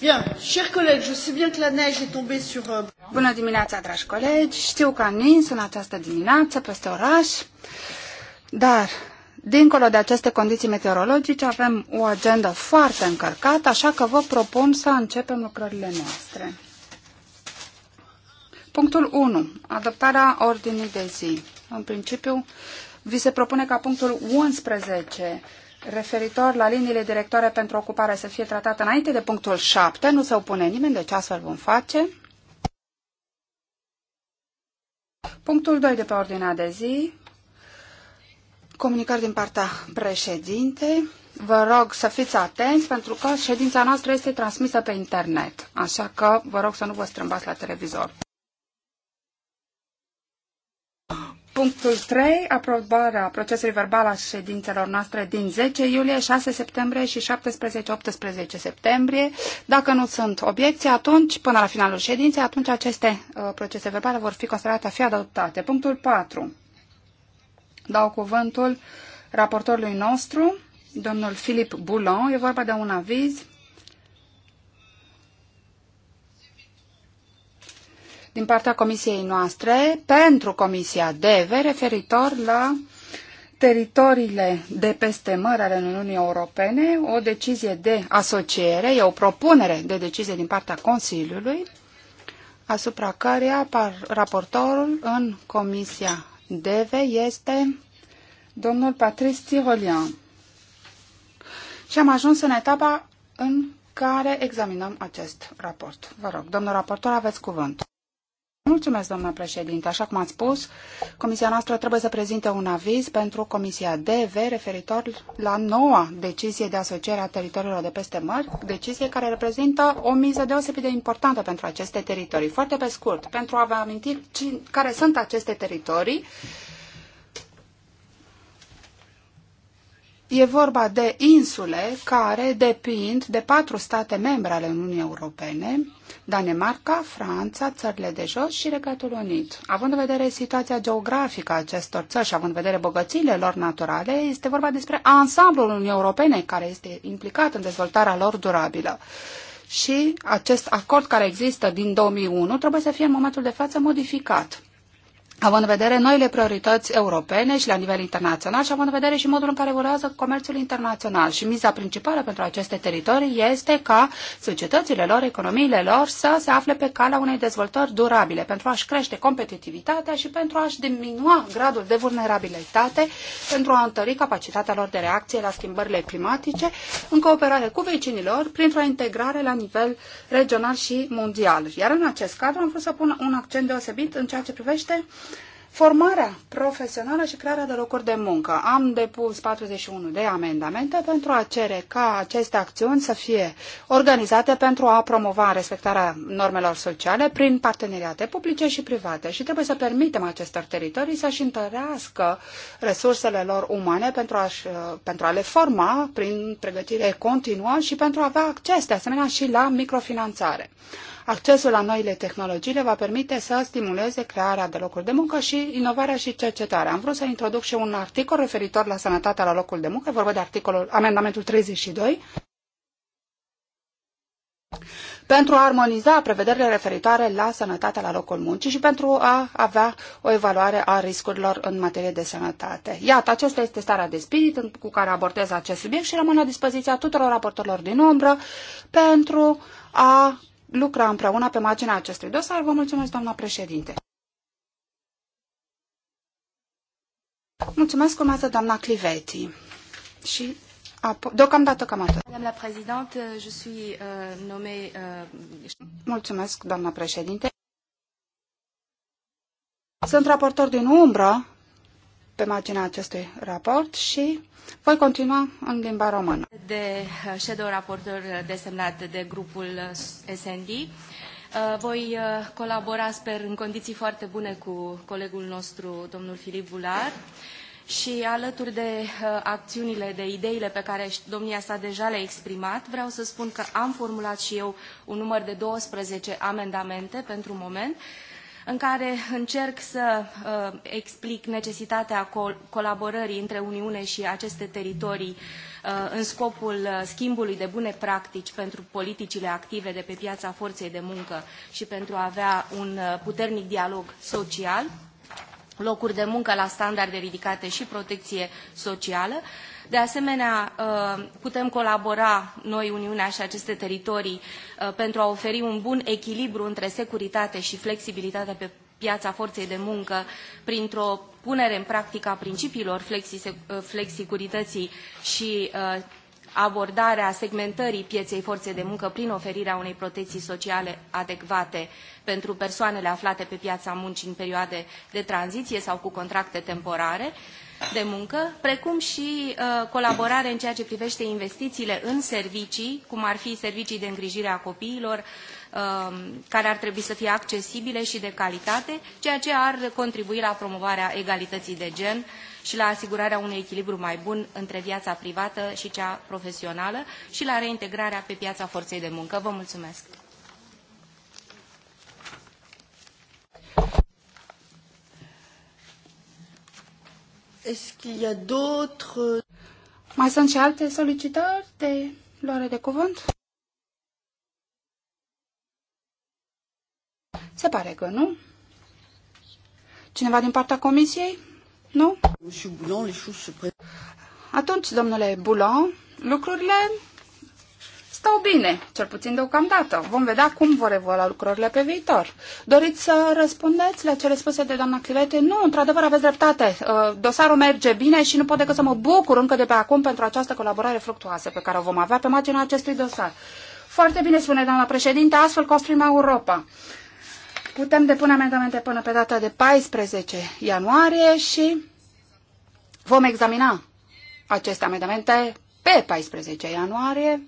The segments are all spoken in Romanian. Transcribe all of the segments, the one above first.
Bien, chers collègues, je sais bien que la neige est tombée sur... Euh, Bună dimineața, dragi colegi! Știu că a nins în această dimineață peste oraș, dar dincolo de aceste condiții meteorologice avem o agendă foarte încărcată, așa că vă propun să începem lucrările noastre. Punctul 1. Adoptarea ordinii de zi. În principiu, vi se propune ca punctul 11 referitor la liniile directoare pentru ocupare să fie tratată înainte de punctul 7. Nu se opune nimeni, deci astfel vom face. Punctul 2 de pe ordinea de zi. Comunicări din partea președintei. Vă rog să fiți atenți pentru că ședința noastră este transmisă pe internet, așa că vă rog să nu vă strâmbați la televizor. Punctul 3. Aprobarea procesului verbal a ședințelor noastre din 10 iulie, 6 septembrie și 17-18 septembrie. Dacă nu sunt obiecții, atunci, până la finalul ședinței, atunci aceste uh, procese verbale vor fi considerate a fi adoptate. Punctul 4. Dau cuvântul raportorului nostru, domnul Filip Boulon. E vorba de un aviz din partea comisiei noastre pentru Comisia DEVE referitor la teritoriile de peste mări ale Uniunii Europene, o decizie de asociere, e o propunere de decizie din partea Consiliului, asupra căreia raportorul în Comisia DEVE este domnul Patrice Tirolian. Și am ajuns în etapa în care examinăm acest raport. Vă rog, domnul raportor, aveți cuvântul. Mulțumesc, doamna președinte. Așa cum ați spus, comisia noastră trebuie să prezinte un aviz pentru Comisia DV referitor la noua decizie de asociere a teritoriilor de peste mări, decizie care reprezintă o miză deosebit de importantă pentru aceste teritorii. Foarte pe scurt, pentru a vă aminti care sunt aceste teritorii, E vorba de insule care depind de patru state membre ale Uniunii Europene, Danemarca, Franța, țările de jos și Regatul Unit. Având în vedere situația geografică a acestor țări și având în vedere bogățiile lor naturale, este vorba despre ansamblul Uniunii Europene care este implicat în dezvoltarea lor durabilă. Și acest acord care există din 2001 trebuie să fie în momentul de față modificat având în vedere noile priorități europene și la nivel internațional și având în vedere și modul în care evoluează comerțul internațional. Și miza principală pentru aceste teritorii este ca societățile lor, economiile lor să se afle pe calea unei dezvoltări durabile pentru a-și crește competitivitatea și pentru a-și diminua gradul de vulnerabilitate, pentru a întări capacitatea lor de reacție la schimbările climatice în cooperare cu vecinilor printr-o integrare la nivel regional și mondial. Iar în acest cadru am vrut să pun un accent deosebit în ceea ce privește formarea profesională și crearea de locuri de muncă. Am depus 41 de amendamente pentru a cere ca aceste acțiuni să fie organizate pentru a promova respectarea normelor sociale prin parteneriate publice și private și trebuie să permitem acestor teritorii să-și întărească resursele lor umane pentru a, uh, pentru a le forma prin pregătire continuă și pentru a avea acces de asemenea și la microfinanțare. Accesul la noile tehnologii le va permite să stimuleze crearea de locuri de muncă și inovarea și cercetarea. Am vrut să introduc și un articol referitor la sănătatea la locul de muncă, vorba de articolul amendamentul 32, pentru a armoniza prevederile referitoare la sănătatea la locul muncii și pentru a avea o evaluare a riscurilor în materie de sănătate. Iată, aceasta este starea de spirit cu care abordez acest subiect și rămân la dispoziția tuturor raportorilor din umbră pentru a lucra împreună pe marginea acestui dosar. Vă mulțumesc, doamna președinte. Mulțumesc, urmează doamna Cliveti. Și Deocamdată cam atât. Doamna președinte, je suis euh, nommé... Euh, mulțumesc, doamna președinte. Sunt raportor din umbră pe marginea acestui raport și voi continua în limba română. De uh, shadow raportor desemnat de grupul uh, SND, uh, voi colabora, sper, în condiții foarte bune cu colegul nostru, domnul Filip Bular, și alături de acțiunile, de ideile pe care domnia sa deja le-a exprimat, vreau să spun că am formulat și eu un număr de 12 amendamente pentru moment, în care încerc să uh, explic necesitatea col colaborării între Uniune și aceste teritorii uh, în scopul uh, schimbului de bune practici pentru politicile active de pe piața forței de muncă și pentru a avea un uh, puternic dialog social, locuri de muncă la standarde ridicate și protecție socială. Uh, de asemenea, uh, putem colabora noi, Uniunea și aceste teritorii, uh, pentru a oferi un bun echilibru între securitate și flexibilitate pe piața forței de muncă printr-o punere în practică a principiilor uh, flexicurității și abordarea segmentării pieței forței de muncă prin oferirea unei protecții sociale adecvate pentru persoanele aflate pe piața muncii în perioade de tranziție sau cu contracte temporare. Uh, de muncă, precum și uh, colaborare în ceea ce privește investițiile în servicii, cum ar fi servicii de îngrijire a copiilor, um, care ar trebui să fie accesibile și de calitate, ceea ce ar contribui la promovarea egalității de gen și la asigurarea unui echilibru mai bun între viața privată și cea profesională și la reintegrarea pe piața forței de muncă. Vă mulțumesc! Est-ce qu'il y a d'autres... Mai sunt și alte solicitări de luare de cuvânt? Se pare că nu. Cineva din partea comisiei? Nu? Atunci, domnule Boulan, lucrurile stau bine, cel puțin deocamdată. Vom vedea cum vor evolua lucrurile pe viitor. Doriți să răspundeți la cele spuse de doamna Clivete? Nu, într-adevăr aveți dreptate. Uh, dosarul merge bine și nu pot decât să mă bucur încă de pe acum pentru această colaborare fructuoasă pe care o vom avea pe marginea acestui dosar. Foarte bine spune doamna președinte, astfel construim Europa. Putem depune amendamente până pe data de 14 ianuarie și vom examina aceste amendamente pe 14 ianuarie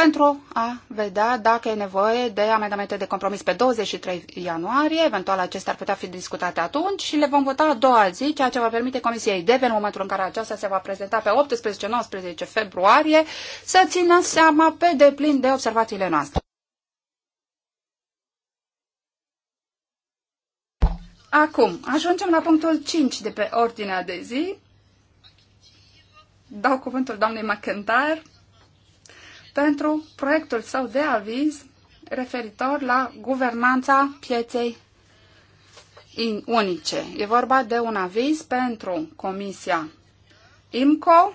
pentru a vedea dacă e nevoie de amendamente de compromis pe 23 ianuarie, eventual acestea ar putea fi discutate atunci și le vom vota a doua zi, ceea ce va permite Comisiei DEVE în momentul în care aceasta se va prezenta pe 18-19 februarie să țină seama pe deplin de observațiile noastre. Acum, ajungem la punctul 5 de pe ordinea de zi. Dau cuvântul doamnei McIntyre pentru proiectul său de aviz referitor la guvernanța pieței unice. E vorba de un aviz pentru Comisia IMCO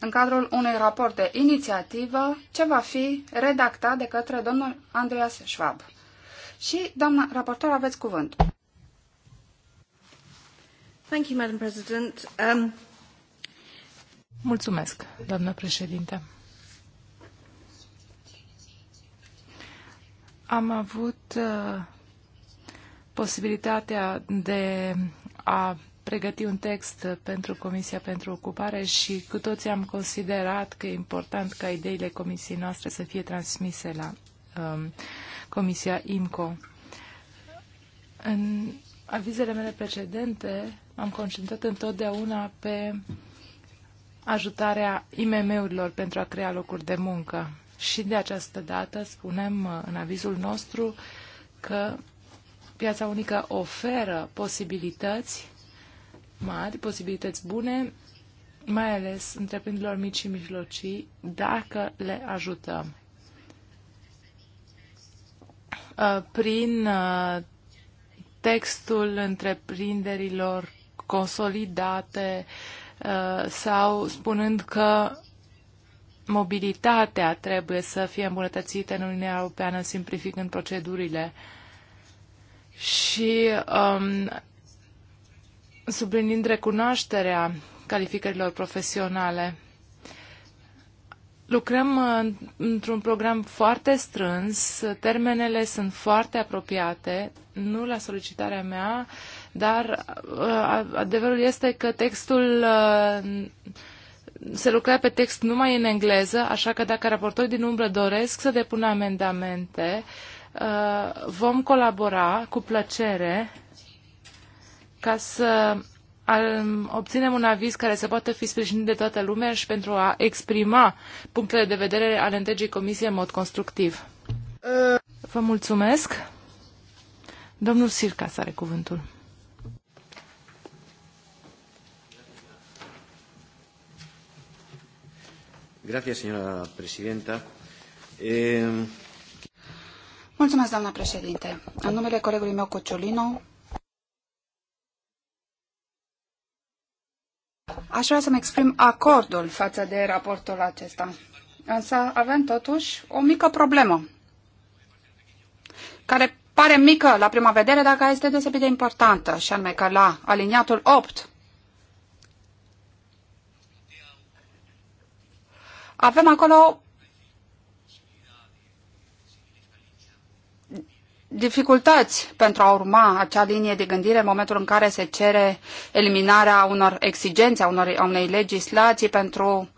în cadrul unui raport de inițiativă ce va fi redactat de către domnul Andreas Schwab. Și, doamna raportor, aveți cuvântul. Thank you, Madam President. Um... Mulțumesc, doamnă președinte. Am avut uh, posibilitatea de a pregăti un text pentru Comisia pentru Ocupare și cu toții am considerat că e important ca ideile comisiei noastre să fie transmise la um, Comisia IMCO. În avizele mele precedente am concentrat întotdeauna pe ajutarea IMM-urilor pentru a crea locuri de muncă. Și de această dată spunem uh, în avizul nostru că piața unică oferă posibilități mari, posibilități bune, mai ales întreprinderilor mici și mijlocii, dacă le ajutăm uh, prin uh, textul întreprinderilor consolidate, Uh, sau spunând că mobilitatea trebuie să fie îmbunătățită în Uniunea Europeană, simplificând procedurile. Și um, sublinind recunoașterea calificărilor profesionale. Lucrăm uh, într-un program foarte strâns, termenele sunt foarte apropiate, nu la solicitarea mea, uh, dar uh, adevărul este că textul uh, se lucrează pe text numai în engleză, așa că dacă raportorii din umbră doresc să depună amendamente, uh, vom colabora cu plăcere ca să um, obținem un aviz care să poată fi sprijinit de toată lumea și pentru a exprima punctele de vedere ale întregii comisie în mod constructiv. Vă mulțumesc. Domnul Sirca are cuvântul. Gracias, señora presidenta. Eh, Mulțumesc, doamna președinte. În numele colegului meu Cociolino, aș vrea să-mi exprim acordul față de raportul acesta. Însă avem totuși o mică problemă, care pare mică la prima vedere, dar care este deosebit de importantă, și anume că la aliniatul 8 avem acolo dificultăți pentru a urma acea linie de gândire în momentul în care se cere eliminarea unor exigențe, a, unor, unei legislații pentru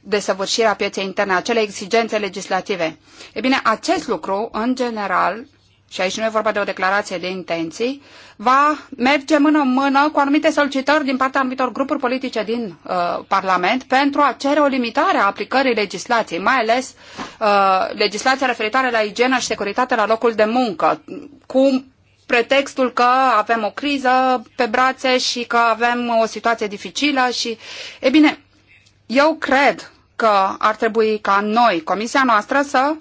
desăvârșirea pieței interne, acele exigențe legislative. E bine, acest lucru, în general, și aici nu e vorba de o declarație de intenții, va merge mână în mână cu anumite solicitări din partea anumitor grupuri politice din uh, Parlament pentru a cere o limitare a aplicării legislației, mai ales uh, legislația referitoare la igienă și securitate la locul de muncă, cu pretextul că avem o criză pe brațe și că avem o situație dificilă și... E bine, eu cred că ar trebui ca noi, comisia noastră, să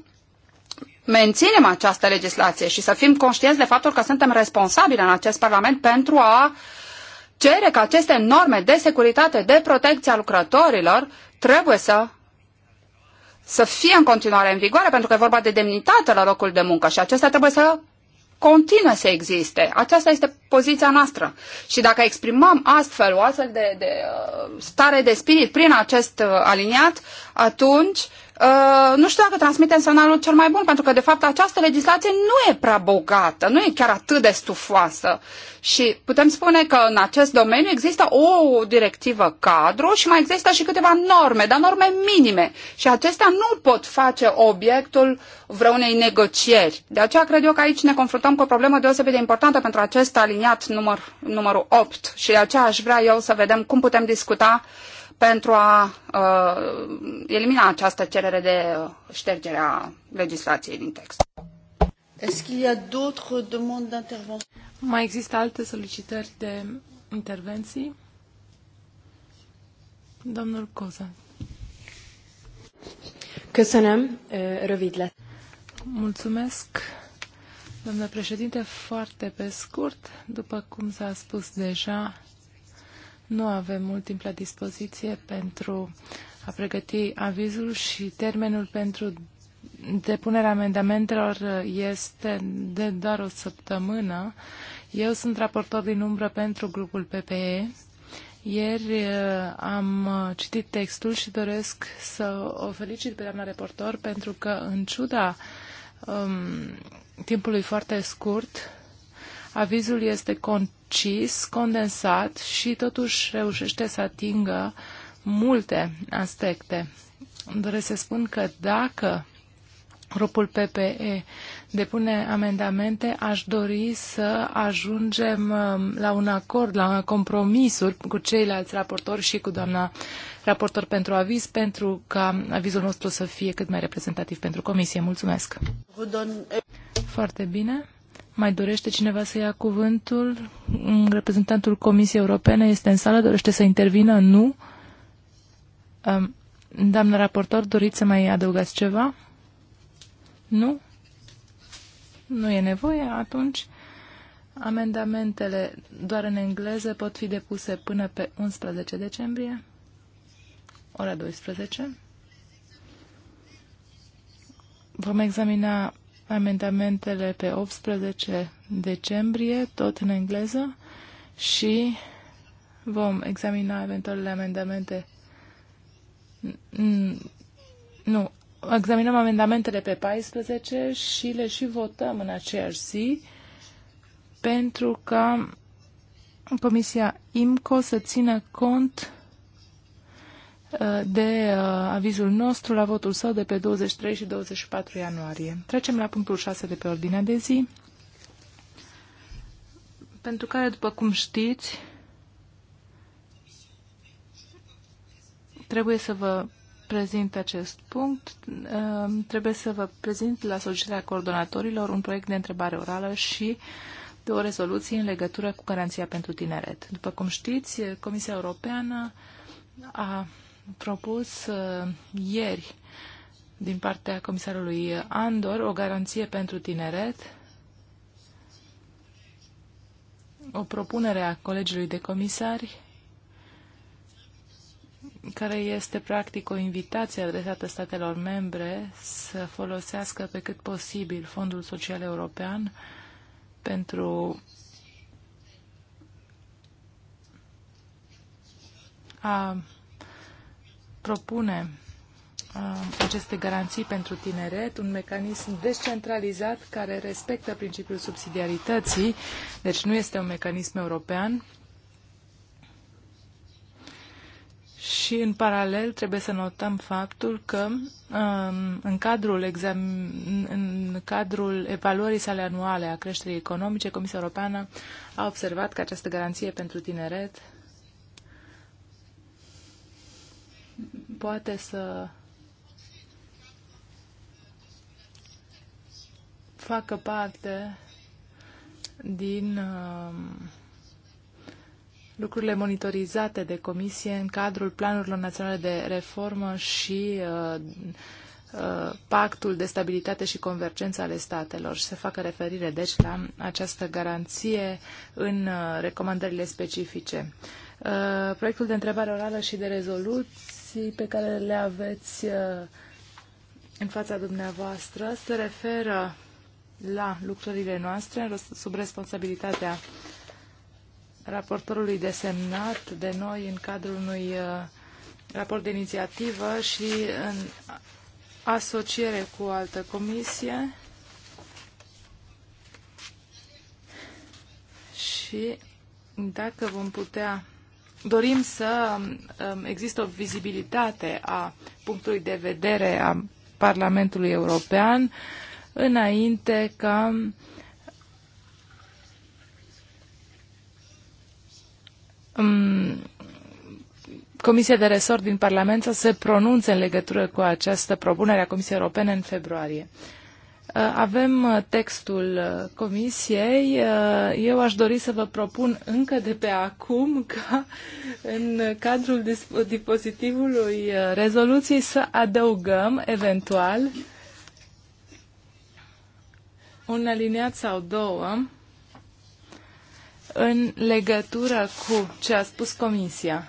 menținem această legislație și să fim conștienți de faptul că suntem responsabili în acest Parlament pentru a cere că aceste norme de securitate, de protecție a lucrătorilor, trebuie să să fie în continuare în vigoare, pentru că e vorba de demnitate la locul de muncă și acesta trebuie să continuă să existe. Aceasta este poziția noastră. Și dacă exprimăm astfel o astfel de, de uh, stare de spirit prin acest uh, aliniat, atunci uh, Uh, nu știu dacă transmitem semnalul cel mai bun, pentru că, de fapt, această legislație nu e prea bogată, nu e chiar atât de stufoasă. Și putem spune că în acest domeniu există o directivă cadru și mai există și câteva norme, dar norme minime. Și acestea nu pot face obiectul vreunei negocieri. De aceea cred eu că aici ne confruntăm cu o problemă deosebit de importantă pentru acest aliniat număr, numărul 8. Și de aceea aș vrea eu să vedem cum putem discuta uh, pentru a uh, elimina această cerere de ștergere a legislației din text. Mai există alte solicitări de intervenții? Domnul Cozan. Căsănăm, uh, răvidle. Mulțumesc, domnule președinte, foarte pe scurt, după cum s-a spus deja, nu avem mult timp la dispoziție pentru a pregăti avizul și termenul pentru depunerea amendamentelor este de doar o săptămână. Eu sunt raportor din umbră pentru grupul PPE. Ieri uh, am uh, citit textul și doresc să o felicit pe doamna reportor pentru că, în ciuda um, timpului foarte scurt, Avizul este concis, condensat și totuși reușește să atingă multe aspecte. Doresc să spun că dacă grupul PPE depune amendamente, aș dori să ajungem um, la un acord, la compromisuri cu ceilalți raportori și cu doamna raportor pentru aviz, pentru ca avizul nostru să fie cât mai reprezentativ pentru comisie. Mulțumesc! Foarte bine! Mai dorește cineva să ia cuvântul? Reprezentantul Comisiei Europene este în sală, dorește să intervină? Nu. Doamna raportor, doriți să mai adăugați ceva? Nu? Nu e nevoie? Atunci amendamentele doar în engleză pot fi depuse până pe 11 decembrie, ora 12. Vom examina amendamentele pe 18 decembrie, tot în engleză, și vom examina eventualele amendamente. Nu, examinăm amendamentele pe 14 și le și votăm în aceeași zi, pentru că Comisia IMCO să țină cont de uh, avizul nostru la votul său de pe 23 și 24 ianuarie. Trecem la punctul 6 de pe ordinea de zi, pentru care, după cum știți, trebuie să vă prezint acest punct, uh, trebuie să vă prezint la solicitarea coordonatorilor un proiect de întrebare orală și de o rezoluție în legătură cu garanția pentru tineret. După cum știți, Comisia Europeană a propus uh, ieri din partea comisarului Andor o garanție pentru tineret, o propunere a colegiului de comisari care este practic o invitație adresată statelor membre să folosească pe cât posibil Fondul Social European pentru a propune uh, aceste garanții pentru tineret, un mecanism descentralizat care respectă principiul subsidiarității, deci nu este un mecanism european. Și în paralel trebuie să notăm faptul că um, în cadrul, exam... în cadrul evaluării sale anuale a creșterii economice, Comisia Europeană a observat că această garanție pentru tineret poate să facă parte din um, lucrurile monitorizate de comisie în cadrul planurilor naționale de reformă și uh, uh, pactul de stabilitate și convergență ale statelor și se facă referire deci la această garanție în uh, recomandările specifice. Proiectul de întrebare orală și de rezoluție informații pe care le aveți uh, în fața dumneavoastră se referă la lucrările noastre sub responsabilitatea raportorului desemnat de noi în cadrul unui uh, raport de inițiativă și în asociere cu o altă comisie și dacă vom putea dorim să um, există o vizibilitate a punctului de vedere a Parlamentului European înainte ca um, Comisia de Resort din Parlament să se pronunțe în legătură cu această propunere a Comisiei Europene în februarie. Uh, avem uh, textul uh, comisiei. Eu aș dori să vă propun încă de pe acum ca în cadrul dispozitivului rezoluției să adăugăm eventual un aliniat sau două în legătură cu ce a spus comisia.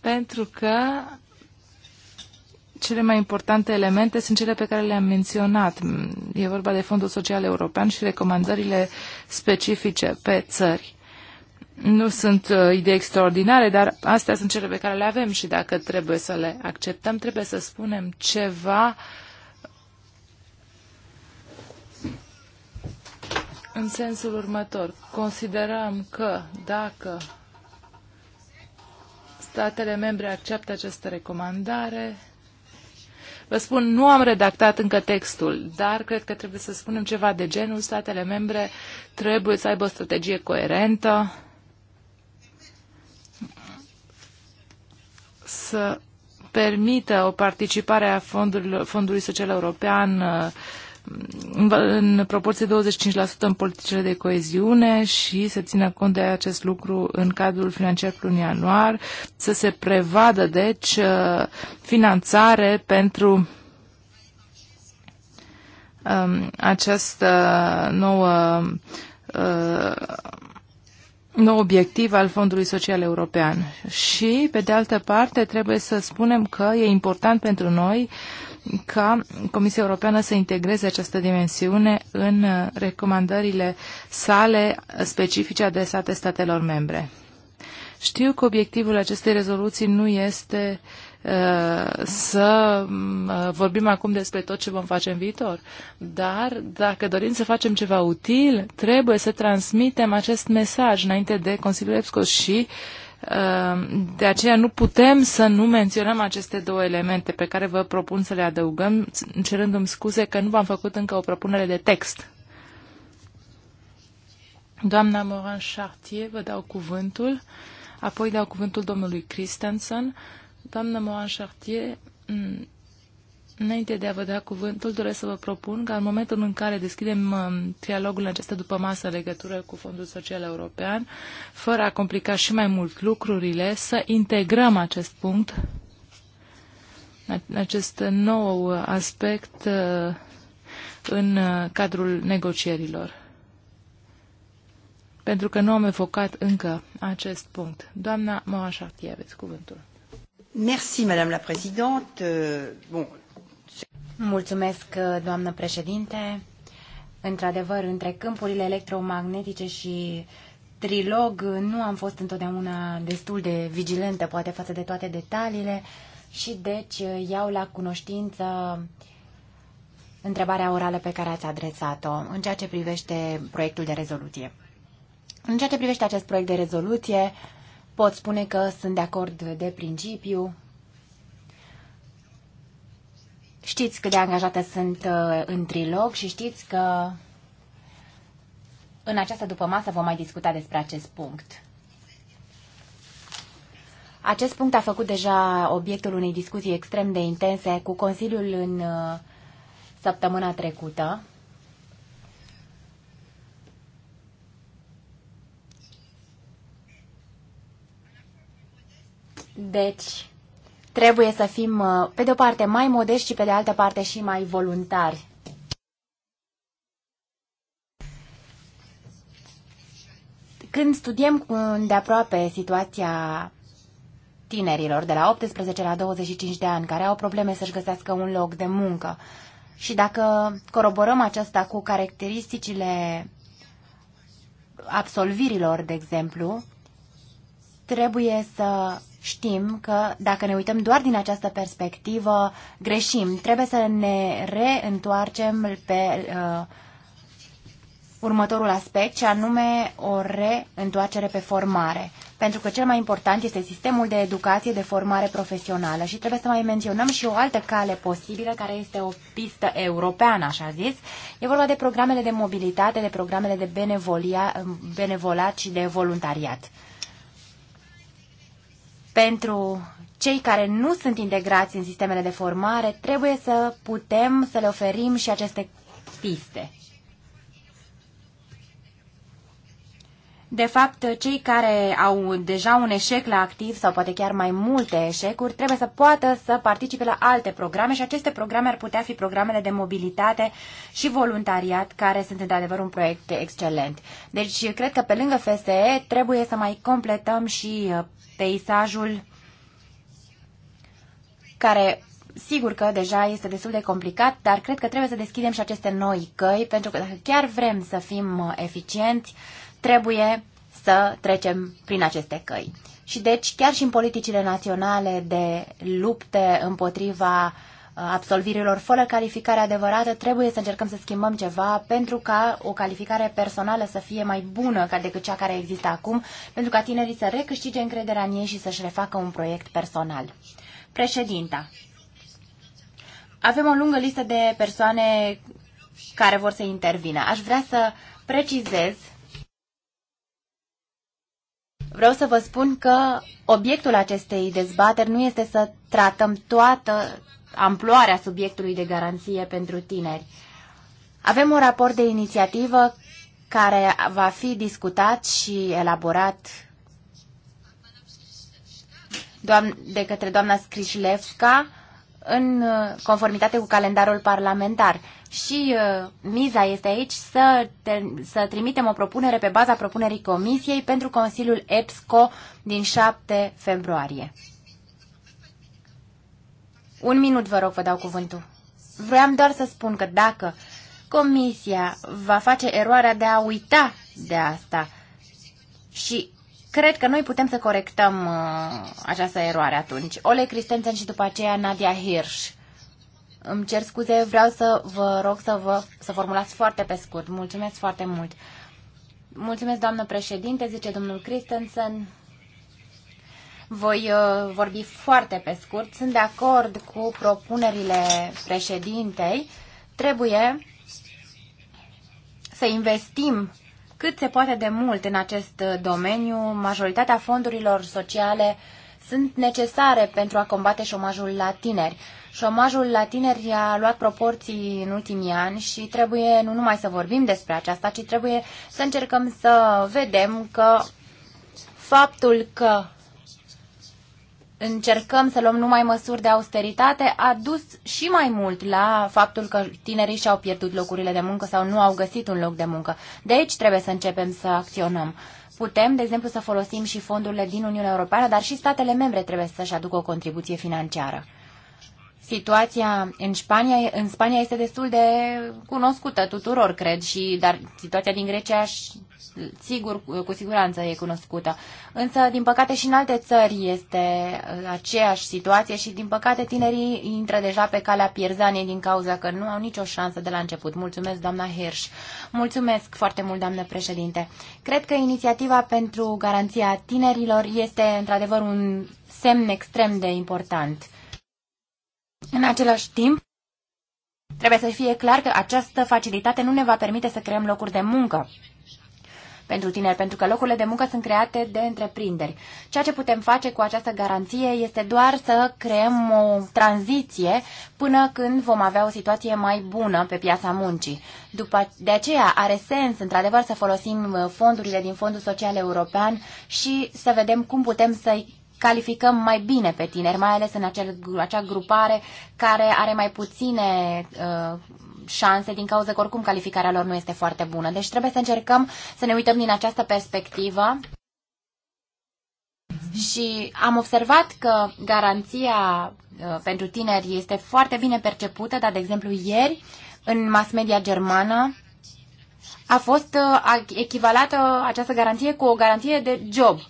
Pentru că cele mai importante elemente sunt cele pe care le-am menționat. E vorba de Fondul Social European și recomandările specifice pe țări. Nu sunt uh, idei extraordinare, dar astea sunt cele pe care le avem și dacă trebuie să le acceptăm, trebuie să spunem ceva în sensul următor. Considerăm că dacă statele membre acceptă această recomandare, Vă spun, nu am redactat încă textul, dar cred că trebuie să spunem ceva de genul. Statele membre trebuie să aibă o strategie coerentă, să permită o participare a fondurilor, Fondului Social European uh, în proporție 25% în politicile de coeziune și să țină cont de acest lucru în cadrul financiar plurianuar, să se prevadă, deci, uh, finanțare pentru acest um, această nouă uh, nou obiectiv al Fondului Social European. Și, pe de altă parte, trebuie să spunem că e important pentru noi uh, ca Comisia Europeană să integreze această dimensiune în uh, recomandările sale specifice adresate statelor membre. Știu că obiectivul acestei rezoluții nu este uh, să mm, uh, vorbim acum despre tot ce vom face în viitor, dar dacă dorim să facem ceva util, trebuie să transmitem acest mesaj înainte de Consiliul EPSCO și uh, Ehm, de aceea nu putem să nu menționăm aceste două elemente pe care vă propun să le adăugăm, cerându-mi scuze că nu v-am făcut încă o propunere de text. Doamna Moran Chartier, vă dau cuvântul, apoi dau cuvântul domnului Christensen. Doamna Moran Chartier, Înainte de a vă da cuvântul, doresc să vă propun că în momentul în care deschidem um, trialogul acesta după masă în legătură cu Fondul Social European, fără a complica și mai mult lucrurile, să integrăm acest punct, acest nou aspect uh, în uh, cadrul negocierilor. Pentru că nu am evocat încă acest punct. Doamna Moașa, aveți cuvântul. Merci, Madame la Présidente. Euh, bon, Mulțumesc, uh, doamnă președinte. Într-adevăr, între câmpurile electromagnetice și trilog uh, nu am fost întotdeauna destul de vigilentă, poate față de toate detaliile și deci uh, iau la cunoștință întrebarea orală pe care ați adresat-o în ceea ce privește proiectul de rezoluție. În ceea ce privește acest proiect de rezoluție, pot spune că sunt de acord de principiu Știți cât de angajate sunt uh, în trilog și știți că în această dupămasă vom mai discuta despre acest punct. Acest punct a făcut deja obiectul unei discuții extrem de intense cu Consiliul în uh, săptămâna trecută. Deci, trebuie să fim, uh, pe de o parte, mai modești și pe de altă parte și mai voluntari. Când studiem de aproape situația tinerilor de la 18 la 25 de ani care au probleme să-și găsească un loc de muncă și dacă coroborăm aceasta cu caracteristicile absolvirilor, de exemplu, trebuie să știm că dacă ne uităm doar din această perspectivă, greșim. Trebuie să ne reîntoarcem pe uh, următorul aspect, și anume o reîntoarcere pe formare. Pentru că cel mai important este sistemul de educație, de formare profesională. Și trebuie să mai menționăm și o altă cale posibilă, care este o pistă europeană, așa zis. E vorba de programele de mobilitate, de programele de benevolia, benevolat și de voluntariat pentru cei care nu sunt integrați în sistemele de formare, trebuie să putem să le oferim și aceste piste. De fapt, cei care au deja un eșec la activ sau poate chiar mai multe eșecuri trebuie să poată să participe la alte programe și aceste programe ar putea fi programele de mobilitate și voluntariat, care sunt într-adevăr un proiect excelent. Deci, cred că pe lângă FSE trebuie să mai completăm și uh, peisajul care sigur că deja este destul de complicat, dar cred că trebuie să deschidem și aceste noi căi, pentru că dacă chiar vrem să fim uh, eficienți, trebuie să trecem prin aceste căi. Și deci, chiar și în politicile naționale de lupte împotriva uh, absolvirilor fără calificare adevărată, trebuie să încercăm să schimbăm ceva pentru ca o calificare personală să fie mai bună ca decât cea care există acum, pentru ca tinerii să recâștige încrederea în ei și să-și refacă un proiect personal. Președinta. Avem o lungă listă de persoane care vor să intervină. Aș vrea să precizez Vreau să vă spun că obiectul acestei dezbateri nu este să tratăm toată, amploarea subiectului de garanție pentru tineri. Avem un raport de inițiativă care va fi discutat și elaborat de către doamna Scrișlevska în conformitate cu calendarul parlamentar. Și uh, miza este aici să, te, să trimitem o propunere pe baza propunerii Comisiei pentru Consiliul EPSCO din 7 februarie. Un minut, vă rog, vă dau cuvântul. Vreau doar să spun că dacă Comisia va face eroarea de a uita de asta și cred că noi putem să corectăm uh, această eroare atunci. Ole Christensen și după aceea Nadia Hirsch. Îmi cer scuze, vreau să vă rog să, vă, să formulați foarte pe scurt. Mulțumesc foarte mult. Mulțumesc, doamnă președinte, zice domnul Christensen. Voi uh, vorbi foarte pe scurt. Sunt de acord cu propunerile președintei. Trebuie să investim cât se poate de mult în acest uh, domeniu. Majoritatea fondurilor sociale sunt necesare pentru a combate șomajul la tineri. Șomajul la tineri a luat proporții în ultimii ani și trebuie nu numai să vorbim despre aceasta, ci trebuie să încercăm să vedem că faptul că încercăm să luăm numai măsuri de austeritate a dus și mai mult la faptul că tinerii și-au pierdut locurile de muncă sau nu au găsit un loc de muncă. De aici trebuie să începem să acționăm. Putem, de exemplu, să folosim și fondurile din Uniunea Europeană, dar și statele membre trebuie să-și aducă o contribuție financiară. Situația în Spania, în Spania este destul de cunoscută tuturor, cred, și, dar situația din Grecia sigur, cu siguranță e cunoscută. Însă, din păcate, și în alte țări este uh, aceeași situație și, din păcate, tinerii intră deja pe calea pierzanei din cauza că nu au nicio șansă de la început. Mulțumesc, doamna Hirsch. Mulțumesc foarte mult, doamnă președinte. Cred că inițiativa pentru garanția tinerilor este, într-adevăr, un semn extrem de important. În același timp, trebuie să fie clar că această facilitate nu ne va permite să creăm locuri de muncă pentru tineri, pentru că locurile de muncă sunt create de întreprinderi. Ceea ce putem face cu această garanție este doar să creăm o tranziție până când vom avea o situație mai bună pe piața muncii. După, de aceea are sens, într-adevăr, să folosim uh, fondurile din Fondul Social European și să vedem cum putem să-i calificăm mai bine pe tineri, mai ales în acel, acea grupare care are mai puține uh, șanse din cauza că oricum calificarea lor nu este foarte bună. Deci trebuie să încercăm să ne uităm din această perspectivă. Și am observat că garanția uh, pentru tineri este foarte bine percepută, dar, de exemplu, ieri, în mass media germană, a fost uh, echivalată uh, această garanție cu o garanție de job. Uh,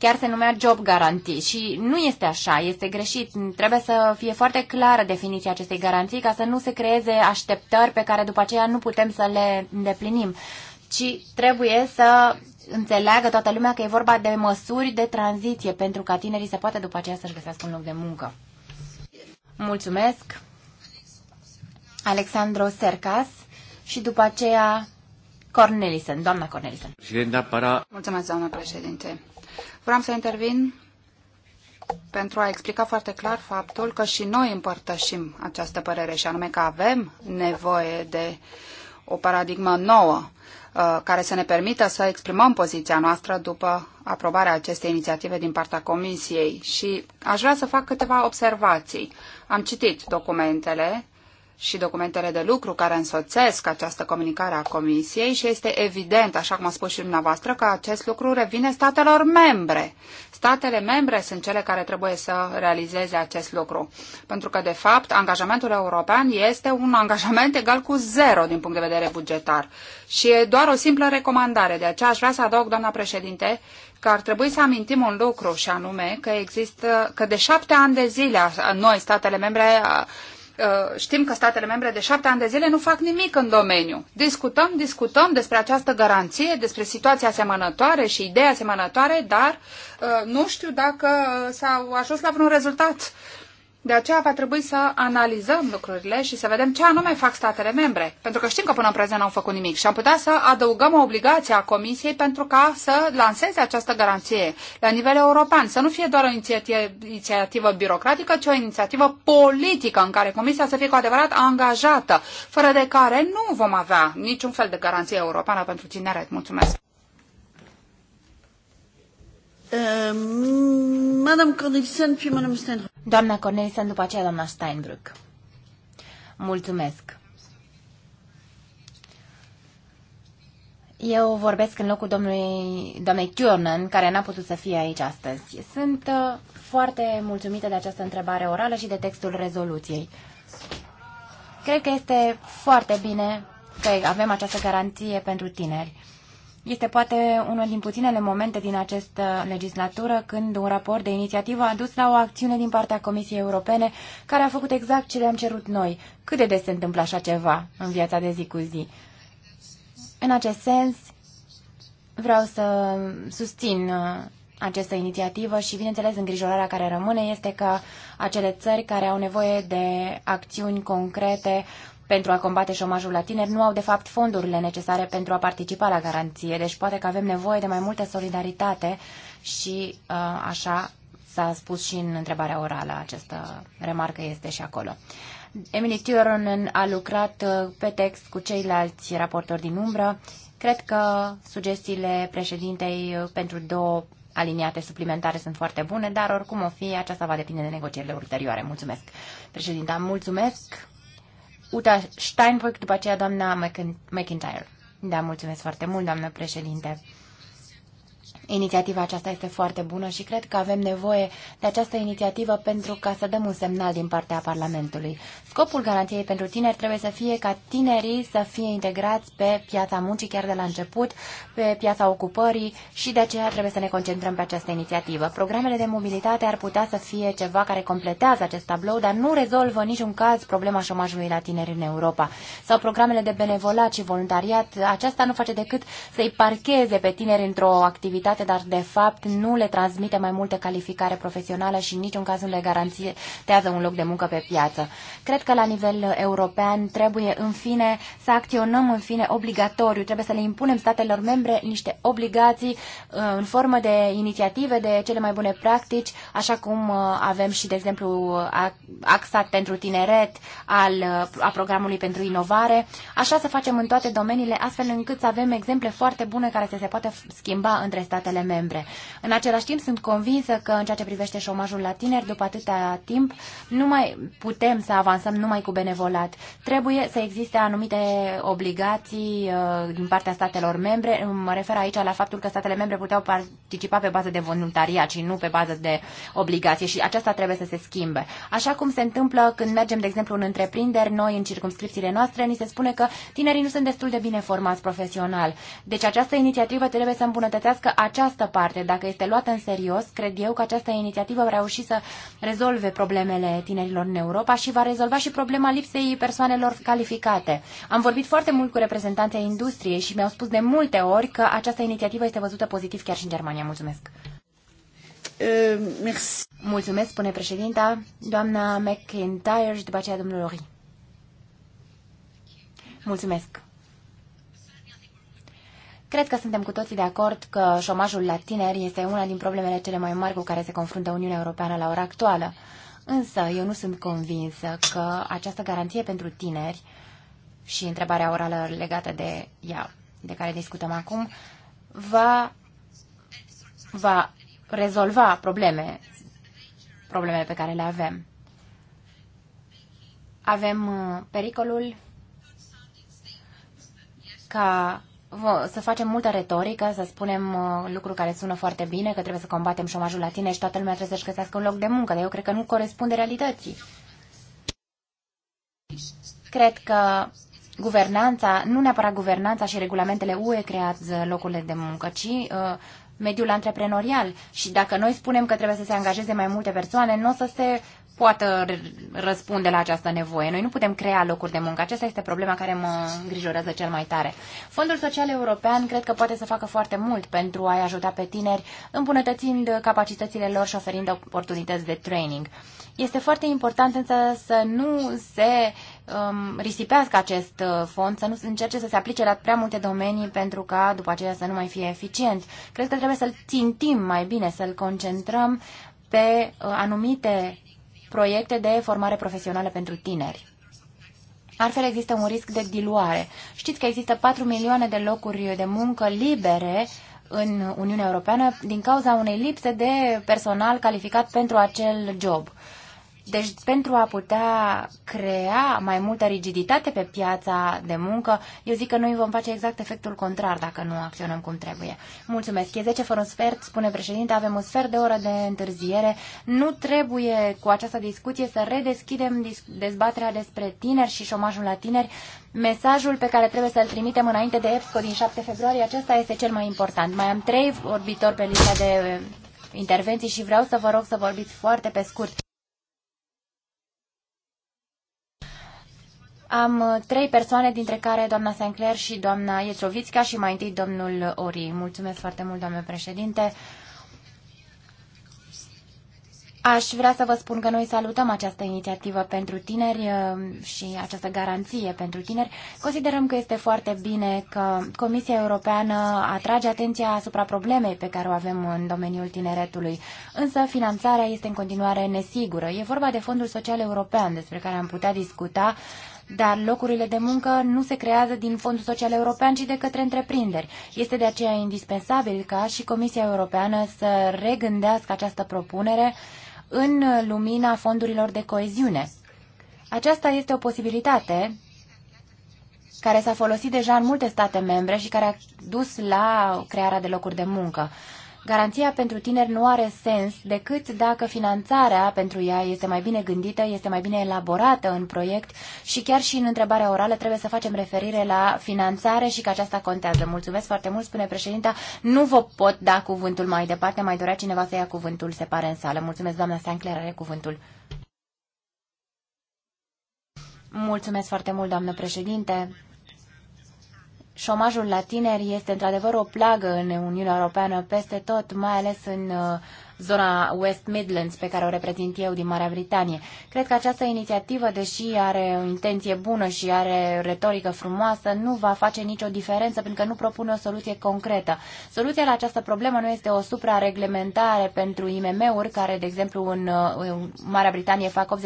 chiar se numea job garantie și nu este așa, este greșit. Trebuie să fie foarte clară definiția acestei garanții ca să nu se creeze așteptări pe care după aceea nu putem să le îndeplinim, ci trebuie să înțeleagă toată lumea că e vorba de măsuri de tranziție pentru ca tinerii să poată după aceea să-și găsească un loc de muncă. Mulțumesc! Alexandru Sercas și după aceea Cornelisen, doamna Cornelisen. Mulțumesc, doamna președinte. Vreau să intervin pentru a explica foarte clar faptul că și noi împărtășim această părere și anume că avem nevoie de o paradigmă nouă uh, care să ne permită să exprimăm poziția noastră după aprobarea acestei inițiative din partea Comisiei. Și aș vrea să fac câteva observații. Am citit documentele și documentele de lucru care însoțesc această comunicare a Comisiei și este evident, așa cum a spus și dumneavoastră, că acest lucru revine statelor membre. Statele membre sunt cele care trebuie să realizeze acest lucru. Pentru că, de fapt, angajamentul european este un angajament egal cu zero din punct de vedere bugetar. Și e doar o simplă recomandare. De aceea aș vrea să adaug, doamna președinte, că ar trebui să amintim un lucru și anume că există, că de șapte ani de zile noi, statele membre, Uh, știm că statele membre de șapte ani de zile nu fac nimic în domeniu. Discutăm, discutăm despre această garanție, despre situația asemănătoare și ideea asemănătoare, dar uh, nu știu dacă s-au ajuns la vreun rezultat de aceea va trebui să analizăm lucrurile și să vedem ce anume fac statele membre. Pentru că știm că până în prezent n-au făcut nimic și am putea să adăugăm o obligație a Comisiei pentru ca să lanseze această garanție la nivel european. Să nu fie doar o inițiativă, inițiativă birocratică, ci o inițiativă politică în care Comisia să fie cu adevărat angajată, fără de care nu vom avea niciun fel de garanție europeană pentru tineret. Mulțumesc! Ehm, Madame Cornelissen, puis Madame Steinbrück. Doamna Cornelissen, după aceea doamna Steinbrück. Mulțumesc. Eu vorbesc în locul domnului, doamnei Turnen, care n-a putut să fie aici astăzi. Sunt uh, foarte mulțumită de această întrebare orală și de textul rezoluției. Cred că este foarte bine că avem această garanție pentru tineri. Este poate unul din puținele momente din această legislatură când un raport de inițiativă a dus la o acțiune din partea Comisiei Europene care a făcut exact ce le-am cerut noi. Cât de des se întâmplă așa ceva în viața de zi cu zi? În acest sens, vreau să susțin uh, această inițiativă și, bineînțeles, îngrijorarea care rămâne este că acele țări care au nevoie de acțiuni concrete pentru a combate șomajul la tineri nu au de fapt fondurile necesare pentru a participa la garanție. Deci poate că avem nevoie de mai multă solidaritate și uh, așa s-a spus și în întrebarea orală, această remarcă este și acolo. Emily Turonen a lucrat uh, pe text cu ceilalți raportori din umbră. Cred că sugestiile președintei uh, pentru două aliniate suplimentare sunt foarte bune, dar oricum o fi, aceasta va depinde de negocierile ulterioare. Mulțumesc. Președinta, mulțumesc. Uta Steinbrück, după aceea doamna McIntyre. Da, mulțumesc foarte mult, doamnă președinte. Inițiativa aceasta este foarte bună și cred că avem nevoie de această inițiativă pentru ca să dăm un semnal din partea Parlamentului. Scopul garanției pentru tineri trebuie să fie ca tinerii să fie integrați pe piața muncii chiar de la început, pe piața ocupării și de aceea trebuie să ne concentrăm pe această inițiativă. Programele de mobilitate ar putea să fie ceva care completează acest tablou, dar nu rezolvă niciun caz problema șomajului la tineri în Europa. Sau programele de benevolat și voluntariat, aceasta nu face decât să-i parcheze pe tineri într-o activitate calificate, dar de fapt nu le transmite mai multă calificare profesională și în niciun caz nu le garantează un loc de muncă pe piață. Cred că la nivel european trebuie în fine să acționăm în fine obligatoriu, trebuie să le impunem statelor membre niște obligații uh, în formă de inițiative, de cele mai bune practici, așa cum uh, avem și, de exemplu, axat pentru tineret al, uh, a programului pentru inovare. Așa să facem în toate domeniile, astfel încât să avem exemple foarte bune care să se poată schimba între statele statele membre. În același timp, sunt convinsă că în ceea ce privește șomajul la tineri, după atâta timp, nu mai putem să avansăm numai cu benevolat. Trebuie să existe anumite obligații uh, din partea statelor membre. Mă refer aici la faptul că statele membre puteau participa pe bază de voluntariat și nu pe bază de obligație și aceasta trebuie să se schimbe. Așa cum se întâmplă când mergem, de exemplu, în întreprinderi, noi în circumscripțiile noastre, ni se spune că tinerii nu sunt destul de bine formați profesional. Deci această inițiativă trebuie să îmbunătățească această parte, dacă este luată în serios, cred eu că această inițiativă va reuși să rezolve problemele tinerilor în Europa și va rezolva și problema lipsei persoanelor calificate. Am vorbit foarte mult cu reprezentanții industriei și mi-au spus de multe ori că această inițiativă este văzută pozitiv chiar și în Germania. Mulțumesc! Eh, Mulțumesc, spune președinta, doamna McIntyre și după aceea domnul Lori. Mulțumesc! Cred că suntem cu toții de acord că șomajul la tineri este una din problemele cele mai mari cu care se confruntă Uniunea Europeană la ora actuală. Însă eu nu sunt convinsă că această garanție pentru tineri și întrebarea orală legată de ea, de care discutăm acum, va, va rezolva probleme, problemele pe care le avem. Avem uh, pericolul ca să facem multă retorică, să spunem uh, lucruri care sună foarte bine, că trebuie să combatem șomajul la tine și toată lumea trebuie să-și găsească un loc de muncă, dar eu cred că nu corespunde realității. Cred că guvernanța, nu neapărat guvernanța și regulamentele UE creează locurile de muncă, ci uh, mediul antreprenorial. Și dacă noi spunem că trebuie să se angajeze mai multe persoane, nu o să se poată răspunde la această nevoie. Noi nu putem crea locuri de muncă. Aceasta este problema care mă îngrijorează cel mai tare. Fondul Social European cred că poate să facă foarte mult pentru a-i ajuta pe tineri, îmbunătățind capacitățile lor și oferind oportunități de training. Este foarte important însă să nu se um, risipească acest uh, fond, să nu încerce să se aplice la prea multe domenii pentru ca după aceea să nu mai fie eficient. Cred că trebuie să-l țintim mai bine, să-l concentrăm pe uh, anumite proiecte de formare profesională pentru tineri. Altfel există un risc de diluare. Știți că există 4 milioane de locuri de muncă libere în Uniunea Europeană din cauza unei lipse de personal calificat pentru acel job. Deci, pentru a putea crea mai multă rigiditate pe piața de muncă, eu zic că noi vom face exact efectul contrar dacă nu acționăm cum trebuie. Mulțumesc. E 10 fără un sfert, spune președinte, avem un sfert de oră de întârziere. Nu trebuie cu această discuție să redeschidem dezbaterea despre tineri și șomajul la tineri. Mesajul pe care trebuie să-l trimitem înainte de EPSCO din 7 februarie, acesta este cel mai important. Mai am trei orbitori pe lista de eh, intervenții și vreau să vă rog să vorbiți foarte pe scurt. Am uh, trei persoane, dintre care doamna Sinclair și doamna Iețovițca și mai întâi domnul Ori. Mulțumesc foarte mult, doamne președinte. Aș vrea să vă spun că noi salutăm această inițiativă pentru tineri uh, și această garanție pentru tineri. Considerăm că este foarte bine că Comisia Europeană atrage atenția asupra problemei pe care o avem în domeniul tineretului, însă finanțarea este în continuare nesigură. E vorba de Fondul Social European despre care am putea discuta, dar locurile de muncă nu se creează din Fondul Social European, ci de către întreprinderi. Este de aceea indispensabil ca și Comisia Europeană să regândească această propunere în lumina fondurilor de coeziune. Aceasta este o posibilitate care s-a folosit deja în multe state membre și care a dus la crearea de locuri de muncă. Garanția pentru tineri nu are sens decât dacă finanțarea pentru ea este mai bine gândită, este mai bine elaborată în proiect și chiar și în întrebarea orală trebuie să facem referire la finanțare și că aceasta contează. Mulțumesc foarte mult, spune președinta. Nu vă pot da cuvântul mai departe, mai dorea cineva să ia cuvântul, se pare în sală. Mulțumesc, doamna Sancler, are cuvântul. Mulțumesc foarte mult, doamnă președinte. Șomajul la tineri este într-adevăr o plagă în Uniunea Europeană peste tot, mai ales în uh, zona West Midlands pe care o reprezint eu din Marea Britanie. Cred că această inițiativă, deși are o intenție bună și are retorică frumoasă, nu va face nicio diferență pentru că nu propune o soluție concretă. Soluția la această problemă nu este o suprareglementare pentru IMM-uri care, de exemplu, în, în Marea Britanie fac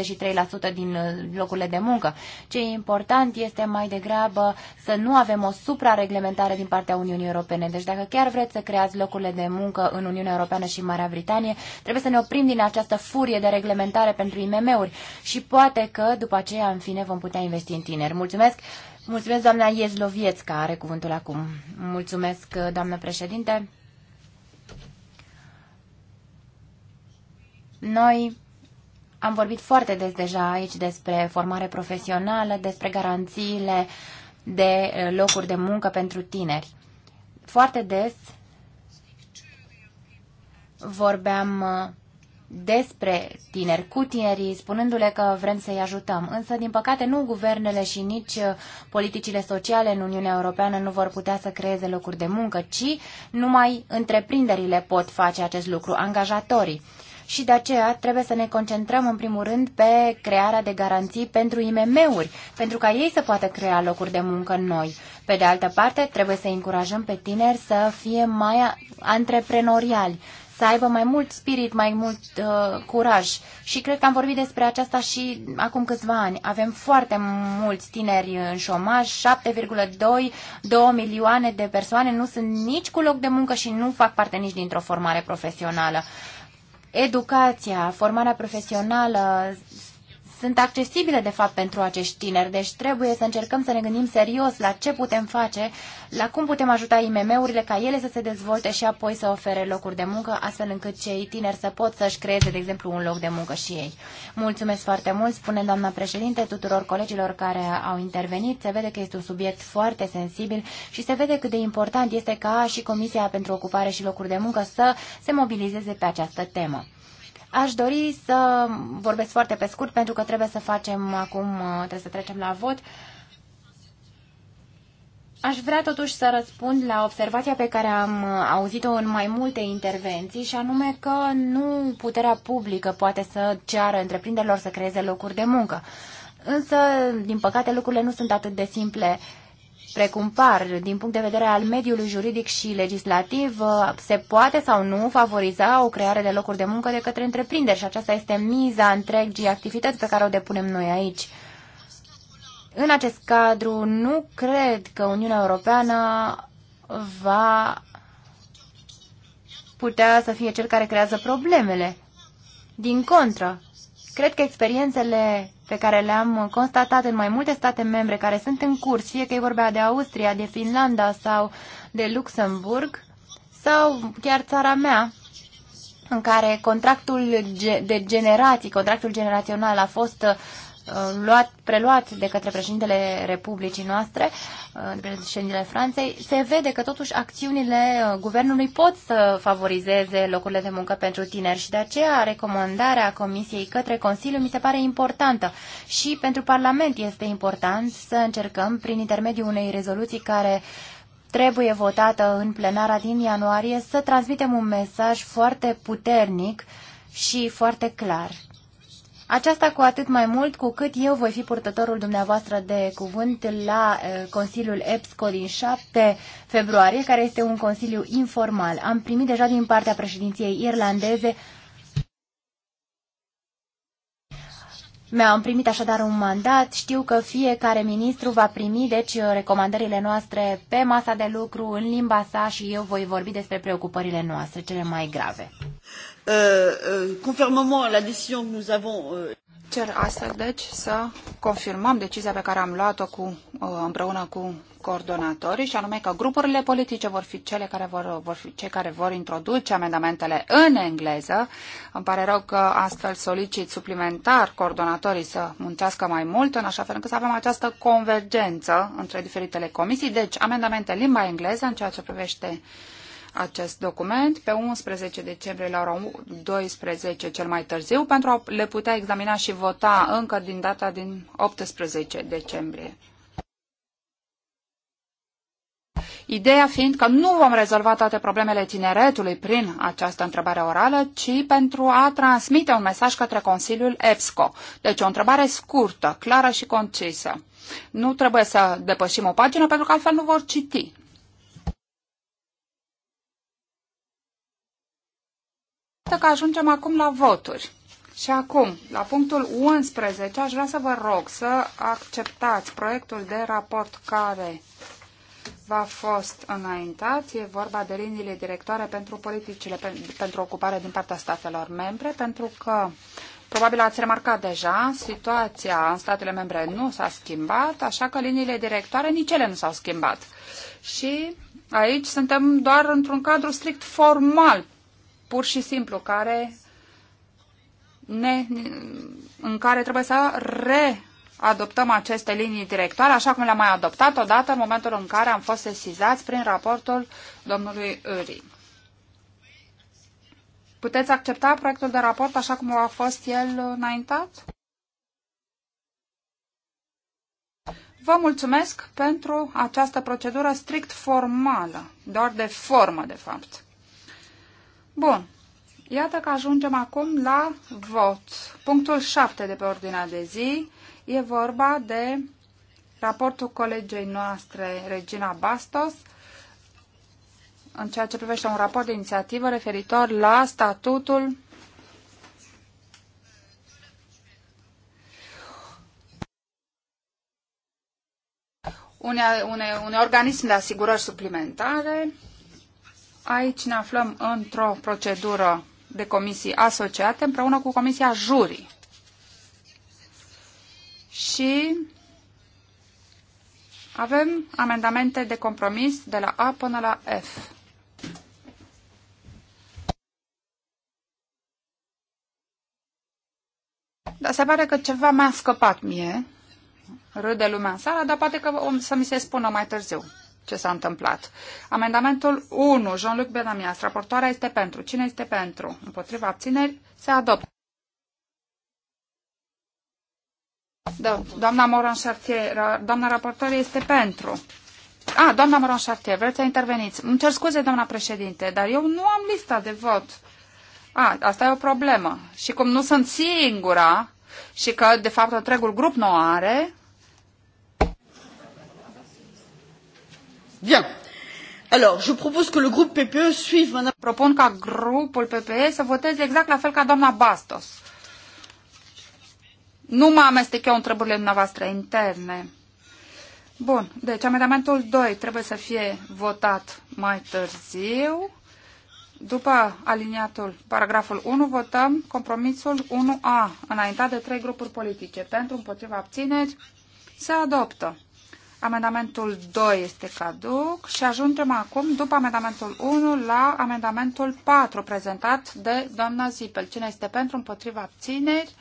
83% din locurile de muncă. Ce e important este mai degrabă să nu avem o suprareglementare din partea Uniunii Europene. Deci dacă chiar vreți să creați locurile de muncă în Uniunea Europeană și Marea Britanie, campanie, trebuie să ne oprim din această furie de reglementare pentru IMM-uri și poate că după aceea, în fine, vom putea investi în tineri. Mulțumesc! Mulțumesc, doamna Iezloviețca, are cuvântul acum. Mulțumesc, doamnă președinte. Noi am vorbit foarte des deja aici despre formare profesională, despre garanțiile de locuri de muncă pentru tineri. Foarte des vorbeam uh, despre tineri cu tinerii, spunându-le că vrem să-i ajutăm. Însă, din păcate, nu guvernele și nici uh, politicile sociale în Uniunea Europeană nu vor putea să creeze locuri de muncă, ci numai întreprinderile pot face acest lucru, angajatorii. Și de aceea trebuie să ne concentrăm în primul rând pe crearea de garanții pentru IMM-uri, pentru ca ei să poată crea locuri de muncă noi. Pe de altă parte, trebuie să încurajăm pe tineri să fie mai antreprenoriali, să aibă mai mult spirit, mai mult uh, curaj. Și cred că am vorbit despre aceasta și acum câțiva ani. Avem foarte mulți tineri în șomaj, 7,2 milioane de persoane nu sunt nici cu loc de muncă și nu fac parte nici dintr-o formare profesională. Educația, formarea profesională, sunt accesibile, de fapt, pentru acești tineri. Deci trebuie să încercăm să ne gândim serios la ce putem face, la cum putem ajuta IMM-urile ca ele să se dezvolte și apoi să ofere locuri de muncă, astfel încât cei tineri să pot să-și creeze, de exemplu, un loc de muncă și ei. Mulțumesc foarte mult, spune doamna președinte, tuturor colegilor care au intervenit. Se vede că este un subiect foarte sensibil și se vede cât de important este ca și Comisia pentru Ocupare și Locuri de Muncă să se mobilizeze pe această temă. Aș dori să vorbesc foarte pe scurt pentru că trebuie să facem acum, uh, trebuie să trecem la vot. Aș vrea totuși să răspund la observația pe care am uh, auzit-o în mai multe intervenții și anume că nu puterea publică poate să ceară întreprinderilor să creeze locuri de muncă. Însă, din păcate, lucrurile nu sunt atât de simple uh, precum par, din punct de vedere al mediului juridic și legislativ, uh, se poate sau nu favoriza o creare de locuri de muncă de către întreprinderi și aceasta este miza întregii activități pe care o depunem noi aici. În acest cadru, nu cred că Uniunea Europeană va putea să fie cel care creează problemele. Din contră, cred că experiențele pe care le-am constatat în mai multe state membre care sunt în curs, fie că e vorbea de Austria, de Finlanda sau de Luxemburg, sau chiar țara mea, în care contractul de generații, contractul generațional a fost Uh, luat, preluat de către președintele Republicii noastre, uh, președintele Franței, se vede că totuși acțiunile uh, guvernului pot să favorizeze locurile de muncă pentru tineri și de aceea recomandarea Comisiei către Consiliu mi se pare importantă și pentru Parlament este important să încercăm prin intermediul unei rezoluții care trebuie votată în plenara din ianuarie să transmitem un mesaj foarte puternic și foarte clar aceasta cu atât mai mult cu cât eu voi fi purtătorul dumneavoastră de cuvânt la eh, Consiliul EPSCO din 7 februarie, care este un consiliu informal. Am primit deja din partea președinției irlandeze Mi-am primit așadar un mandat, știu că fiecare ministru va primi, deci, recomandările noastre pe masa de lucru, în limba sa și eu voi vorbi despre preocupările noastre, cele mai grave. Euh, euh, conformément à la décision que nous avons euh, Cer astfel, deci, să confirmăm decizia pe care am luat-o cu, uh, împreună cu coordonatorii, și anume că grupurile politice vor fi, cele care vor, vor fi cei care vor introduce amendamentele în engleză. Îmi pare rău că astfel solicit suplimentar coordonatorii să muncească mai mult, în așa fel încât să avem această convergență între diferitele comisii. Deci, amendamente limba engleză în ceea ce privește uh, acest document pe 11 decembrie la ora 12 cel mai târziu pentru a le putea examina și vota încă din data din 18 decembrie. Ideea fiind că nu vom rezolva toate problemele tineretului prin această întrebare orală, ci pentru a transmite un mesaj către Consiliul EPSCO. Deci o întrebare scurtă, clară și concisă. Nu trebuie să depășim o pagină pentru că altfel nu vor citi Iată că ajungem acum la voturi. Și acum, la punctul 11, aș vrea să vă rog să acceptați proiectul de raport care v-a fost înaintat. E vorba de liniile directoare pentru politicile pentru ocupare din partea statelor membre, pentru că Probabil ați remarcat deja, situația în statele membre nu s-a schimbat, așa că liniile directoare nici ele nu s-au schimbat. Și aici suntem doar într-un cadru strict formal pur și simplu, care ne, în care trebuie să readoptăm aceste linii directoare, așa cum le-am mai adoptat odată în momentul în care am fost sesizați prin raportul domnului Uri. Puteți accepta proiectul de raport așa cum a fost el înaintat? Vă mulțumesc pentru această procedură strict formală, doar de formă, de fapt. Bun. Iată că ajungem acum la vot. Punctul 7 de pe ordinea de zi e vorba de raportul colegei noastre, Regina Bastos, în ceea ce privește un raport de inițiativă referitor la statutul unei, unei, unei organism de asigurări suplimentare Aici ne aflăm într-o procedură de comisii asociate împreună cu Comisia Jurii. Și avem amendamente de compromis de la A până la F. Dar se pare că ceva mi-a scăpat mie. Râde lumea în sala, dar poate că o să mi se spună mai târziu ce s-a întâmplat. Amendamentul 1, Jean-Luc Benamias, raportoarea este pentru. Cine este pentru? Împotriva abțineri, se adoptă. Do da, doamna Moran Chartier, doamna raportor este pentru. A, doamna Moran Chartier, vreți să interveniți. Îmi cer scuze, doamna președinte, dar eu nu am lista de vot. A, asta e o problemă. Și cum nu sunt singura și că, de fapt, întregul grup nu o are, je propose que le groupe PPE suive Propun ca grupul PPE să voteze exact la fel ca doamna Bastos. Nu mă amestec eu întrebările dumneavoastră interne. Bun, deci amendamentul 2 trebuie să fie votat mai târziu. După aliniatul, paragraful 1, votăm compromisul 1A, înaintat de trei grupuri politice. Pentru, împotriva, abțineri, se adoptă. Amendamentul 2 este caduc și ajungem acum, după amendamentul 1, la amendamentul 4, prezentat de doamna Zipel. Cine este pentru, împotriva abțineri,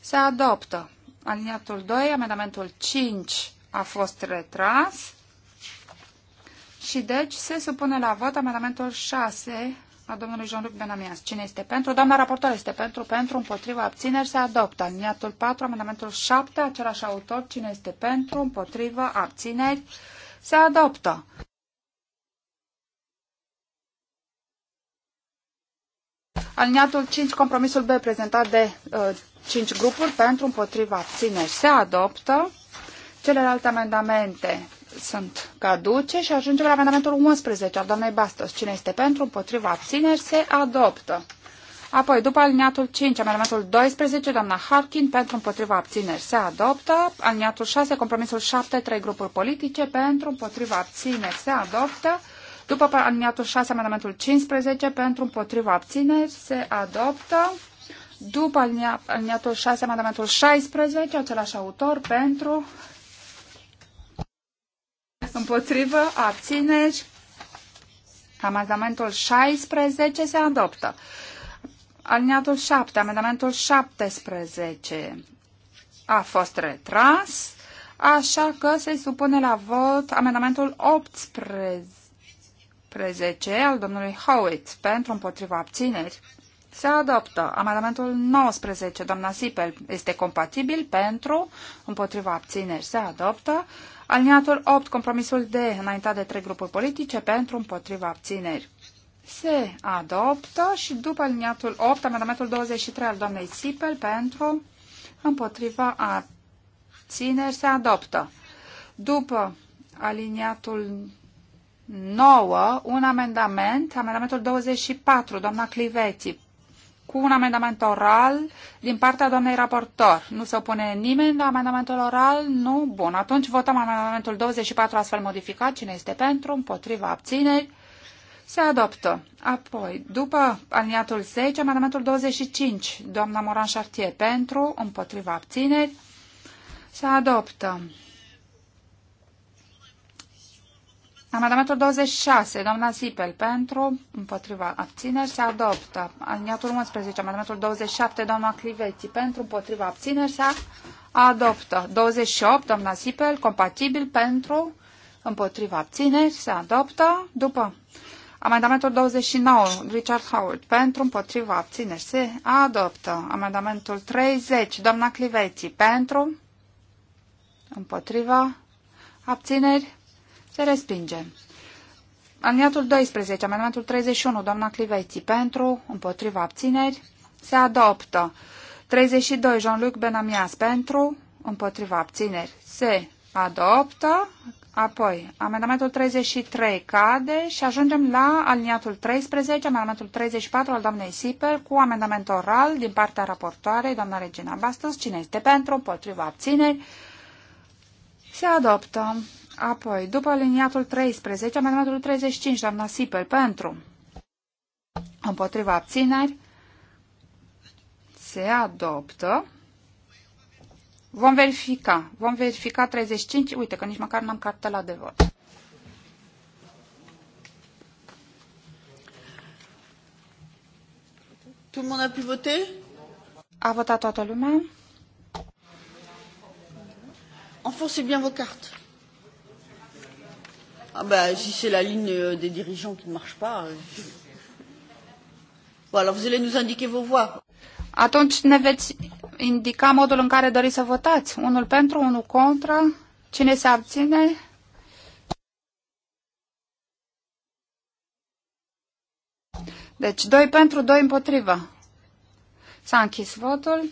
se adoptă. Aliniatul 2, amendamentul 5 a fost retras și deci se supune la vot amendamentul 6 a domnului Jean-Luc Benamias. Cine este pentru? Doamna raportor este pentru, pentru, împotriva, abțineri, se adoptă. Aliniatul 4, amendamentul 7, același autor. Cine este pentru, împotriva, abțineri, se adoptă. Aliniatul 5, compromisul B prezentat de uh, 5 grupuri pentru, împotriva, abțineri, se adoptă. Celelalte amendamente sunt caduce și ajungem la amendamentul 11 al doamnei Bastos. Cine este pentru, împotriva, abțineri, se adoptă. Apoi, după aliniatul 5, amendamentul 12, doamna Harkin, pentru împotriva abțineri, se adoptă. Aliniatul 6, compromisul 7, trei grupuri politice, pentru împotriva abțineri, se adoptă. După aliniatul 6, amendamentul 15, pentru împotriva abțineri, se adoptă. După aliniatul 6, amendamentul 16, același autor, pentru împotrivă, abțineri. Amendamentul 16 se adoptă. Alineatul 7, amendamentul 17 a fost retras, așa că se supune la vot amendamentul 18 al domnului Howitt pentru împotriva abțineri. Se adoptă. Amendamentul 19, doamna Sipel, este compatibil pentru, împotriva abțineri. Se adoptă. Aliniatul 8, compromisul D, înaintat de trei grupuri politice, pentru, împotriva abțineri. Se adoptă și după aliniatul 8, amendamentul 23 al doamnei Sipel, pentru, împotriva abțineri. Se adoptă. După aliniatul 9, un amendament, amendamentul 24, doamna Cliveti, cu un amendament oral din partea doamnei raportor. Nu se opune nimeni la amendamentul oral? Nu? Bun. Atunci votăm amendamentul 24 astfel modificat. Cine este pentru? Împotriva abțineri? Se adoptă. Apoi, după aliniatul 10, amendamentul 25, doamna Moran Chartier pentru, împotriva abțineri, se adoptă. Amendamentul 26, doamna Zipel, pentru, împotriva, abțineri, se adoptă. Aliniatul 11, amendamentul 27, doamna Cliveți, pentru, împotriva, abțineri, se adoptă. 28, doamna Zipel, compatibil, pentru, împotriva, abțineri, se adoptă. După amendamentul 29, Richard Howard, pentru, împotriva, abțineri, se adoptă. Amendamentul 30, doamna Cliveți, pentru, împotriva, abțineri, se respinge. Aliniatul 12, amendamentul 31, doamna Cliveții, pentru, împotriva abțineri, se adoptă. 32, Jean-Luc Benamias, pentru, împotriva abțineri, se adoptă. Apoi, amendamentul 33 cade și ajungem la aliniatul 13, amendamentul 34 al doamnei Sipel cu amendament oral din partea raportoarei, doamna Regina Bastos. Cine este pentru, împotriva abțineri, se adoptă. Apoi, după aliniatul 13, amendamentul 35, doamna Sipel, pentru. Împotriva abțineri, se adoptă. Vom verifica. Vom verifica 35. Uite că nici măcar n-am cartela de vot. Tout le monde a pu voter? A votat toată lumea? Enfoncez bien vos cartes. Ah ben, si c'est la ligne euh, des dirigeants qui ne marche pas. Euh... Bon, alors vous allez nous indiquer vos voix. Atunci ne veți indica modul în care doriți să votați. Unul pentru, unul contra. Cine se abține? Deci, doi pentru, doi împotrivă. S-a închis votul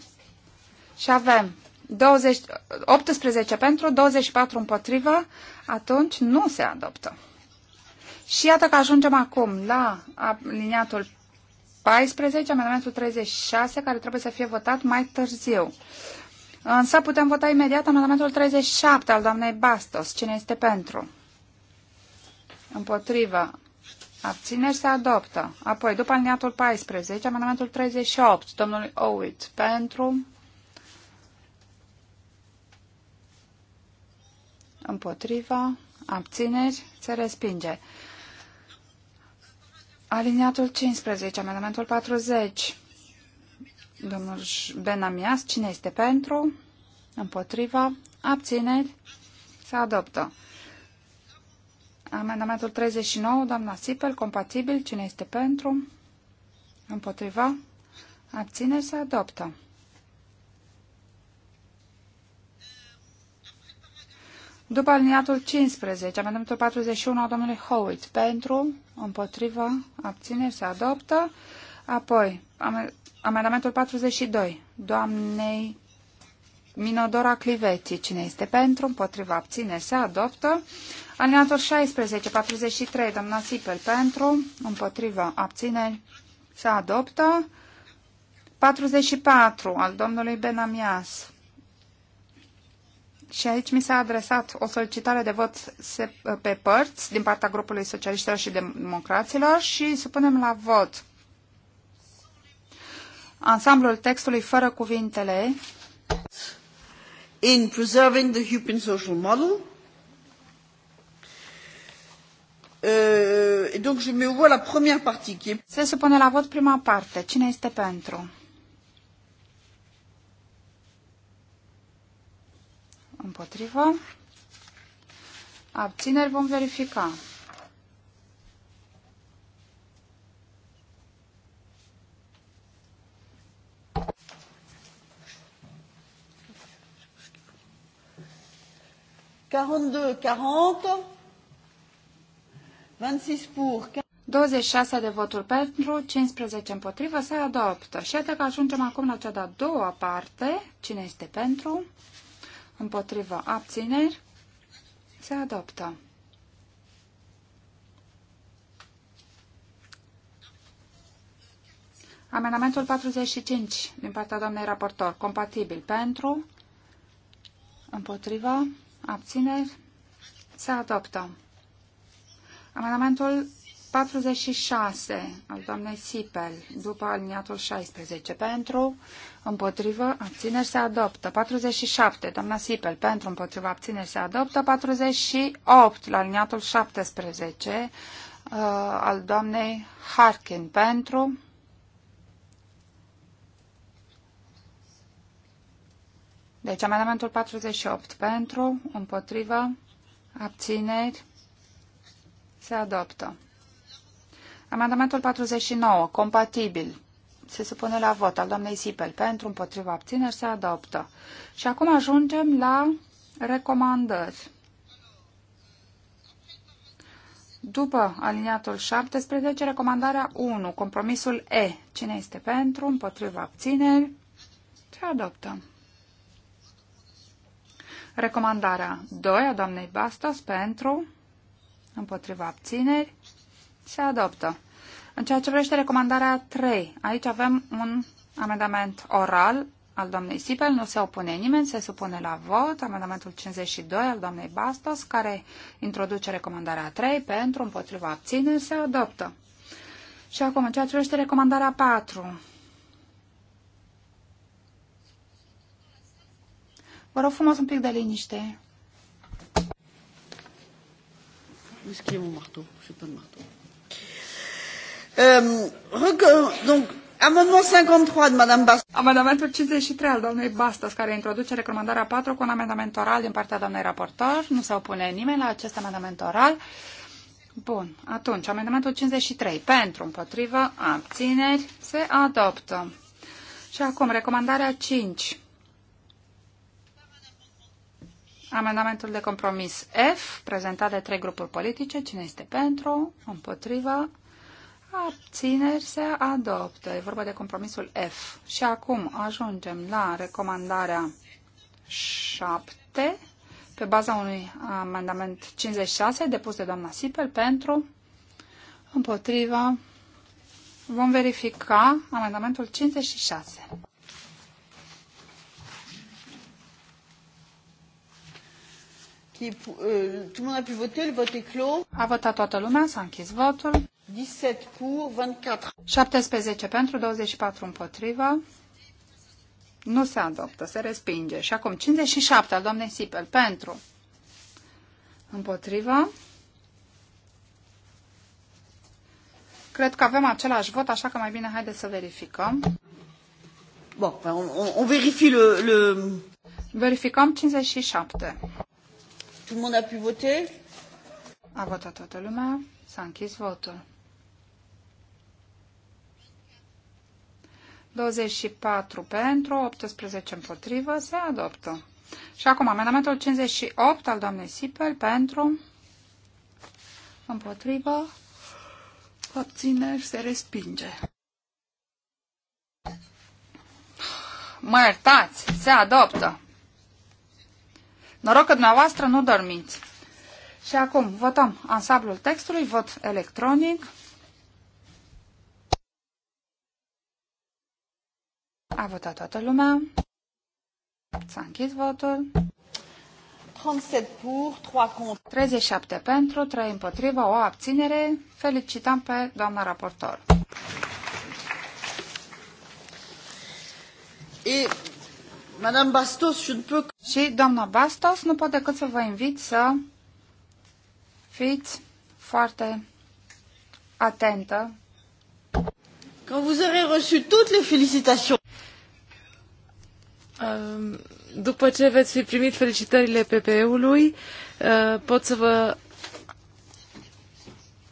și avem 20, 18 pentru, 24 împotrivă, atunci nu se adoptă. Și iată că ajungem acum la aliniatul 14, amendamentul 36, care trebuie să fie votat mai târziu. Însă putem vota imediat amendamentul 37 al doamnei Bastos. Cine este pentru? Împotrivă. Abțineri se adoptă. Apoi, după alineatul 14, amendamentul 38, domnului Owit, pentru, împotriva, abțineri, se respinge. Aliniatul 15, amendamentul 40. Domnul Benamias, cine este pentru? Împotriva, abțineri, se adoptă. Amendamentul 39, doamna Sipel, compatibil, cine este pentru? Împotriva, abțineri, se adoptă. După aliniatul 15, amendamentul 41 al domnului Howitt, pentru, împotrivă, abțineri, se adoptă. Apoi, amendamentul 42, doamnei Minodora Cliveti, cine este pentru, împotrivă, abțineri, se adoptă. Aliniatul 16, 43, doamna Sipel, pentru, împotrivă, abțineri, se adoptă. 44 al domnului Benamias, și aici mi s-a adresat o solicitare de vot pe părți din partea grupului socialiștilor și democraților și supunem la vot ansamblul textului fără cuvintele in preserving the human social model. Uh, donc je mets au la première partie qui est... Se supune la vot prima parte. Cine este pentru? Împotrivă. Abțineri vom verifica. Quarante-deux, quarante, deux quarante de voturi pentru, 15 împotrivă, se adoptă. Și iată că ajungem acum la cea de-a doua parte. Cine este pentru? Pentru împotriva abțineri, se adoptă. Amendamentul 45 din partea doamnei raportor, compatibil pentru, împotriva, abțineri, se adoptă. Amendamentul 46 al doamnei Sipel, după aliniatul 16, pentru, împotrivă, abțineri se adoptă. 47, doamna Sipel, pentru, împotrivă, abțineri se adoptă. 48, la aliniatul 17, uh, al doamnei Harkin, pentru, Deci amendamentul 48 pentru, împotrivă, abțineri, se adoptă. Amendamentul 49, compatibil, se supune la vot al doamnei Sipel. Pentru, împotriva, abțineri, se adoptă. Și acum ajungem la recomandări. După aliniatul 17, recomandarea 1, compromisul E. Cine este pentru, împotriva, abțineri, se adoptă. Recomandarea 2 a doamnei Bastos pentru, împotriva abțineri, se adoptă. În ceea ce vrește recomandarea 3, aici avem un amendament oral al doamnei Sipel, nu se opune nimeni, se supune la vot amendamentul 52 al doamnei Bastos, care introduce recomandarea 3 pentru, împotriva abțineri, se adoptă. Și acum, în ceea ce vrește recomandarea 4. Vă rog frumos un pic de liniște. Nu schimbăm un și pe martou. Um, euh, 53 de Madame Bastos. Amendamentul 53 al doamnei Bastos, care introduce recomandarea 4 cu un amendament oral din partea doamnei raportor. Nu se opune nimeni la acest amendament oral. Bun, atunci, amendamentul 53. Pentru, împotrivă, abțineri, se adoptă. Și acum, recomandarea 5. Amendamentul de compromis F, prezentat de trei grupuri politice. Cine este pentru? împotrivă, Abțineri se adoptă. E vorba de compromisul F. Și acum ajungem la recomandarea 7 pe baza unui amendament 56 depus de doamna Sipel pentru împotriva. Vom verifica amendamentul 56. Euh, tout le monde a pu voter, le vote est clos. A votat toată lumea, s-a închis votul. 17 pentru, 24 împotriva. Nu se adoptă, se respinge. Și acum 57 al doamnei Sipel pentru, împotriva. Cred că avem același vot, așa că mai bine haideți să verificăm. Bon, on, on verifie le, le... Verificăm 57. Tout le monde a pu voter? A votat toată lumea. S-a închis votul. 24 pentru, 18 împotrivă, se adoptă. Și acum amendamentul 58 al doamnei Sipel pentru, împotrivă, abțineri, se respinge. Mă iertați, se adoptă. Noroc că dumneavoastră nu dormiți. Și acum votăm ansamblul textului, vot electronic. A votat toată lumea. S-a închis votul. 37 3 pentru, 3 împotriva, o abținere. Felicităm pe doamna raportor. Et Madame Bastos, Și doamna Bastos, nu pot decât să vă invit să fiți foarte atentă. Când vous aurez reçu toutes les félicitations. După ce veți fi primit felicitările PPE-ului, uh, pot să vă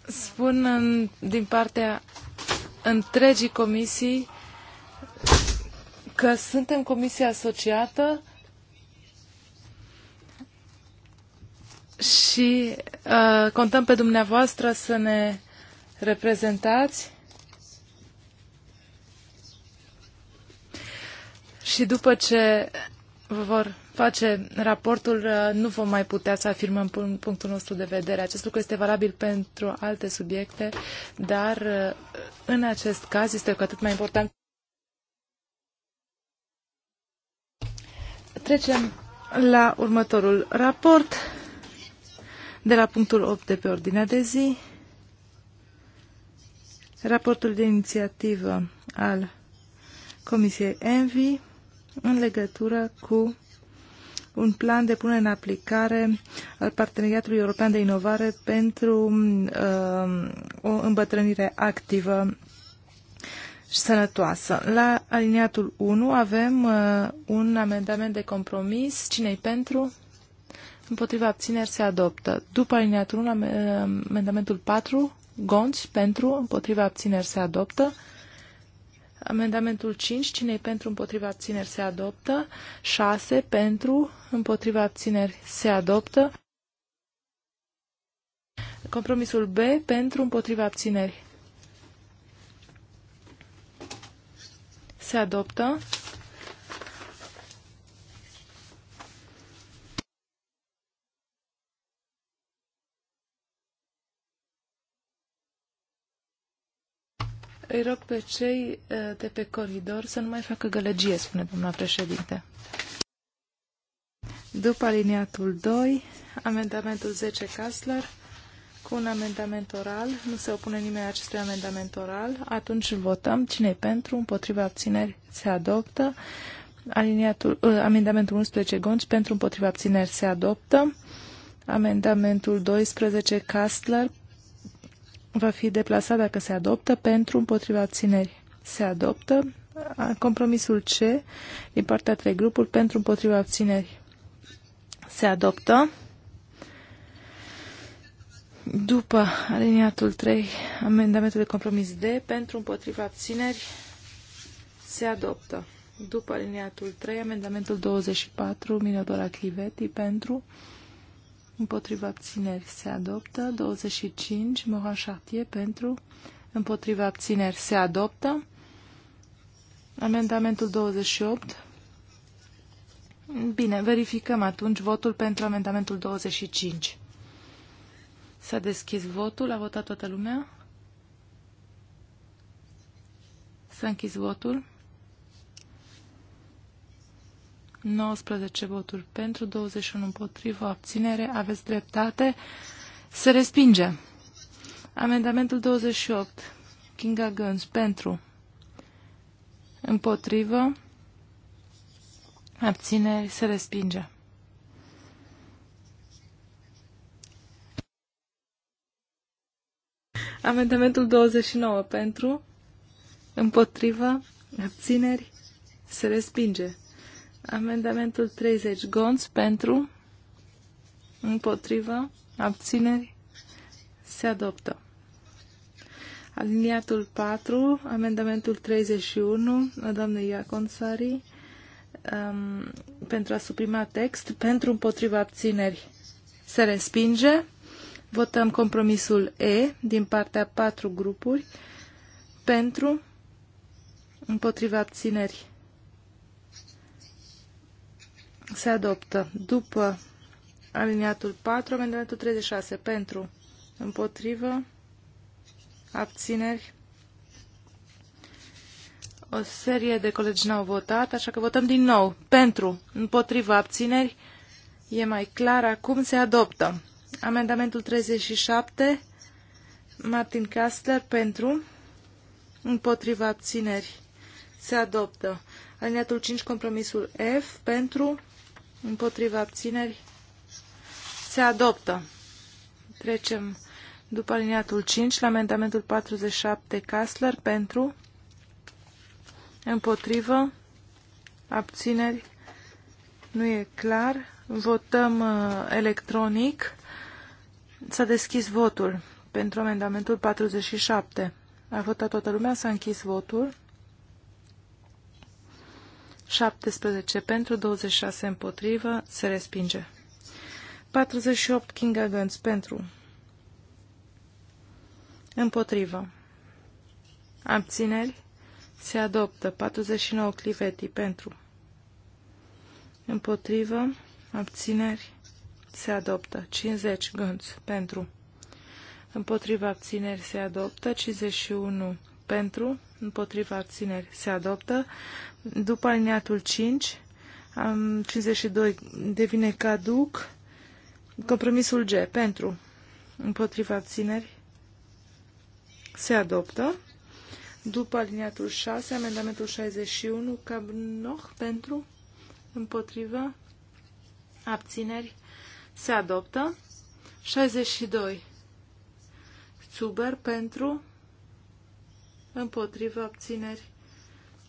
spun în, din partea întregii comisii că suntem comisie asociată și uh, contăm pe dumneavoastră să ne reprezentați și după ce vor face raportul, uh, nu vom mai putea să afirmăm punctul nostru de vedere. Acest lucru este valabil pentru alte subiecte, dar uh, în acest caz este cu atât mai important. Trecem la următorul raport, de la punctul 8 de pe ordinea de zi, raportul de inițiativă al Comisiei Envi în legătură cu un plan de punere în aplicare al Parteneriatului European de Inovare pentru uh, o îmbătrânire activă și sănătoasă. La aliniatul 1 avem uh, un amendament de compromis. Cine-i pentru? Împotriva abțineri se adoptă. După aliniatul 1, uh, amendamentul 4, Gonci, pentru, împotriva abțineri se adoptă. Amendamentul 5, cine pentru împotriva abțineri se adoptă. 6, pentru împotriva abțineri se adoptă. Compromisul B, pentru împotriva abțineri se adoptă. Îi rog pe cei eh, de pe coridor să nu mai facă gălăgie, spune doamna președinte. După aliniatul 2, amendamentul 10 Kassler, cu un amendament oral, nu se opune nimeni acestui amendament oral, atunci votăm cine pentru, împotriva abțineri se adoptă, aliniatul, uh, amendamentul 11 Gonci, pentru împotriva abțineri se adoptă, amendamentul 12 Kastler, va fi deplasat dacă se adoptă pentru împotriva abțineri. Se adoptă compromisul C din partea trei grupuri pentru împotriva abțineri. Se adoptă după aliniatul 3 amendamentul de compromis D pentru împotriva abțineri se adoptă. După aliniatul 3 amendamentul 24 Minodora Cliveti pentru împotriva abțineri se adoptă, 25 Moran Chartier pentru, împotriva abțineri se adoptă, amendamentul 28. Bine, verificăm atunci votul pentru amendamentul 25. S-a deschis votul, a votat toată lumea? S-a închis votul. 19 voturi pentru, 21 împotrivă, abținere, aveți dreptate, se respinge. Amendamentul 28, Kinga Gâns, pentru, împotrivă, abțineri, se respinge. Amendamentul 29 pentru, împotrivă, abțineri, se respinge. Amendamentul 30. Gonț pentru, împotrivă, abțineri, se adoptă. Aliniatul 4, amendamentul 31, doamnei Iaconsari, um, pentru a suprima text, pentru împotriva abțineri, se respinge. Votăm compromisul E din partea 4 grupuri, pentru împotriva abțineri, se adoptă. După aliniatul 4, amendamentul 36 pentru, împotrivă, abțineri. O serie de colegi n-au votat, așa că votăm din nou. Pentru, împotrivă, abțineri. E mai clar acum, se adoptă. Amendamentul 37, Martin Castler, pentru, împotriva abțineri, se adoptă. Alineatul 5, compromisul F, pentru, împotriva abțineri, se adoptă. Trecem după aliniatul 5 la amendamentul 47 Kassler pentru, împotrivă, abțineri, nu e clar. Votăm uh, electronic. S-a deschis votul pentru amendamentul 47. A votat toată lumea, s-a închis votul. 17 pentru, 26 împotrivă, se respinge. 48 King Gantz pentru, împotrivă, abțineri, se adoptă. 49 Cliveti pentru, împotrivă, abțineri, se adoptă. 50 Gantz pentru, împotrivă, abțineri, se adoptă. 51 pentru, împotriva abțineri se adoptă. După alineatul 5, 52 devine caduc. Compromisul G pentru, împotriva abțineri se adoptă. După aliniatul 6, amendamentul 61, Cabnoch pentru, împotriva, abțineri, se adoptă. 62, Zuber pentru, împotriva abțineri,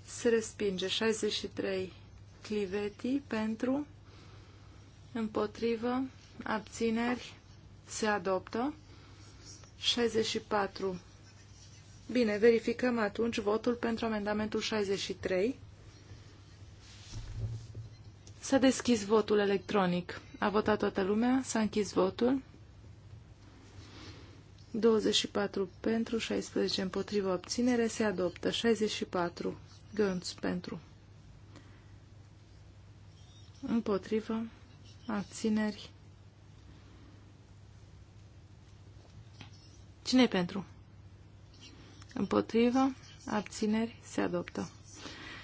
se respinge. 63 cliveti pentru, împotrivă, abțineri, se adoptă. 64. Bine, verificăm atunci votul pentru amendamentul 63. S-a deschis votul electronic. A votat toată lumea, s-a închis votul. 24 pentru, 16 împotrivă obținere, se adoptă. 64 gânți pentru. Împotrivă, abțineri. cine pentru? Împotrivă, abțineri, se adoptă.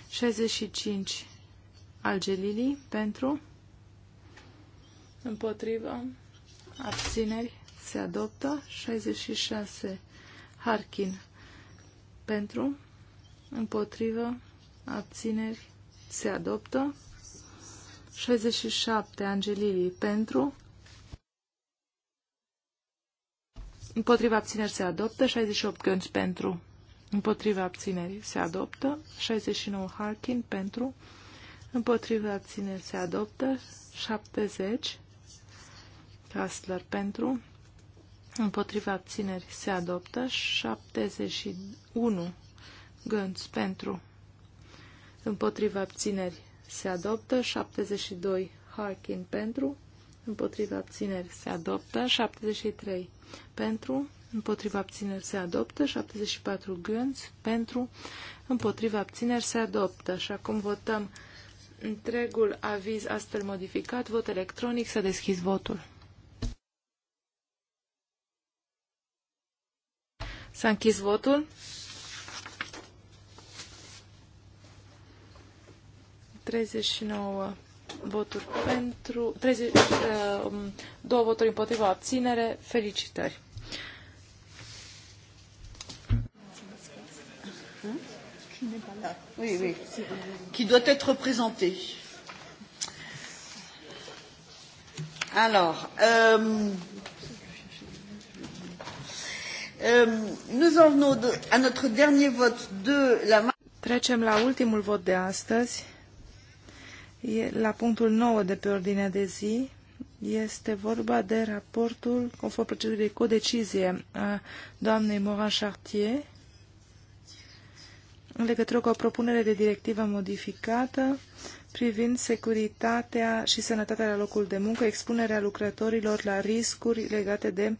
65 algelilii pentru. Împotrivă, abțineri, se adoptă. 66 Harkin pentru, împotrivă, abțineri, se adoptă. 67 Angelilii pentru, împotriva abțineri se adoptă. 68 Gânci pentru, împotriva abțineri, se adoptă. 69 Harkin pentru, împotriva abțineri se adoptă. 70 Castler pentru, împotriva abțineri se adoptă, 71 gânți pentru, împotriva abțineri se adoptă, 72 Harkin pentru, împotriva abțineri se adoptă, 73 pentru, împotriva abțineri se adoptă, 74 gânți pentru, împotriva abțineri se adoptă. Și acum votăm întregul aviz astfel modificat, vot electronic, să deschis votul. S-a închis votul. 39 voturi pentru, 30, uh, două voturi împotriva abținere. Felicitări! Oui, oui. Qui doit être présenté. Alors, euh, Trecem la ultimul vot de astăzi. E la punctul 9 de pe ordinea de zi este vorba de raportul conform procedurii cu decizie a doamnei Morin Chartier în legătură cu o propunere de directivă modificată privind securitatea și sănătatea la locul de muncă, expunerea lucrătorilor la riscuri legate de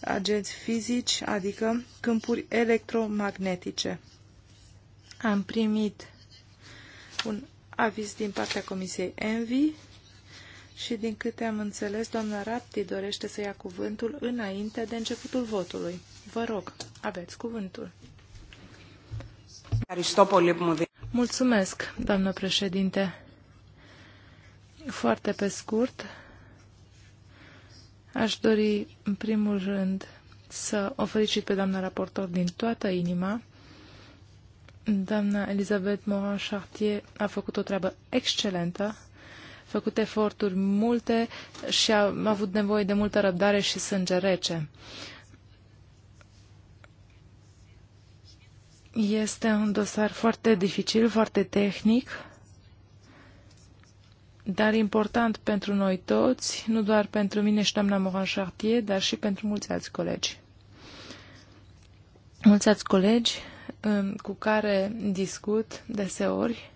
agenți fizici, adică câmpuri electromagnetice. Am primit un aviz din partea Comisiei Envi și, din câte am înțeles, doamna Rapti dorește să ia cuvântul înainte de începutul votului. Vă rog, aveți cuvântul. Mulțumesc, doamnă președinte. Foarte pe scurt, aș dori în primul rând să o felicit pe doamna raportor din toată inima. Doamna Elizabeth Morin-Chartier a făcut o treabă excelentă, a făcut eforturi multe și a avut nevoie de multă răbdare și sânge rece. Este un dosar foarte dificil, foarte tehnic dar important pentru noi toți, nu doar pentru mine și doamna Moran-Chartier, dar și pentru mulți alți colegi. Mulți alți colegi um, cu care discut deseori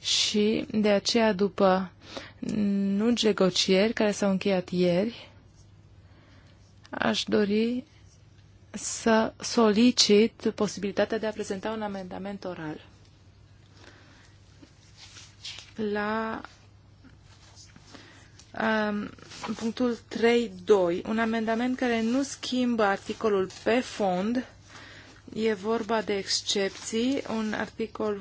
și de aceea după nu negocieri care s-au încheiat ieri, aș dori să solicit posibilitatea de a prezenta un amendament oral la punctul 3.2, un amendament care nu schimbă articolul pe fond, e vorba de excepții, un articol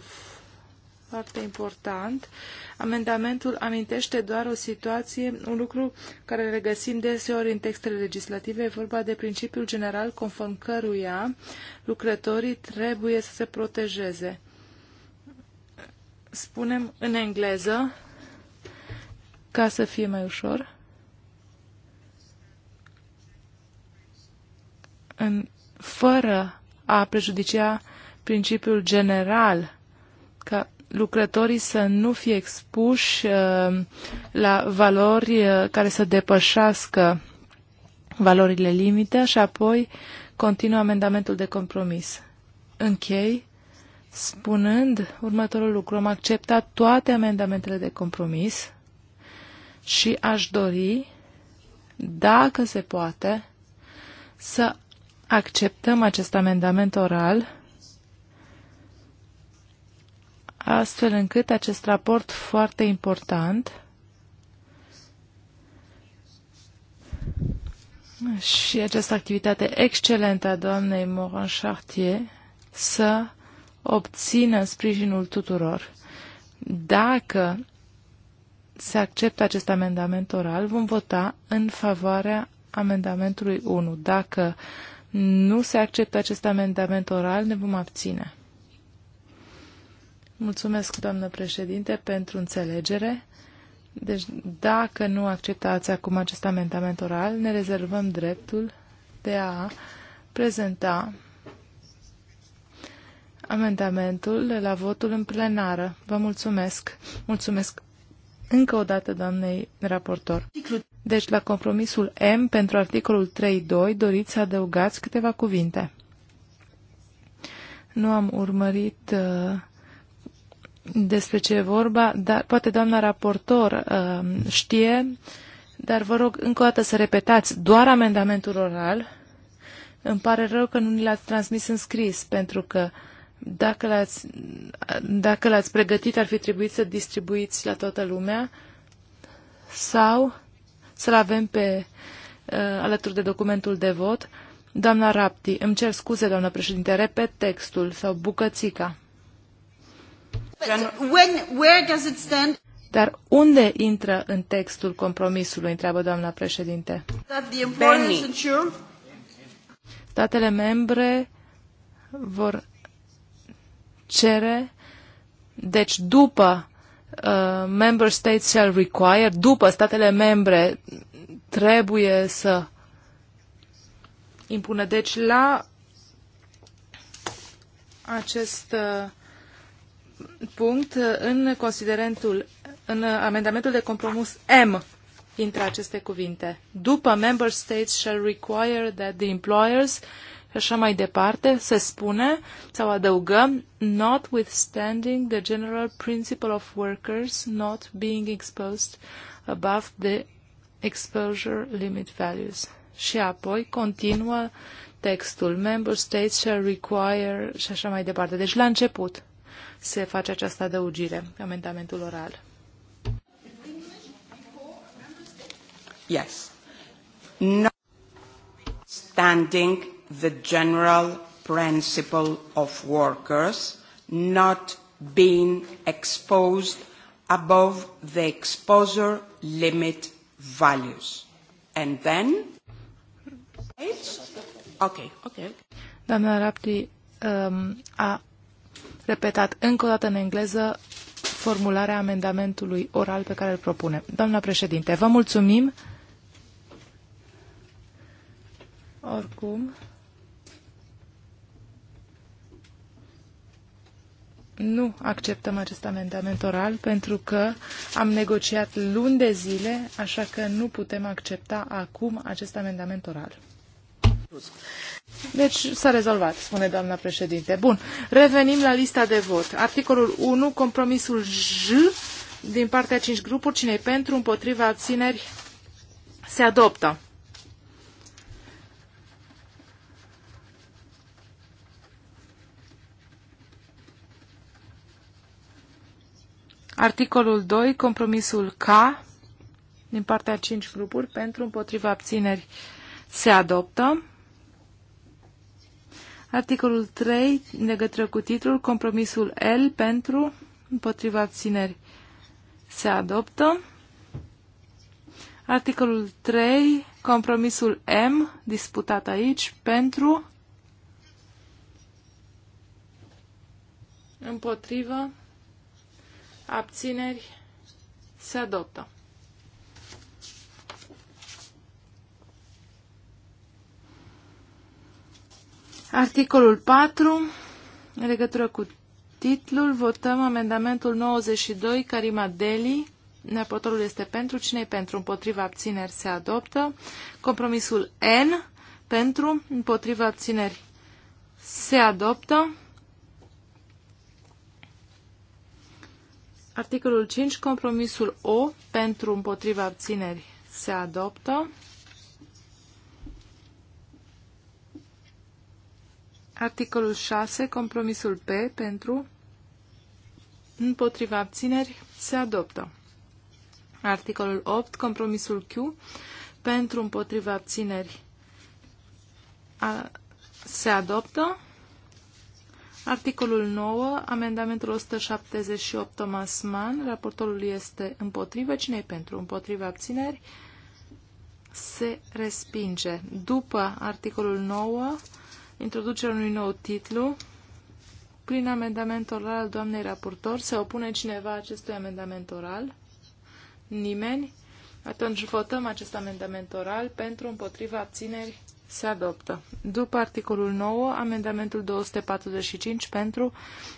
foarte important. Amendamentul amintește doar o situație, un lucru care le regăsim deseori în textele legislative, e vorba de principiul general conform căruia lucrătorii trebuie să se protejeze. Spunem în engleză ca să fie mai ușor. În, fără a prejudicia principiul general ca lucrătorii să nu fie expuși uh, la valori uh, care să depășească valorile limite, și apoi continuă amendamentul de compromis. Închei spunând următorul lucru. Am acceptat toate amendamentele de compromis și aș dori, dacă se poate, să acceptăm acest amendament oral astfel încât acest raport foarte important și această activitate excelentă a doamnei Moran Chartier să obțină sprijinul tuturor. Dacă se acceptă acest amendament oral, vom vota în favoarea amendamentului 1. Dacă nu se acceptă acest amendament oral, ne vom abține. Mulțumesc, doamnă președinte, pentru înțelegere. Deci, dacă nu acceptați acum acest amendament oral, ne rezervăm dreptul de a prezenta amendamentul la votul în plenară. Vă mulțumesc. Mulțumesc încă o dată doamnei raportor. Deci, la compromisul M pentru articolul 3.2 doriți să adăugați câteva cuvinte. Nu am urmărit uh, despre ce e vorba, dar poate doamna raportor uh, știe, dar vă rog încă o dată să repetați doar amendamentul oral. Îmi pare rău că nu ni l-ați transmis în scris, pentru că uh, dacă l-ați, dacă l-ați pregătit, ar fi trebuit să distribuiți la toată lumea sau să-l avem pe, uh, alături de documentul de vot. Doamna Rapti, îmi cer scuze, doamna președinte, repet textul sau bucățica. When, where does it stand? Dar unde intră în textul compromisului, întreabă doamna președinte? Statele membre vor cere, deci după uh, member states shall require, după statele membre trebuie să impună. Deci la acest uh, punct în considerentul, în amendamentul de compromis M dintre aceste cuvinte. După member states shall require that the employers și așa mai departe, se spune sau adăugăm notwithstanding the general principle of workers not being exposed above the exposure limit values. Și apoi continuă textul member states shall require și așa mai departe. Deci la început se face această adăugire, amendamentul oral. Yes. No standing the general principle of workers not being exposed above the exposure limit values. And then? It's okay, okay. Doamna Rapti um, a repetat încă o dată în engleză formularea amendamentului oral pe care îl propune. Doamna președinte, vă mulțumim. Oricum. nu acceptăm acest amendament oral pentru că am negociat luni de zile, așa că nu putem accepta acum acest amendament oral. Deci s-a rezolvat, spune doamna președinte. Bun, revenim la lista de vot. Articolul 1, compromisul J, din partea 5 grupuri, cine pentru, împotriva, abțineri, se adoptă. Articolul 2, compromisul K, din partea 5 grupuri, pentru împotriva abțineri se adoptă. Articolul 3, în legătură cu titlul, compromisul L pentru împotriva abțineri se adoptă. Articolul 3, compromisul M, disputat aici, pentru împotriva abțineri, se adoptă. Articolul 4, în legătură cu titlul, votăm amendamentul 92, Carima Deli. Neapotorul este pentru. cine pentru? Împotriva abțineri se adoptă. Compromisul N, pentru. Împotriva abțineri se adoptă. Articolul 5, compromisul O pentru împotriva abțineri se adoptă. Articolul 6, compromisul P pentru împotriva abțineri se adoptă. Articolul 8, compromisul Q pentru împotriva abțineri a, se adoptă. Articolul 9, amendamentul 178, Thomas Mann. Raportorul este împotrivă. cine e pentru? Împotrivă abțineri? Se respinge. După articolul 9, introducerea unui nou titlu. Prin amendament oral al doamnei raportor, se opune cineva acestui amendament oral? Nimeni? Atunci votăm acest amendament oral pentru împotriva abțineri se adoptă. După articolul 9, amendamentul 245 pentru,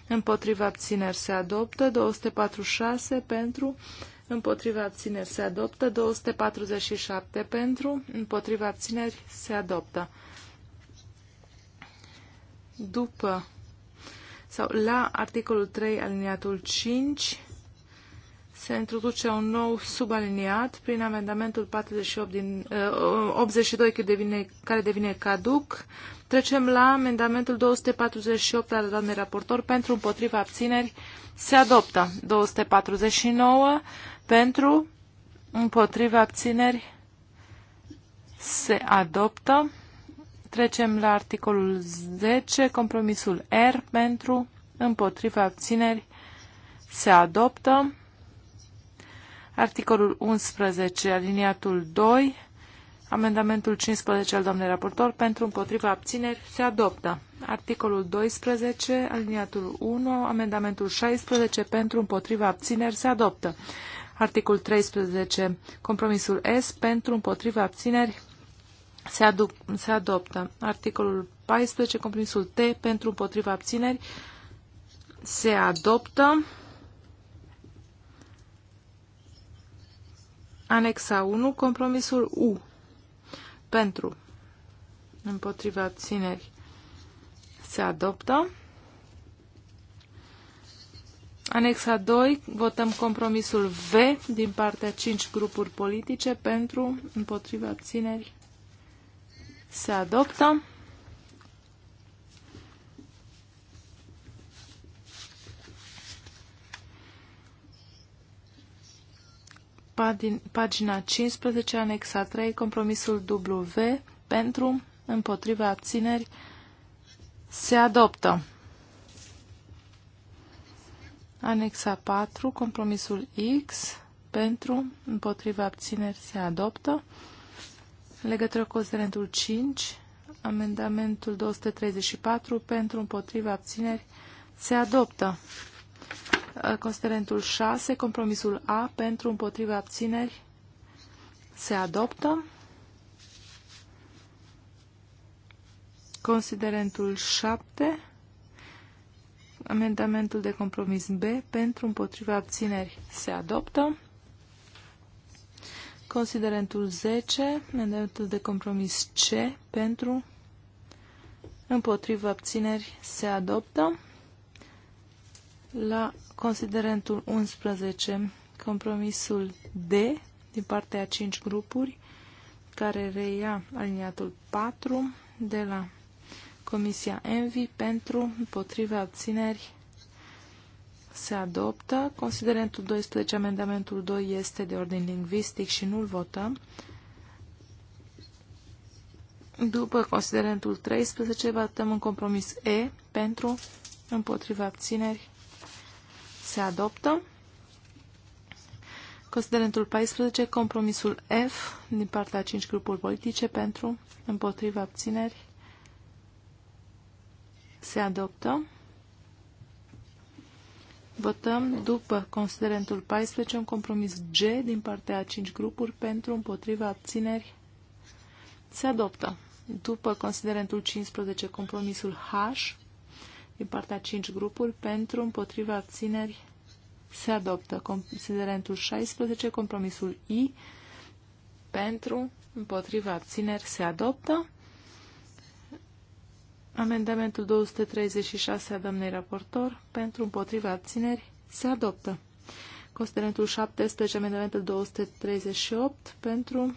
împotriva abțineri se adoptă, 246 pentru, împotriva abțineri se adoptă, 247 pentru, împotriva abțineri se adoptă. După sau la articolul 3, aliniatul 5, se introduce un nou subaliniat prin amendamentul 48 din, 82 uh, care devine, care devine caduc. Trecem la amendamentul 248 al doamnei raportor pentru împotriva abțineri. Se adoptă 249 pentru împotriva abțineri. Se adoptă. Trecem la articolul 10, compromisul R pentru împotriva abțineri. Se adoptă. Articolul 11, aliniatul 2, amendamentul 15 al doamnei raportor, pentru împotriva abțineri, se adoptă. Articolul 12, aliniatul 1, amendamentul 16, pentru împotriva abțineri, se adoptă. Articol 13, compromisul S, pentru împotriva abțineri, se, aduc, se adoptă. Articolul 14, compromisul T, pentru împotriva abțineri, se adoptă. Anexa 1, compromisul U. Pentru. Împotriva țineri. se adoptă. Anexa 2, votăm compromisul V din partea 5 grupuri politice pentru, împotriva țineri. se adoptă. pagina 15, anexa 3, compromisul W, pentru, împotriva abțineri, se adoptă. Anexa 4, compromisul X, pentru, împotriva abțineri, se adoptă. În legătură cu considerentul 5, amendamentul 234, pentru, împotriva abțineri, se adoptă. Considerentul 6, compromisul A, pentru, împotriva, abțineri, se adoptă. Considerentul 7, amendamentul de compromis B, pentru, împotriva, abțineri, se adoptă. Considerentul 10, amendamentul de compromis C, pentru, împotriva, abțineri, se adoptă. La considerentul 11, compromisul D, din partea a 5 grupuri, care reia aliniatul 4 de la Comisia Envi pentru împotriva abțineri se adoptă. Considerentul 12, amendamentul 2 este de ordin lingvistic și nu-l votăm. După considerentul 13, votăm în compromis E pentru împotriva abțineri se adoptă. Considerentul 14, compromisul F din partea a 5 grupuri politice pentru, împotriva abțineri, se adoptă. Votăm după considerentul 14 un compromis G din partea a 5 grupuri pentru, împotriva abțineri, se adoptă. După considerentul 15, compromisul H din partea 5 grupuri pentru împotriva abțineri se adoptă. Considerentul 16, compromisul I pentru împotriva abțineri se adoptă. Amendamentul 236 a doamnei raportor pentru împotriva abțineri se adoptă. Considerentul 17, amendamentul 238 pentru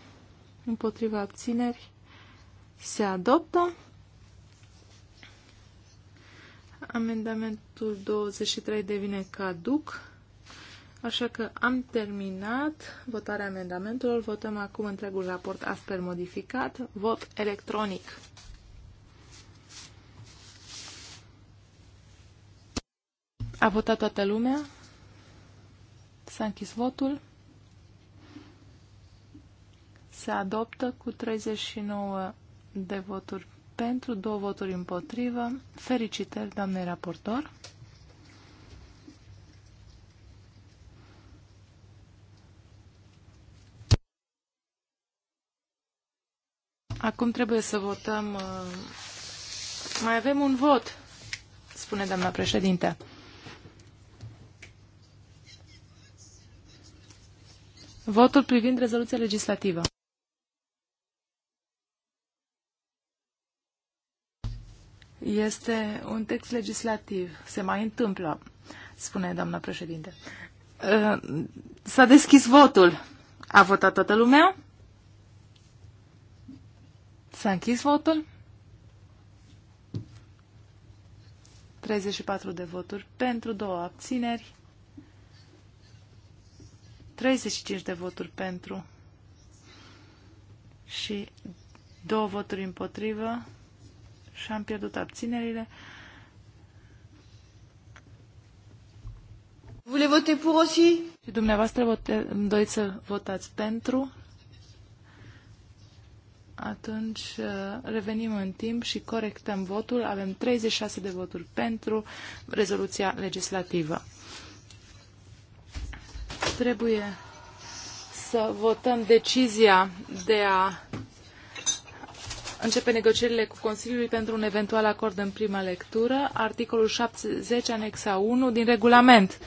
împotriva abțineri se adoptă. Amendamentul 23 devine caduc. Așa că am terminat votarea amendamentului. Votăm acum întregul raport astfel modificat. Vot electronic. A votat toată lumea. S-a închis votul. Se adoptă cu 39 de voturi pentru, două voturi împotrivă. Felicitări, doamne raportor! Acum trebuie să votăm. Uh, mai avem un vot, spune doamna președinte. Votul privind rezoluția legislativă. Este un text legislativ. Se mai întâmplă, spune doamna președinte. Uh, s-a deschis votul. A votat toată lumea? S-a închis votul? 34 de voturi pentru, două abțineri, 35 de voturi pentru și două voturi împotrivă și am pierdut abținerile. le votez pour aussi? Și dumneavoastră vote, îmi doriți să votați pentru? Atunci uh, revenim în timp și corectăm votul. Avem 36 de voturi pentru rezoluția legislativă. Trebuie să votăm decizia de a începe negocierile cu Consiliul pentru un eventual acord în prima lectură, articolul 70, anexa 1 din regulament.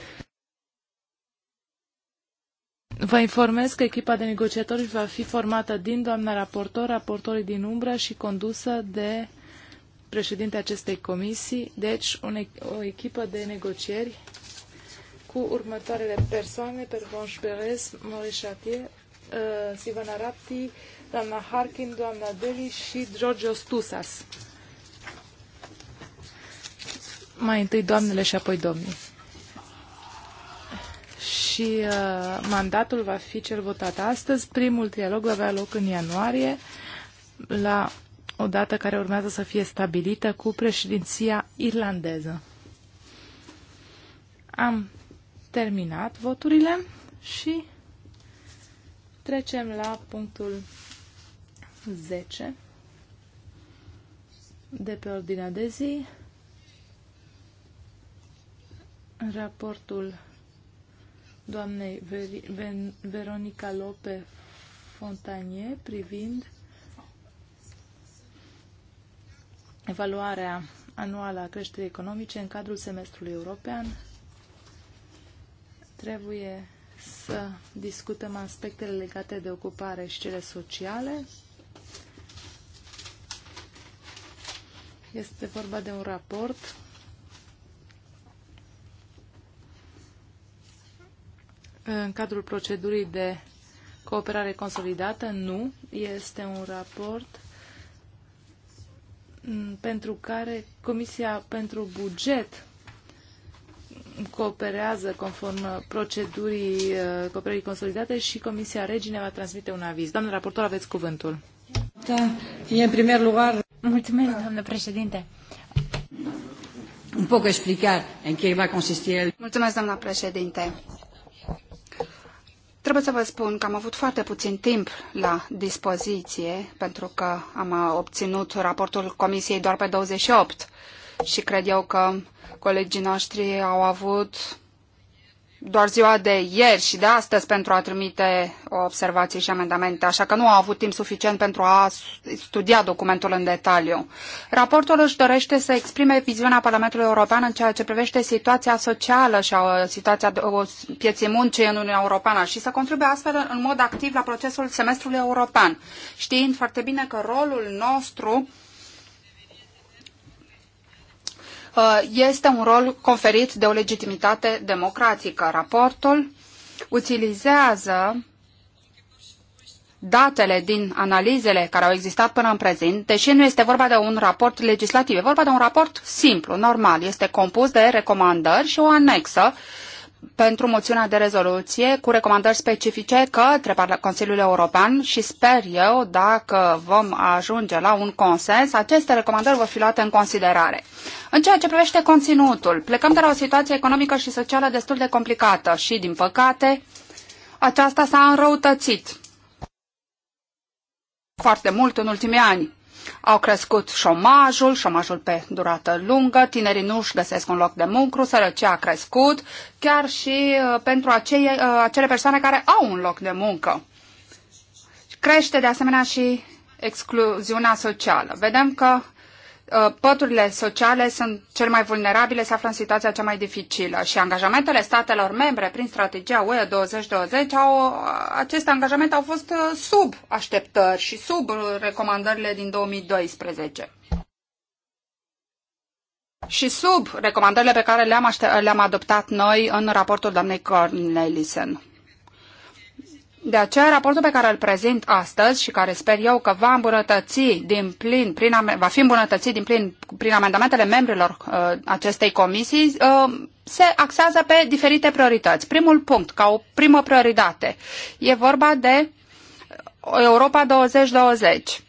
Vă informez că echipa de negociatori va fi formată din doamna raportor, raportorii din umbră și condusă de președintele acestei comisii, deci o echipă de negocieri cu următoarele persoane, Pervon Șperez, Maurice Chatier, uh, Sivana Rapti, doamna Harkin, doamna Deli și Georgios Tusas. Mai întâi doamnele și apoi domnii. Și uh, mandatul va fi cel votat astăzi. Primul dialog va avea loc în ianuarie la o dată care urmează să fie stabilită cu președinția irlandeză. Am terminat voturile și trecem la punctul 10 de pe ordinea de zi. Raportul doamnei Ver Ven Veronica Lope Fontanie privind evaluarea anuală a creșterii economice în cadrul semestrului european. Trebuie să discutăm aspectele legate de ocupare și cele sociale. Este vorba de un raport în cadrul procedurii de cooperare consolidată. Nu, este un raport mm, pentru care Comisia pentru Buget cooperează conform procedurii eh, cooperării consolidate și Comisia Regine va transmite un aviz. Doamnă raportor, aveți cuvântul. Da, în primul lugar... Mulțumesc, doamnă președinte. Un poc explicar în ce va consisti el. Mulțumesc, doamna președinte. Trebuie să vă spun că am avut foarte puțin timp la dispoziție, pentru că am obținut raportul Comisiei doar pe 28 și cred eu că colegii noștri au avut doar ziua de ieri și de astăzi pentru a trimite observații și amendamente, așa că nu a avut timp suficient pentru a studia documentul în detaliu. Raportul își dorește să exprime viziunea Parlamentului European în ceea ce privește situația socială și situația pieței muncii în Uniunea Europeană și să contribuie astfel în mod activ la procesul semestrului european, știind foarte bine că rolul nostru Uh, este un rol conferit de o legitimitate democratică. Raportul utilizează datele din analizele care au existat până în prezent, deși nu este vorba de un raport legislativ, e vorba de un raport simplu, normal. Este compus de recomandări și o anexă uh, pentru moțiunea de rezoluție cu recomandări specifice către Consiliul European și sper eu, dacă vom ajunge la un consens, aceste recomandări vor fi luate în considerare. În ceea ce privește conținutul, plecăm de la o situație economică și socială destul de complicată și, din păcate, aceasta s-a înrăutățit foarte mult în ultimii ani. Au crescut șomajul, șomajul pe durată lungă, tinerii nu își găsesc un loc de muncă, sărăcia a crescut, chiar și uh, pentru acei, uh, acele persoane care au un loc de muncă. Crește de asemenea și excluziunea socială. Vedem că Uh, păturile sociale sunt cel mai vulnerabile, se află în situația cea mai dificilă și angajamentele statelor membre prin strategia UE 2020, au, uh, aceste angajamente au fost uh, sub așteptări și sub recomandările din 2012 și sub recomandările pe care le-am, le-am adoptat noi în raportul doamnei Cornelissen. De aceea, raportul pe care îl prezint astăzi și care sper eu că va îmbunătăți din plin, prin, va fi îmbunătățit din plin prin amendamentele membrilor uh, acestei comisii, uh, se axează pe diferite priorități. Primul punct, ca o primă prioritate, e vorba de Europa 2020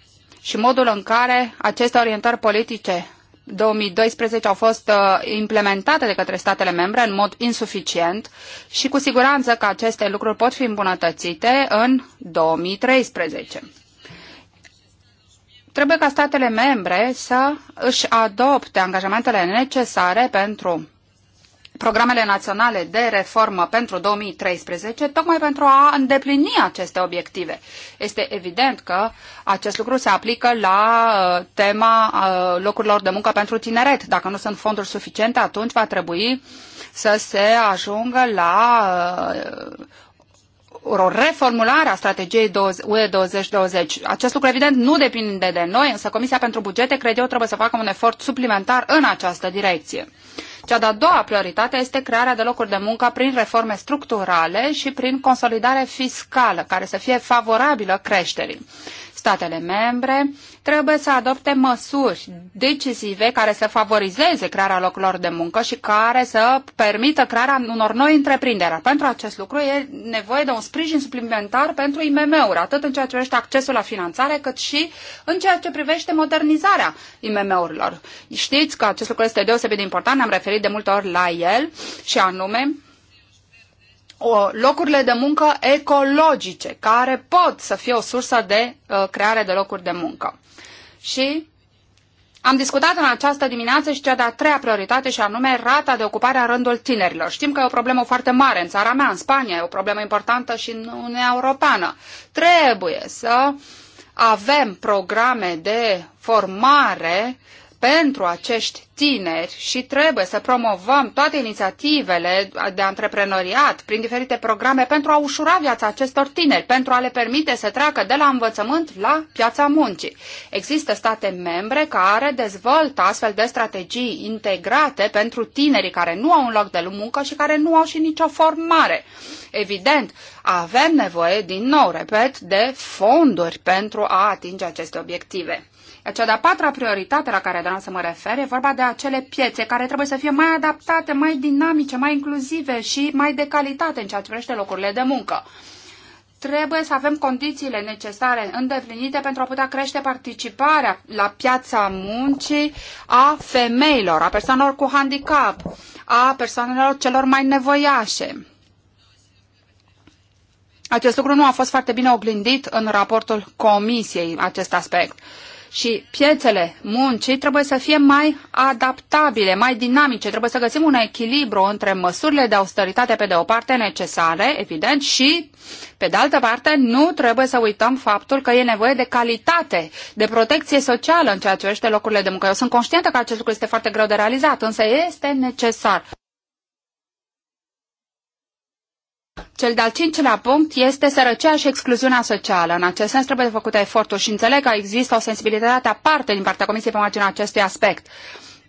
și modul în care aceste orientări politice 2012 au fost uh, implementate de către statele membre în mod insuficient și cu siguranță că aceste lucruri pot fi îmbunătățite în 2013. Trebuie ca statele membre să își adopte angajamentele necesare pentru programele naționale de reformă pentru 2013, tocmai pentru a îndeplini aceste obiective. Este evident că acest lucru se aplică la uh, tema uh, locurilor de muncă pentru tineret. Dacă nu sunt fonduri suficiente, atunci va trebui să se ajungă la uh, o reformulare a strategiei UE 2020. Acest lucru, evident, nu depinde de noi, însă Comisia pentru Bugete, cred eu, trebuie să facă un efort suplimentar în această direcție. Cea de-a doua prioritate este crearea de locuri de muncă prin reforme structurale și prin consolidare fiscală, care să fie favorabilă creșterii. Statele membre trebuie să adopte măsuri decisive care să favorizeze crearea locurilor de muncă și care să permită crearea unor noi întreprinderi. Pentru acest lucru e nevoie de un sprijin suplimentar pentru IMM-uri, atât în ceea ce privește accesul la finanțare, cât și în ceea ce privește modernizarea IMM-urilor. Știți că acest lucru este deosebit de important, ne-am referit de multe ori la el și anume locurile de muncă ecologice, care pot să fie o sursă de uh, creare de locuri de muncă. Și am discutat în această dimineață și cea de-a treia prioritate și anume rata de ocupare a rândul tinerilor. Știm că e o problemă foarte mare în țara mea, în Spania, e o problemă importantă și în Uniunea Europeană. Trebuie să avem programe de formare pentru acești tineri și trebuie să promovăm toate inițiativele de antreprenoriat prin diferite programe pentru a ușura viața acestor tineri, pentru a le permite să treacă de la învățământ la piața muncii. Există state membre care dezvoltă astfel de strategii integrate pentru tinerii care nu au un loc de muncă și care nu au și nicio formare. Evident, avem nevoie, din nou, repet, de fonduri pentru a atinge aceste obiective. Cea de-a patra prioritate la care doream să mă refer e vorba de acele piețe care trebuie să fie mai adaptate, mai dinamice, mai inclusive și mai de calitate în ceea ce privește locurile de muncă. Trebuie să avem condițiile necesare îndeplinite pentru a putea crește participarea la piața muncii a femeilor, a persoanelor cu handicap, a persoanelor celor mai nevoiașe. Acest lucru nu a fost foarte bine oglindit în raportul comisiei, acest aspect și piețele muncii trebuie să fie mai adaptabile, mai dinamice. Trebuie să găsim un echilibru între măsurile de austeritate pe de o parte necesare, evident, și pe de altă parte nu trebuie să uităm faptul că e nevoie de calitate, de protecție socială în ceea ce privește locurile de muncă. Eu sunt conștientă că acest lucru este foarte greu de realizat, însă este necesar. Cel de-al cincilea punct este sărăcia și excluziunea socială. În acest sens trebuie făcute eforturi și înțeleg că există o sensibilitate aparte din partea Comisiei pe marginea acestui aspect.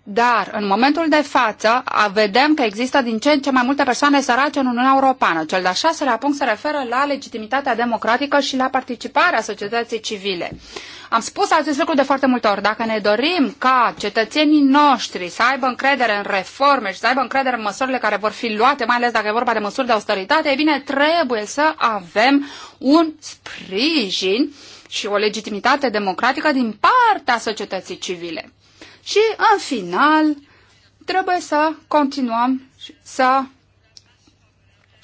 Dar, în momentul de față, vedem că există din ce în ce mai multe persoane sărace în Uniunea Europeană. Cel de-a șaselea punct se referă la legitimitatea democratică și la participarea societății civile. Am spus acest lucru de foarte multe ori. Dacă ne dorim ca cetățenii noștri să aibă încredere în reforme și să aibă încredere în măsurile care vor fi luate, mai ales dacă e vorba de măsuri de austeritate, e bine, trebuie să avem un sprijin și o legitimitate democratică din partea societății civile. Și, în final, trebuie să continuăm să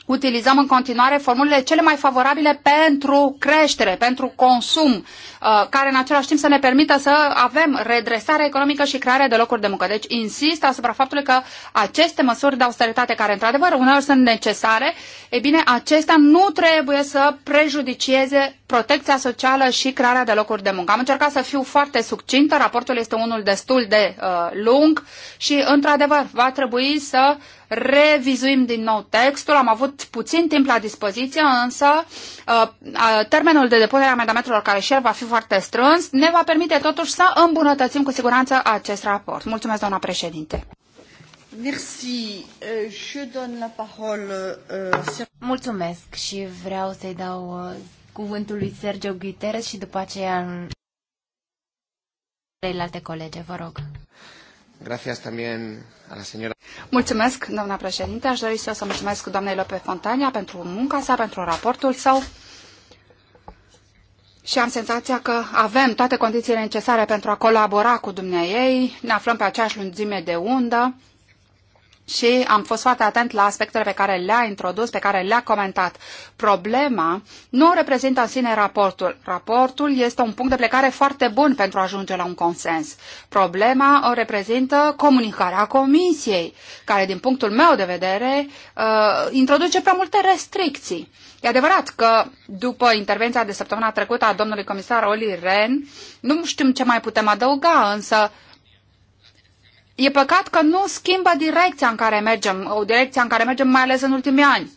utilizăm în continuare formulele cele mai favorabile pentru creștere, pentru consum, uh, care în același timp să ne permită să avem redresare economică și crearea de locuri de muncă. Deci insist asupra faptului că aceste măsuri de austeritate, care într-adevăr uneori sunt necesare, e bine, acestea nu trebuie să prejudicieze protecția socială și crearea de locuri de muncă. Am încercat să fiu foarte succintă, raportul este unul destul de uh, lung și, într-adevăr, va trebui să uh, revizuim din nou textul. Am avut puțin timp la dispoziție, însă uh, termenul de depunere a amendamentelor care și el va fi foarte strâns ne va permite totuși să îmbunătățim cu siguranță acest raport. Mulțumesc, doamna președinte. Merci. Euh, je donne la parole, uh, Mulțumesc și vreau să-i dau uh, cuvântul lui Sergio Guterres și după aceea alte colege, vă rog. Gracias también a la señora. Mulțumesc, doamna președinte. Aș dori să, să mulțumesc doamnei Lope Fontania pentru munca sa, pentru raportul său. Și am senzația că avem toate condițiile necesare pentru a colabora cu dumneaei, ne aflăm pe aceeași lungime de undă și am fost foarte atent la aspectele pe care le-a introdus, pe care le-a comentat. Problema nu reprezintă în sine raportul. Raportul este un punct de plecare foarte bun pentru a ajunge la un consens. Problema o reprezintă comunicarea comisiei, care din punctul meu de vedere uh, introduce prea multe restricții. E adevărat că după intervenția de săptămâna trecută a domnului comisar Oli Ren, nu știm ce mai putem adăuga, însă E păcat că nu schimbă direcția în care mergem, o direcție în care mergem mai ales în ultimii ani.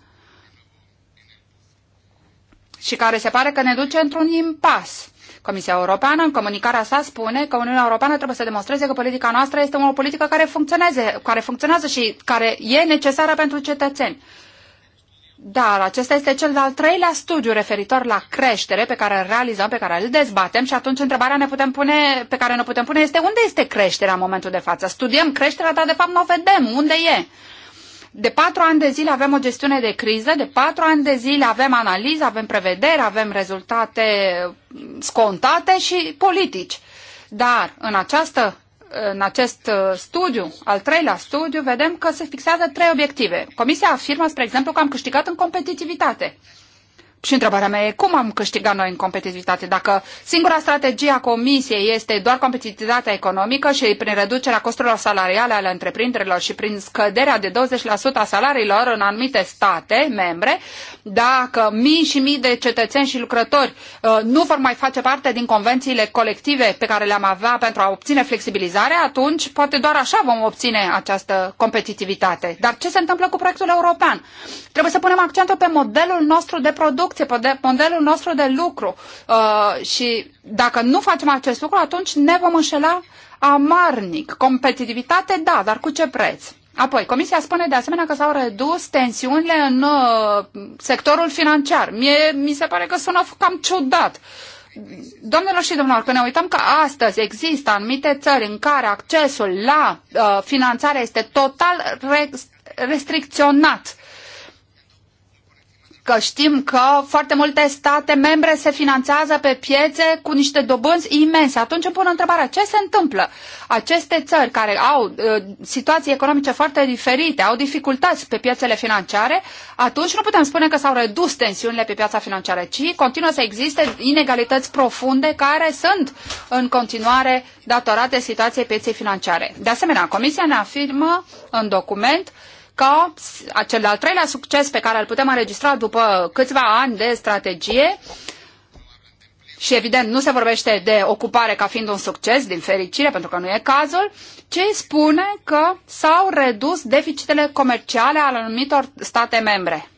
Și care se pare că ne duce într-un impas. Comisia Europeană, în comunicarea sa, spune că Uniunea Europeană trebuie să demonstreze că politica noastră este o politică care, funcționează, care funcționează și care e necesară pentru cetățeni. Dar acesta este cel de-al treilea studiu referitor la creștere pe care îl realizăm, pe care îl dezbatem și atunci întrebarea ne putem pune, pe care ne putem pune este unde este creșterea în momentul de față. Studiem creșterea, dar de fapt nu o vedem. Unde e? De patru ani de zile avem o gestiune de criză, de patru ani de zile avem analiză, avem prevedere, avem rezultate scontate și politici. Dar în această în acest uh, studiu, al treilea studiu, vedem că se fixează trei obiective. Comisia afirmă, spre exemplu, că am câștigat în competitivitate. Și întrebarea mea e cum am câștigat noi în competitivitate? Dacă singura strategie a Comisiei este doar competitivitatea economică și prin reducerea costurilor salariale ale întreprinderilor și prin scăderea de 20% a salariilor în anumite state membre, dacă mii și mii de cetățeni și lucrători uh, nu vor mai face parte din convențiile colective pe care le-am avea pentru a obține flexibilizare, atunci poate doar așa vom obține această competitivitate. Dar ce se întâmplă cu proiectul european? Trebuie să punem accentul pe modelul nostru de producție producție, pe modelul nostru de lucru. Uh, și dacă nu facem acest lucru, atunci ne vom înșela amarnic. Competitivitate, da, dar cu ce preț? Apoi, Comisia spune de asemenea că s-au redus tensiunile în uh, sectorul financiar. Mie mi se pare că sună cam ciudat. Domnilor și domnilor, când ne uităm că astăzi există anumite țări în care accesul la uh, finanțare este total re- restricționat, că știm că foarte multe state membre se finanțează pe piețe cu niște dobânzi imense. Atunci îmi pun întrebarea, ce se întâmplă? Aceste țări care au uh, situații economice foarte diferite, au dificultăți pe piețele financiare, atunci nu putem spune că s-au redus tensiunile pe piața financiară, ci continuă să existe inegalități profunde care sunt în continuare datorate situației pieței financiare. De asemenea, Comisia ne afirmă în document că acel al treilea succes pe care îl putem înregistra după câțiva ani de strategie și evident nu se vorbește de ocupare ca fiind un succes, din fericire, pentru că nu e cazul, ce spune că s-au redus deficitele comerciale ale anumitor state membre.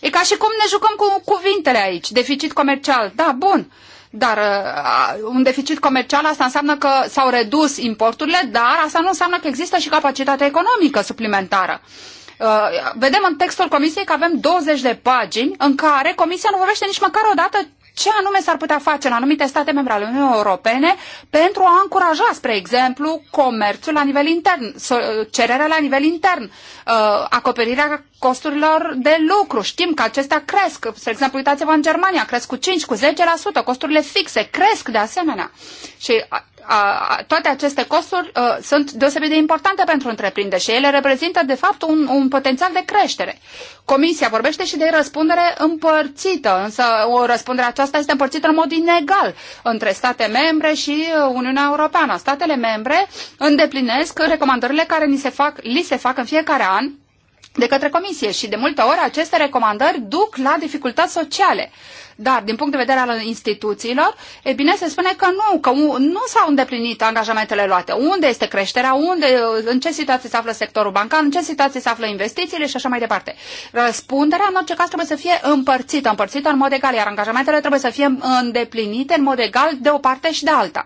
E ca și cum ne jucăm cu cuvintele aici, deficit comercial. Da, bun. Uh, dar uh, un deficit comercial asta înseamnă că s-au redus importurile, dar asta nu înseamnă că există și capacitatea economică suplimentară. Uh, vedem în textul comisiei că avem 20 de pagini în care comisia nu vorbește nici măcar o dată ce anume s-ar putea face în anumite state membre ale Uniunii Europene pentru a încuraja, spre exemplu, comerțul la nivel intern, cererea la nivel intern, uh, acoperirea costurilor de lucru. Știm că acestea cresc. Spre exemplu, uitați-vă în Germania, cresc cu 5, cu 10%, costurile fixe cresc de asemenea. Și uh, toate aceste costuri uh, sunt deosebit de importante pentru întreprinderi și ele reprezintă, de fapt, un, un potențial de creștere. Comisia vorbește și de răspundere împărțită, însă o răspundere aceasta este împărțită în mod inegal între state membre și Uniunea Europeană. Statele membre îndeplinesc recomandările care ni se fac, li se fac în fiecare an de către comisie și de multe ori aceste recomandări duc la dificultăți sociale. Dar din punct de vedere al instituțiilor, e bine se spune că nu, că nu s-au îndeplinit angajamentele luate. Unde este creșterea, unde, în ce situație se află sectorul bancar, în ce situație se află investițiile și așa mai departe. Răspunderea, în orice caz, trebuie să fie împărțită, împărțită în mod egal, iar angajamentele trebuie să fie îndeplinite în mod egal de o parte și de alta.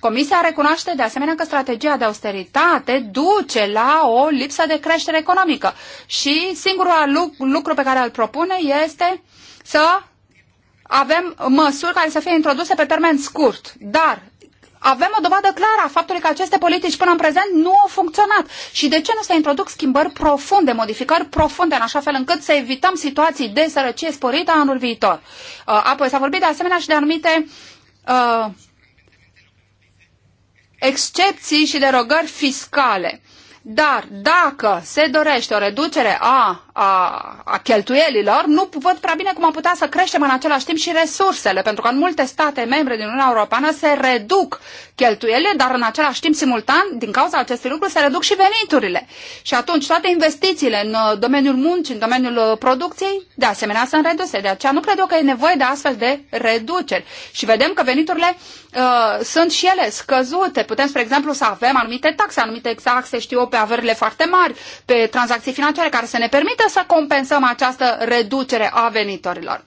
Comisia recunoaște de asemenea că strategia de austeritate duce la o lipsă de creștere economică și singurul lucru pe care îl propune este să avem măsuri care să fie introduse pe termen scurt. Dar avem o dovadă clară a faptului că aceste politici până în prezent nu au funcționat. Și de ce nu se introduc schimbări profunde, modificări profunde, în așa fel încât să evităm situații de sărăcie sporită anul viitor? Uh, apoi s-a vorbit de asemenea și de anumite uh, excepții și derogări fiscale. Dar dacă se dorește o reducere a a, a cheltuielilor, nu văd prea bine cum am putea să creștem în același timp și resursele, pentru că în multe state membre din Uniunea Europeană se reduc cheltuielile, dar în același timp, simultan, din cauza acestui lucru, se reduc și veniturile. Și atunci toate investițiile în uh, domeniul muncii, în domeniul uh, producției, de asemenea, sunt reduse. De aceea nu cred eu că e nevoie de astfel de reduceri. Și vedem că veniturile uh, sunt și ele scăzute. Putem, spre exemplu, să avem anumite taxe, anumite taxe, știu eu, pe averile foarte mari, pe tranzacții financiare, care să ne permită să compensăm această reducere a venitorilor.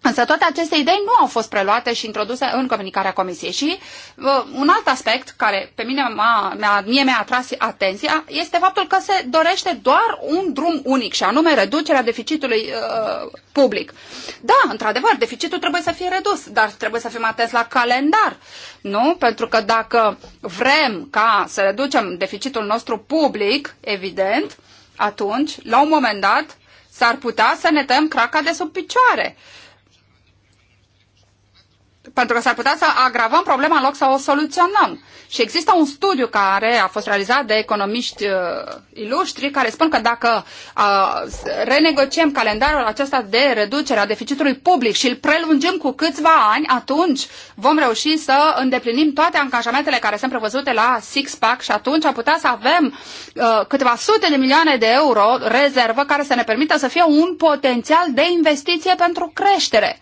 Însă toate aceste idei nu au fost preluate și introduse în comunicarea Comisiei. Și uh, un alt aspect care pe mine m-a, mi-a, mie mi-a atras atenția este faptul că se dorește doar un drum unic și anume reducerea deficitului uh, public. Da, într-adevăr, deficitul trebuie să fie redus, dar trebuie să fim atenți la calendar, nu? Pentru că dacă vrem ca să reducem deficitul nostru public, evident, atunci, la un moment dat, s-ar putea să ne tăiem craca de sub picioare pentru că s-ar putea să agravăm problema în loc să o soluționăm. Și există un studiu care a fost realizat de economiști uh, ilustri care spun că dacă uh, renegociem calendarul acesta de reducere a deficitului public și îl prelungim cu câțiva ani, atunci vom reuși să îndeplinim toate angajamentele care sunt prevăzute la six-pack și atunci am putea să avem uh, câteva sute de milioane de euro rezervă care să ne permită să fie un potențial de investiție pentru creștere.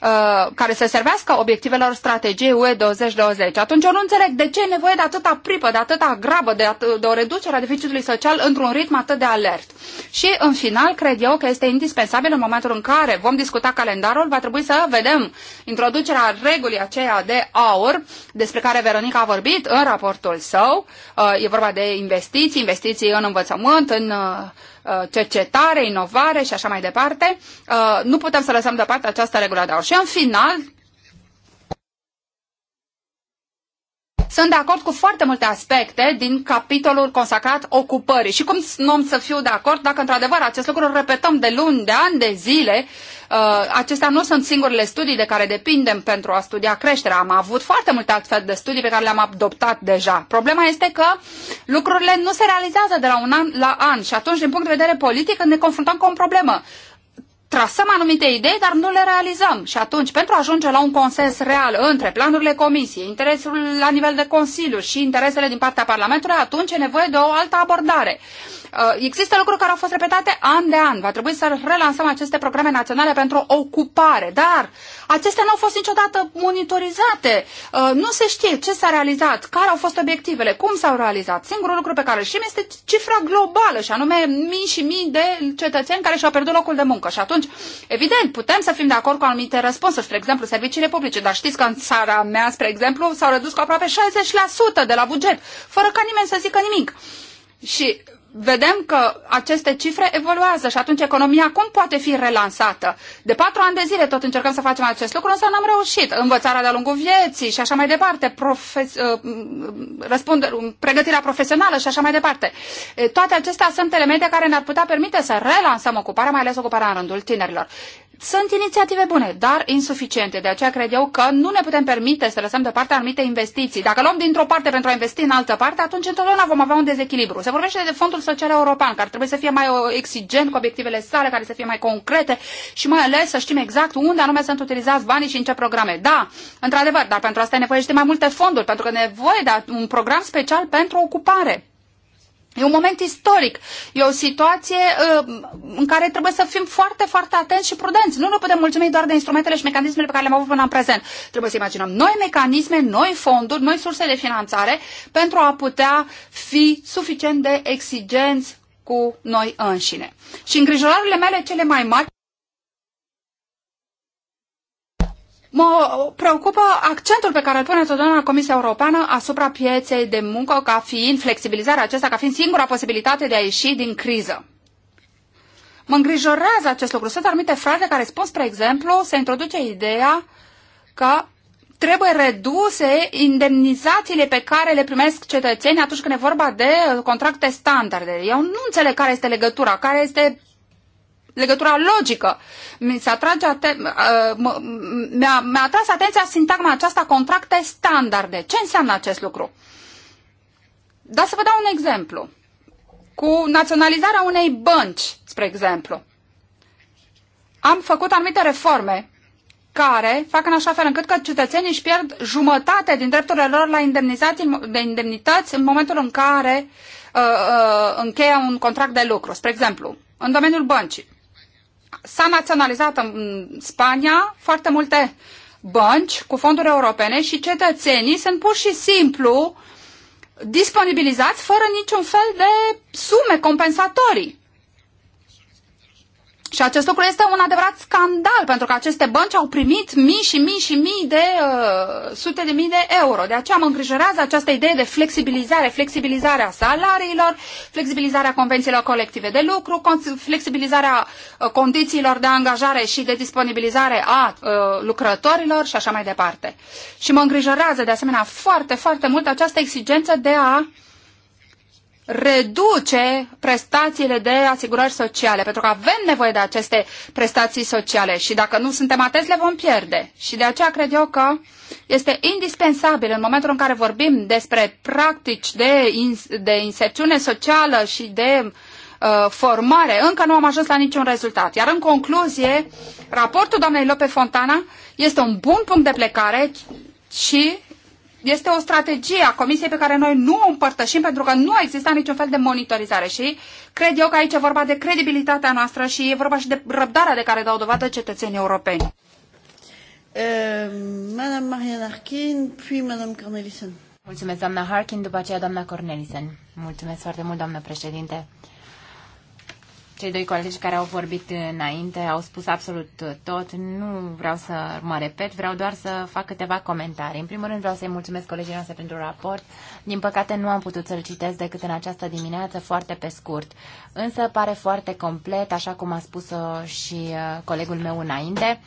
Uh, care să servească obiectivelor strategiei UE 2020. Atunci eu nu înțeleg de ce e nevoie de atâta pripă, de atâta grabă, de, at- de o reducere a deficitului social într-un ritm atât de alert. Și în final, cred eu că este indispensabil în momentul în care vom discuta calendarul, va trebui să vedem introducerea regulii aceea de aur, despre care Veronica a vorbit în raportul său. Uh, e vorba de investiții, investiții în învățământ, în uh, Uh, cercetare, inovare și așa mai departe, uh, nu putem să lăsăm deoparte această regulă de aur. Și în final, Sunt de acord cu foarte multe aspecte din capitolul consacrat ocupării și cum nu am să fiu de acord dacă într-adevăr acest lucru îl repetăm de luni, de ani, de zile Uh, acestea nu sunt singurele studii de care depindem pentru a studia creșterea. Am avut foarte multe altfel de studii pe care le-am adoptat deja. Problema este că lucrurile nu se realizează de la un an la an și atunci, din punct de vedere politic, ne confruntăm cu o problemă trasăm anumite idei, dar nu le realizăm. Și atunci, pentru a ajunge la un consens real între planurile comisiei, interesul la nivel de Consiliu și interesele din partea Parlamentului, atunci e nevoie de o altă abordare. Uh, există lucruri care au fost repetate an de an. Va trebui să relansăm aceste programe naționale pentru ocupare, dar acestea nu au fost niciodată monitorizate. Uh, nu se știe ce s-a realizat, care au fost obiectivele, cum s-au realizat. Singurul lucru pe care îl știm este cifra globală și anume mii și mii de cetățeni care și-au pierdut locul de muncă. Și atunci, evident, putem să fim de acord cu anumite răspunsuri, spre exemplu, serviciile publice, dar știți că în țara mea, spre exemplu, s-au redus cu aproape 60% de la buget, fără ca nimeni să zică nimic. Și vedem că aceste cifre evoluează și atunci economia cum poate fi relansată? De patru ani de zile tot încercăm să facem acest lucru, însă n-am reușit. Învățarea de-a lungul vieții și așa mai departe, profes, uh, răspund, pregătirea profesională și așa mai departe. Toate acestea sunt elemente care ne-ar putea permite să relansăm ocuparea, mai ales ocuparea în rândul tinerilor. Sunt inițiative bune, dar insuficiente. De aceea cred eu că nu ne putem permite să lăsăm deoparte anumite investiții. Dacă luăm dintr-o parte pentru a investi în altă parte, atunci întotdeauna vom avea un dezechilibru. Se vorbește de fondul social european, care trebuie să fie mai uh, exigent cu obiectivele sale, care să fie mai concrete și mai ales să știm exact unde anume sunt utilizați banii și în ce programe. Da, într-adevăr, dar pentru asta e nevoie de mai multe fonduri, pentru că e nevoie de un program special pentru ocupare. E un moment istoric, e o situație uh, în care trebuie să fim foarte, foarte atenți și prudenți. Nu ne putem mulțumi doar de instrumentele și mecanismele pe care le-am avut până în prezent. Trebuie să imaginăm noi mecanisme, noi fonduri, noi surse de finanțare pentru a putea fi suficient de exigenți cu noi înșine. Și îngrijorările mele cele mai mari Mă preocupă accentul pe care îl pune totdeauna Comisia Europeană asupra pieței de muncă ca fiind flexibilizarea acesta, ca fiind singura posibilitate de a ieși din criză. Mă îngrijorează acest lucru. Sunt anumite fraze care spun, spre exemplu, se introduce ideea că trebuie reduse indemnizațiile pe care le primesc cetățenii atunci când e vorba de contracte standarde. Eu nu înțeleg care este legătura, care este legătura logică. Mi s-a mi-a, mi-a atras atenția sintagma aceasta contracte standarde. Ce înseamnă acest lucru? Da să vă dau un exemplu. Cu naționalizarea unei bănci, spre exemplu, am făcut anumite reforme care fac în așa fel încât că cetățenii își pierd jumătate din drepturile lor la indemnizații, de indemnități în momentul în care uh, uh, încheia un contract de lucru. Spre exemplu, în domeniul băncii s-a naționalizat în Spania foarte multe bănci cu fonduri europene și cetățenii sunt pur și simplu disponibilizați fără niciun fel de sume compensatorii. Și acest lucru este un adevărat scandal, pentru că aceste bănci au primit mii și mii și mii de uh, sute de mii de euro. De aceea mă îngrijorează această idee de flexibilizare, flexibilizarea salariilor, flexibilizarea convențiilor colective de lucru, flexibilizarea uh, condițiilor de angajare și de disponibilizare a uh, lucrătorilor și așa mai departe. Și mă îngrijorează de asemenea foarte, foarte mult această exigență de a uh, reduce prestațiile de asigurări sociale, pentru că avem nevoie de aceste prestații sociale și dacă nu suntem atenți le vom pierde. Și de aceea cred eu că este indispensabil în momentul în care vorbim despre practici de, ins- de inserțiune socială și de uh, formare, încă nu am ajuns la niciun rezultat. Iar în concluzie, raportul doamnei Lope Fontana este un bun punct de plecare și este o strategie a Comisiei pe care noi nu o împărtășim pentru că nu exista niciun fel de monitorizare și cred eu că aici e vorba de credibilitatea noastră și e vorba și de răbdarea de care dau dovadă cetățenii europeni. Ehm, Madame Marianne Harkin, puis Madame Cornelissen. Mulțumesc, doamna Harkin, după aceea doamna Cornelissen. Mulțumesc foarte mult, doamna președinte. Cei doi colegi care au vorbit înainte au spus absolut tot. Nu vreau să mă repet, vreau doar să fac câteva comentarii. În primul rând vreau să-i mulțumesc colegii noastre pentru raport. Din păcate nu am putut să-l citesc decât în această dimineață, foarte pe scurt. Însă pare foarte complet, așa cum a spus-o și uh, colegul meu înainte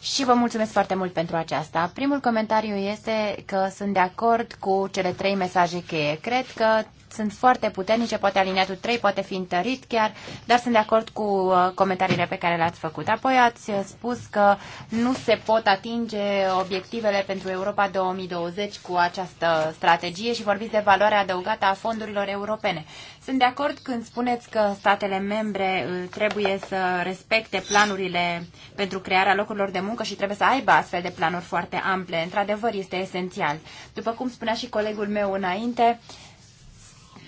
și vă mulțumesc foarte mult pentru aceasta. Primul comentariu este că sunt de acord cu cele trei mesaje cheie. Cred că sunt foarte puternice, poate aliniatul 3 poate fi întărit chiar, dar sunt de acord cu uh, comentariile pe care le-ați făcut. Apoi ați spus că nu se pot atinge obiectivele pentru Europa 2020 cu această strategie și vorbiți de valoarea adăugată a fondurilor europene. Sunt de acord când spuneți că statele membre uh, trebuie să respecte planurile pentru crearea locurilor de muncă și trebuie să aibă astfel de planuri foarte ample. Într-adevăr, este esențial. După cum spunea și colegul meu înainte,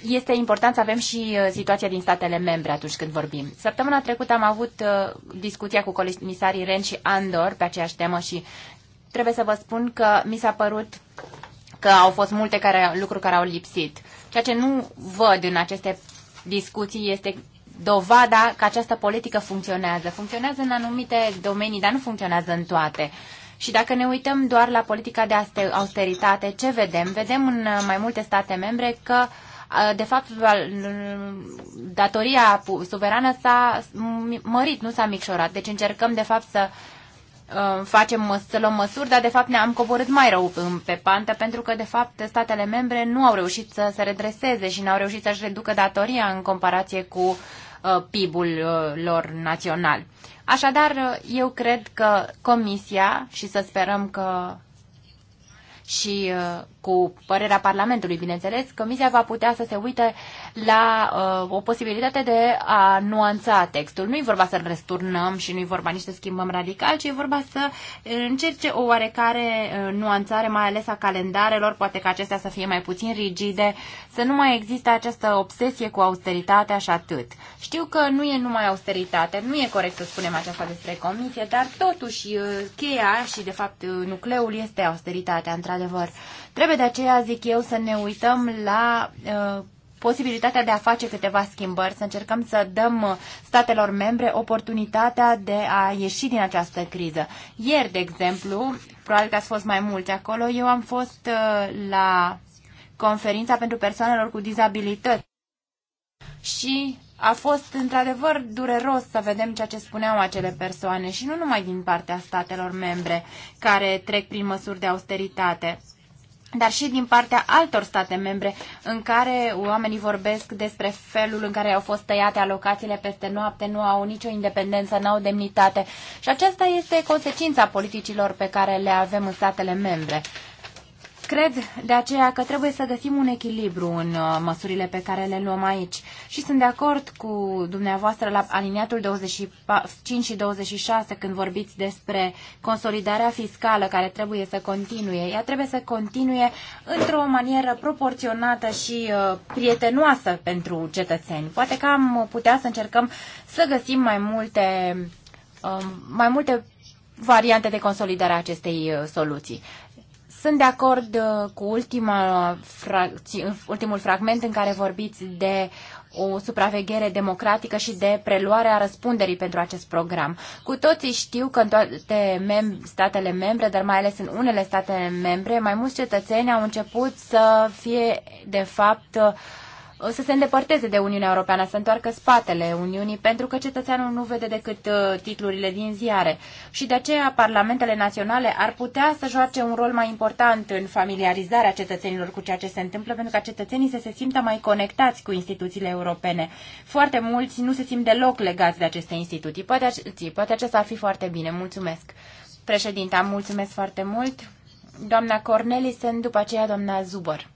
este important să avem și uh, situația din statele membre atunci când vorbim. Săptămâna trecută am avut uh, discuția cu comisarii Ren și Andor pe aceeași temă și trebuie să vă spun că mi s-a părut că au fost multe care, lucruri care au lipsit. Ceea ce nu văd în aceste discuții este dovada că această politică funcționează. Funcționează în anumite domenii, dar nu funcționează în toate. Și dacă ne uităm doar la politica de austeritate, ce vedem? Vedem în mai multe state membre că de fapt, datoria suverană s-a mărit, nu s-a micșorat. Deci încercăm, de fapt, să Uh, facem, să luăm măsuri, dar de fapt ne-am coborât mai rău pe pantă, pentru că de fapt statele membre nu au reușit să se redreseze și nu au reușit să-și reducă datoria în comparație cu uh, PIB-ul uh, lor național. Așadar, eu cred că Comisia, și să sperăm că și cu părerea Parlamentului, bineînțeles, Comisia va putea să se uite la uh, o posibilitate de a nuanța textul. Nu e vorba să-l resturnăm și nu e vorba nici să schimbăm radical, ci e vorba să încerce o oarecare uh, nuanțare, mai ales a calendarelor, poate că acestea să fie mai puțin rigide, să nu mai există această obsesie cu austeritatea și atât. Știu că nu e numai austeritate, nu e corect să spunem aceasta despre comisie, dar totuși uh, cheia și de fapt uh, nucleul este austeritatea, într-adevăr. Trebuie de aceea, zic eu, să ne uităm la uh, posibilitatea de a face câteva schimbări, să încercăm să dăm statelor membre oportunitatea de a ieși din această criză. Ieri, de exemplu, probabil că ați fost mai mulți acolo, eu am fost uh, la conferința pentru persoanelor cu dizabilități și a fost într-adevăr dureros să vedem ceea ce spuneau acele persoane și nu numai din partea statelor membre care trec prin măsuri de austeritate dar și din partea altor state membre în care oamenii vorbesc despre felul în care au fost tăiate alocațiile peste noapte, nu au nicio independență, nu au demnitate. Și aceasta este consecința politicilor pe care le avem în statele membre. Cred de aceea că trebuie să găsim un echilibru în uh, măsurile pe care le luăm aici și sunt de acord cu dumneavoastră la aliniatul 25 și 26 când vorbiți despre consolidarea fiscală care trebuie să continue. Ea trebuie să continue într-o manieră proporționată și uh, prietenoasă pentru cetățeni. Poate că am putea să încercăm să găsim mai multe, um, mai multe variante de consolidare a acestei uh, soluții. Sunt de acord uh, cu ultima ultimul fragment în care vorbiți de o supraveghere democratică și de preluarea răspunderii pentru acest program. Cu toții știu că în toate mem- statele membre, dar mai ales în unele state membre, mai mulți cetățeni au început să fie, de fapt, uh, Uh, să se îndepărteze de Uniunea Europeană, să întoarcă spatele Uniunii, pentru că cetățeanul nu vede decât uh, titlurile din ziare. Și de aceea parlamentele naționale ar putea să joace un rol mai important în familiarizarea cetățenilor cu ceea ce se întâmplă, pentru ca cetățenii să se simtă mai conectați cu instituțiile europene. Foarte mulți nu se simt deloc legați de aceste instituții. Poate, poate acesta ar fi foarte bine. Mulțumesc. Președinta, mulțumesc foarte mult. Doamna Cornelisen, după aceea doamna Zubăr.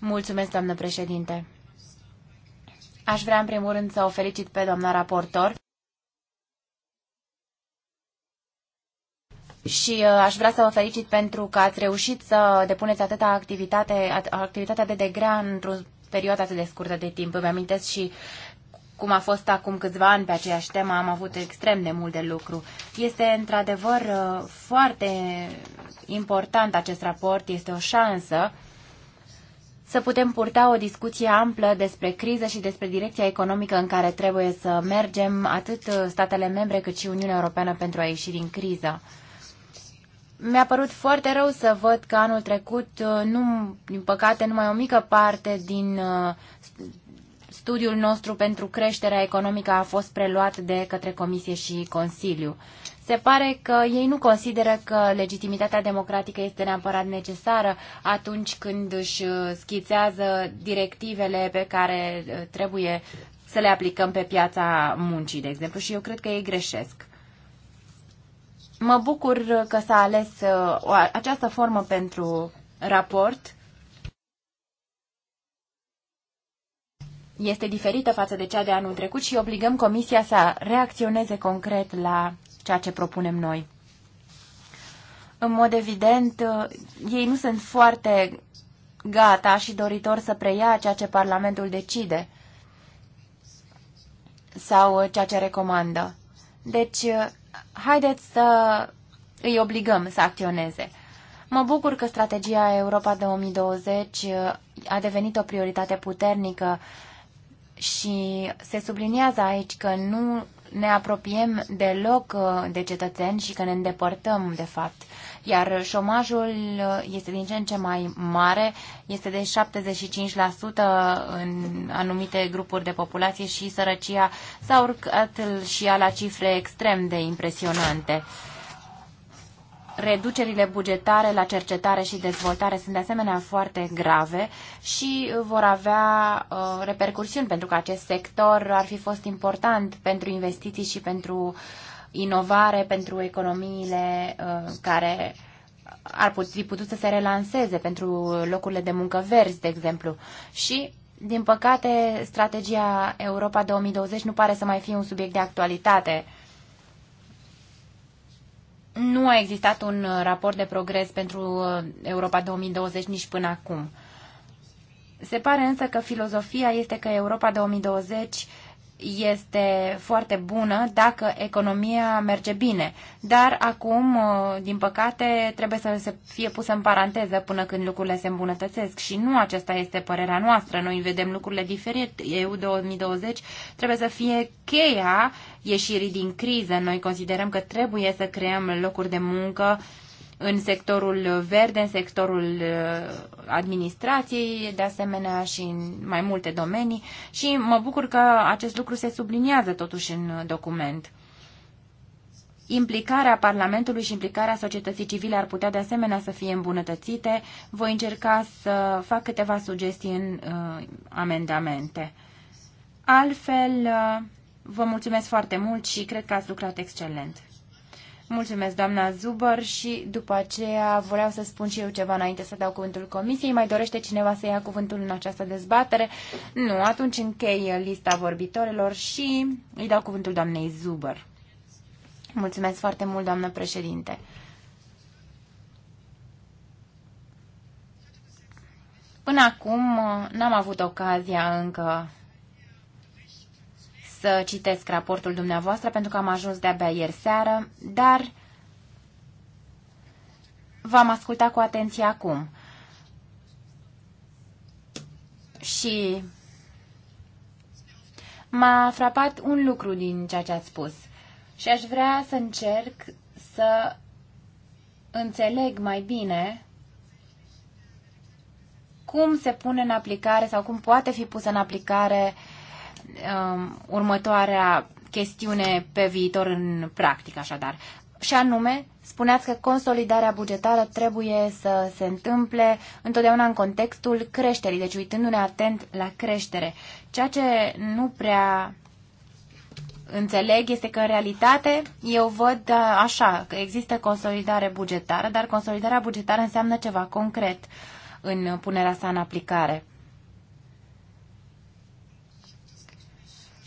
Mulțumesc, doamnă președinte. Aș vrea, în primul rând, să o felicit pe doamna raportor. și uh, aș vrea să o felicit pentru că ați reușit să depuneți atâta activitate, activitatea de degrea într-o perioadă atât de scurtă de timp. Îmi amintesc și cum a fost acum câțiva ani pe aceeași temă, am avut extrem de mult de lucru. Este într-adevăr uh, foarte important acest raport, este o șansă să putem purta o discuție amplă despre criză și despre direcția economică în care trebuie să mergem atât uh, statele membre cât și Uniunea Europeană pentru a ieși din criză. Mi-a părut foarte rău să văd că anul trecut, uh, nu, din păcate, numai o mică parte din uh, Studiul nostru pentru creșterea economică a fost preluat de către Comisie și Consiliu. Se pare că ei nu consideră că legitimitatea democratică este neapărat necesară atunci când își schițează directivele pe care uh, trebuie să le aplicăm pe piața muncii, de exemplu, și eu cred că ei greșesc. Mă bucur că s-a ales uh, această formă pentru raport este diferită față de cea de anul trecut și obligăm Comisia să reacționeze concret la ceea ce propunem noi. În mod evident, uh, ei nu sunt foarte gata și doritor să preia ceea ce Parlamentul decide sau uh, ceea ce recomandă. Deci, uh, haideți să îi obligăm să acționeze. Mă bucur că strategia Europa 2020 a devenit o prioritate puternică și se subliniază aici că nu ne apropiem deloc uh, de cetățeni și că ne îndepărtăm, de fapt. Iar șomajul uh, este din ce în ce mai mare, este de 75% în anumite grupuri de populație și sărăcia s-a urcat și ea la cifre extrem de impresionante reducerile bugetare la cercetare și dezvoltare sunt de asemenea foarte grave și vor avea uh, repercursiuni pentru că acest sector ar fi fost important pentru investiții și pentru inovare, pentru economiile uh, care ar fi putut să se relanseze pentru locurile de muncă verzi, de exemplu. Și din păcate, strategia Europa 2020 nu pare să mai fie un subiect de actualitate nu a existat un uh, raport de progres pentru uh, Europa 2020 nici până acum. Se pare însă că filozofia este că Europa 2020 este foarte bună dacă economia merge bine. Dar acum, uh, din păcate, trebuie să se fie pusă în paranteză până când lucrurile se îmbunătățesc și nu aceasta este părerea noastră. Noi vedem lucrurile diferit. EU 2020 trebuie să fie cheia ieșirii din criză. Noi considerăm că trebuie să creăm locuri de muncă uh, în sectorul verde, în sectorul uh, administrației, de asemenea și în mai multe domenii și mă bucur că acest lucru se subliniază totuși în document. Implicarea Parlamentului și implicarea societății civile ar putea de asemenea să fie îmbunătățite. Voi încerca să fac câteva sugestii în uh, amendamente. Altfel, uh, vă mulțumesc foarte mult și cred că ați lucrat excelent. Mulțumesc, doamna Zubăr, și după aceea vreau să spun și eu ceva înainte să dau cuvântul comisiei. Mai dorește cineva să ia cuvântul în această dezbatere? Nu, atunci închei lista vorbitorilor și îi dau cuvântul doamnei Zubăr. Mulțumesc foarte mult, doamnă președinte. Până acum n-am avut ocazia încă să citesc raportul dumneavoastră pentru că am ajuns de-abia ieri seară, dar v-am ascultat cu atenție acum. Și m-a frapat un lucru din ceea ce ați spus și aș vrea să încerc să înțeleg mai bine cum se pune în aplicare sau cum poate fi pusă în aplicare uh, Um, următoarea chestiune pe viitor în practică, așadar. Și anume, spuneați că consolidarea bugetară trebuie să se întâmple întotdeauna în contextul creșterii, deci uitându-ne atent la creștere. Ceea ce nu prea înțeleg este că în realitate eu văd uh, așa, că există consolidare bugetară, dar consolidarea bugetară înseamnă ceva concret în punerea sa în aplicare.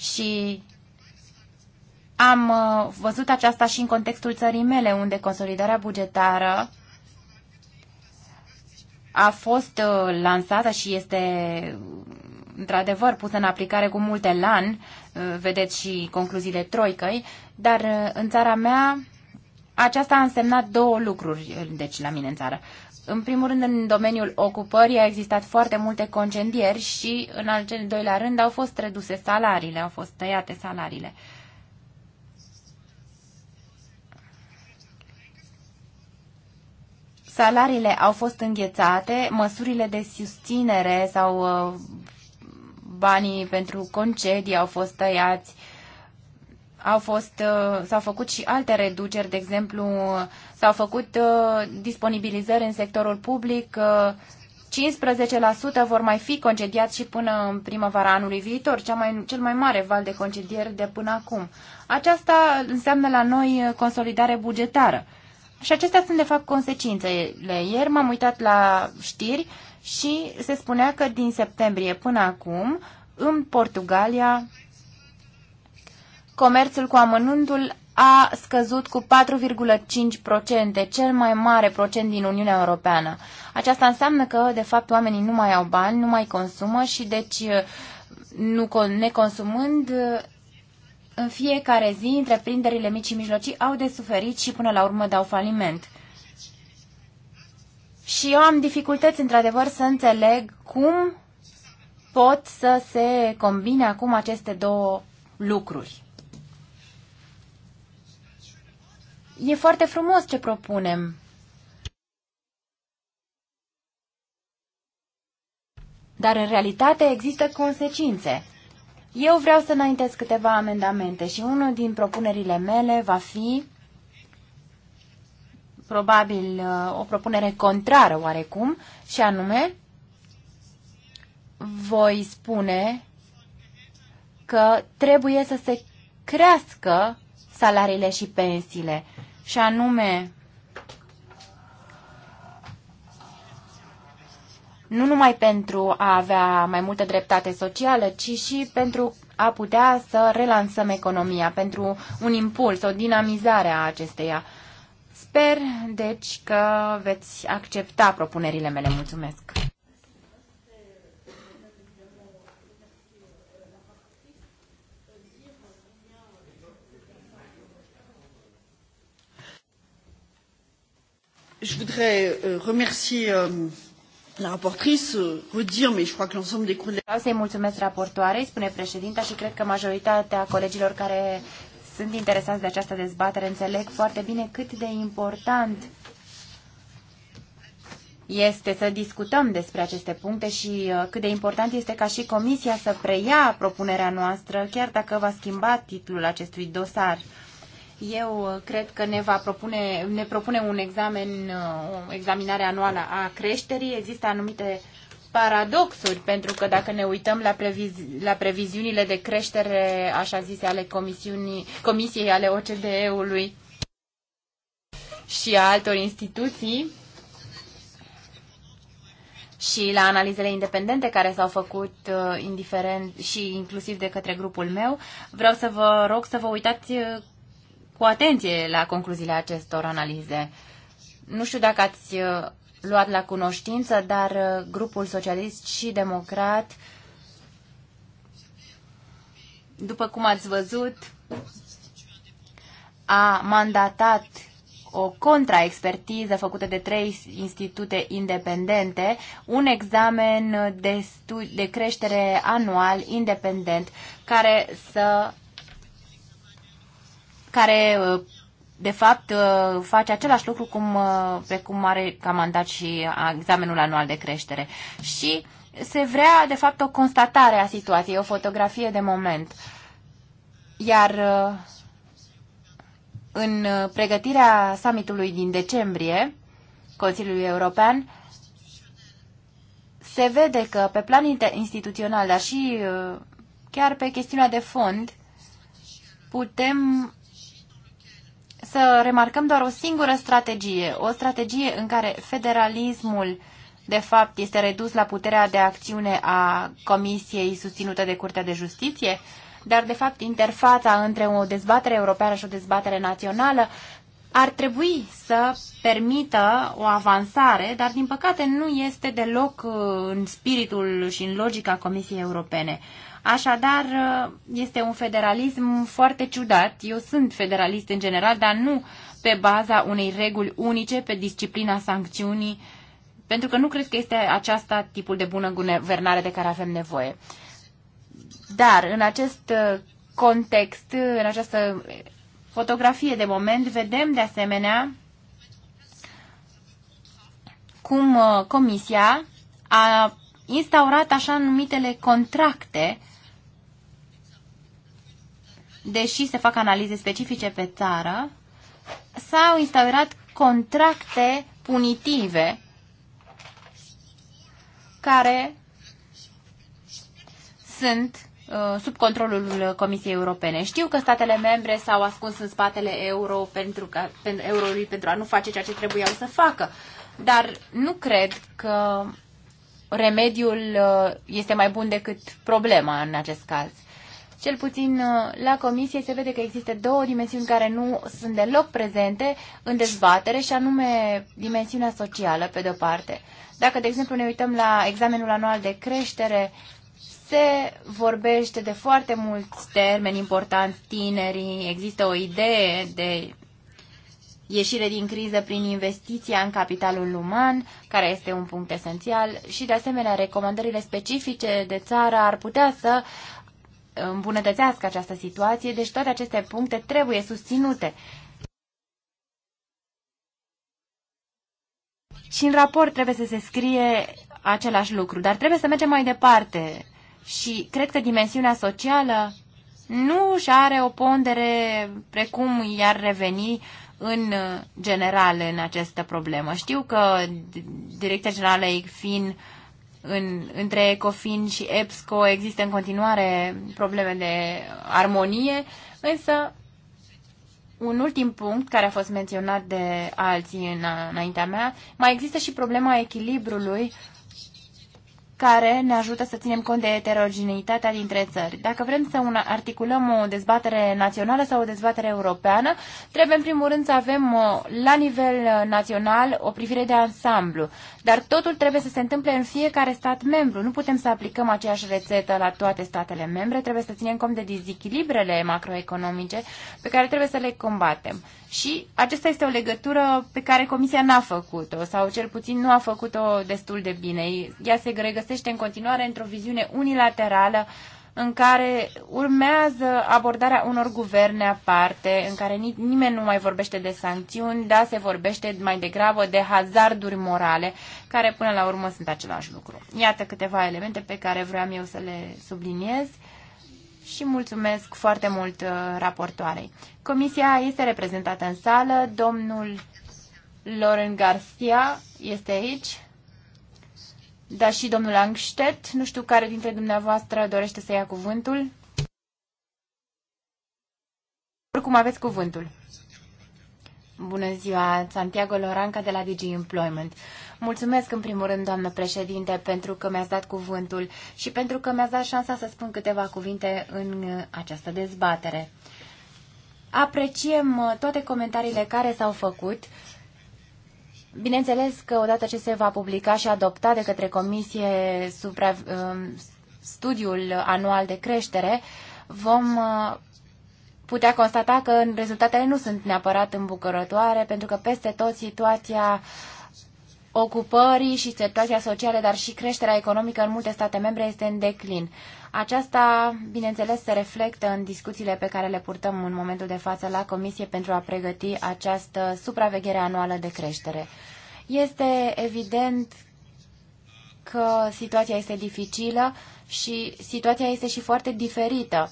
și am uh, văzut aceasta și în contextul țării mele, unde consolidarea bugetară a fost uh, lansată și este într-adevăr pusă în aplicare cu multe lan, uh, vedeți și concluziile troicăi, dar în țara mea aceasta a însemnat două lucruri, deci la mine în țară. În primul rând, în domeniul ocupării a existat foarte multe concedieri și, în al doilea rând, au fost reduse salariile, au fost tăiate salariile. Salariile au fost înghețate, măsurile de susținere sau uh, banii pentru concedii au fost tăiați, au fost, uh, s-au făcut și alte reduceri, de exemplu, s-au făcut uh, disponibilizări în sectorul public, 15% uh, vor mai fi concediați și până în primăvara anului viitor, cea mai, cel mai mare val de concedieri de până acum. Aceasta înseamnă la noi consolidare bugetară. Și acestea sunt, de fapt, consecințele. Ieri m-am uitat la știri și se spunea că din septembrie până acum, în Portugalia, comerțul cu amănuntul a scăzut cu 4,5%, cel mai mare procent din Uniunea Europeană. Aceasta înseamnă că, de fapt, oamenii nu mai au bani, nu mai consumă și, deci, uh, nu, neconsumând, uh, în fiecare zi, întreprinderile mici și mijlocii au de suferit și, până la urmă, dau faliment. Și eu am dificultăți, într-adevăr, să înțeleg cum pot să se combine acum aceste două lucruri. E foarte frumos ce propunem. Dar în realitate există consecințe. Eu vreau să înaintez câteva amendamente și unul din propunerile mele va fi probabil uh, o propunere contrară oarecum și anume voi spune că trebuie să se crească salariile și pensiile și anume nu numai pentru a avea mai multă dreptate socială, ci și pentru a putea să relansăm economia, pentru un impuls, o dinamizare a acesteia. Sper, deci, că veți accepta propunerile mele. Mulțumesc! je voudrais euh, remercier euh, la rapportrice, euh, redire, mais je crois que l'ensemble des collègues... Vreau să-i mulțumesc raportoarei, spune președinta, și cred că majoritatea colegilor care sunt interesați de această dezbatere înțeleg foarte bine cât de important este să discutăm despre aceste puncte și uh, cât de important este ca și Comisia să preia propunerea noastră, chiar dacă va schimba titlul acestui dosar. Eu uh, cred că ne va propune, ne propune un examen, uh, o examinare anuală a creșterii. Există anumite paradoxuri, pentru că dacă ne uităm la, previzi, la previziunile de creștere, așa zise, ale Comisiei, ale OCDE-ului și a altor instituții, și la analizele independente care s-au făcut uh, indiferent și inclusiv de către grupul meu. Vreau să vă rog să vă uitați cu atenție la concluziile acestor analize. Nu știu dacă ați uh, luat la cunoștință, dar uh, grupul socialist și democrat, după cum ați văzut, a mandatat o contraexpertiză făcută de trei institute independente, un examen de, de creștere anual independent care să care uh, de fapt uh, face același lucru cum, uh, pe cum are ca mandat și examenul anual de creștere. Și se vrea, de fapt, o constatare a situației, o fotografie de moment. Iar în pregătirea summitului din decembrie, Consiliului European, se vede că pe plan instituțional, dar și chiar pe chestiunea de fond, putem să remarcăm doar o singură strategie, o strategie în care federalismul de fapt este redus la puterea de acțiune a Comisiei susținută de Curtea de Justiție, dar de fapt interfața între o dezbatere europeană și o dezbatere națională ar trebui să permită o avansare, dar din păcate nu este deloc uh, în spiritul și în logica Comisiei Europene. Așadar, este un federalism foarte ciudat. Eu sunt federalist în general, dar nu pe baza unei reguli unice pe disciplina sancțiunii, pentru că nu cred că este aceasta tipul de bună guvernare de care avem nevoie. Dar, în acest uh, context, în această fotografie de moment, vedem de asemenea cum uh, Comisia a instaurat așa numitele contracte deși se fac analize specifice pe țară, s-au instaurat contracte punitive care sunt uh, sub controlul Comisiei Europene. Știu că statele membre s-au ascuns în spatele euro pentru ca, pentru, euroului pentru a nu face ceea ce trebuiau să facă, dar nu cred că remediul uh, este mai bun decât problema în acest caz. Cel puțin uh, la comisie se vede că există două dimensiuni care nu sunt deloc prezente în dezbatere și anume dimensiunea socială, pe de-o parte. Dacă, de exemplu, ne uităm la examenul anual de creștere, se vorbește de foarte mulți termeni importanți, tinerii, există o idee de ieșire din criză prin investiția în capitalul uman, care este un punct esențial, și de asemenea recomandările specifice de țară ar putea să îmbunătățească această situație, deci toate aceste puncte trebuie susținute. Și în raport trebuie să se scrie același lucru, dar trebuie să mergem mai departe. Și cred că dimensiunea socială nu și are o pondere precum i-ar reveni în general în această problemă. Știu că Direcția Generală ECFIN uh, în, între Ecofin și EPSCO există în continuare probleme de armonie, însă un ultim punct care a fost menționat de alții în, înaintea mea, mai există și problema echilibrului care ne ajută să ținem cont de heterogeneitatea dintre țări. Dacă vrem să un, articulăm o dezbatere națională sau o dezbatere europeană, trebuie în primul rând să avem uh, la nivel uh, național o privire de ansamblu. Dar totul trebuie să se întâmple în fiecare stat membru. Nu putem să aplicăm aceeași rețetă la toate statele membre. Trebuie să ținem cont de dezechilibrele macroeconomice pe care trebuie să le combatem. Și acesta este o legătură pe care Comisia n-a făcut-o, sau cel puțin nu a făcut-o destul de bine. Ea se regăsește în continuare într-o viziune unilaterală în care urmează abordarea unor guverne aparte, în care nimeni nu mai vorbește de sancțiuni, dar se vorbește mai degrabă de hazarduri morale, care până la urmă sunt același lucru. Iată câteva elemente pe care vreau eu să le subliniez și mulțumesc foarte mult uh, raportoarei. Comisia este reprezentată în sală. Domnul Loren Garcia este aici, dar și domnul Angstedt. Nu știu care dintre dumneavoastră dorește să ia cuvântul. Oricum aveți cuvântul. Bună ziua, Santiago Loranca de la DG Employment. Mulțumesc în primul rând, doamnă președinte, pentru că mi-ați dat cuvântul și pentru că mi-ați dat șansa să spun câteva cuvinte în uh, această dezbatere. Apreciem uh, toate comentariile care s-au făcut. Bineînțeles că odată ce se va publica și adopta de către Comisie supra, um, studiul anual de creștere, vom uh, putea constata că rezultatele nu sunt neapărat îmbucurătoare, pentru că peste tot situația ocupării și situația socială, dar și creșterea economică în multe state membre este în declin. Aceasta, bineînțeles, se reflectă în discuțiile pe care le purtăm în momentul de față la Comisie pentru a pregăti această supraveghere anuală de creștere. Este evident că situația este dificilă și situația este și foarte diferită.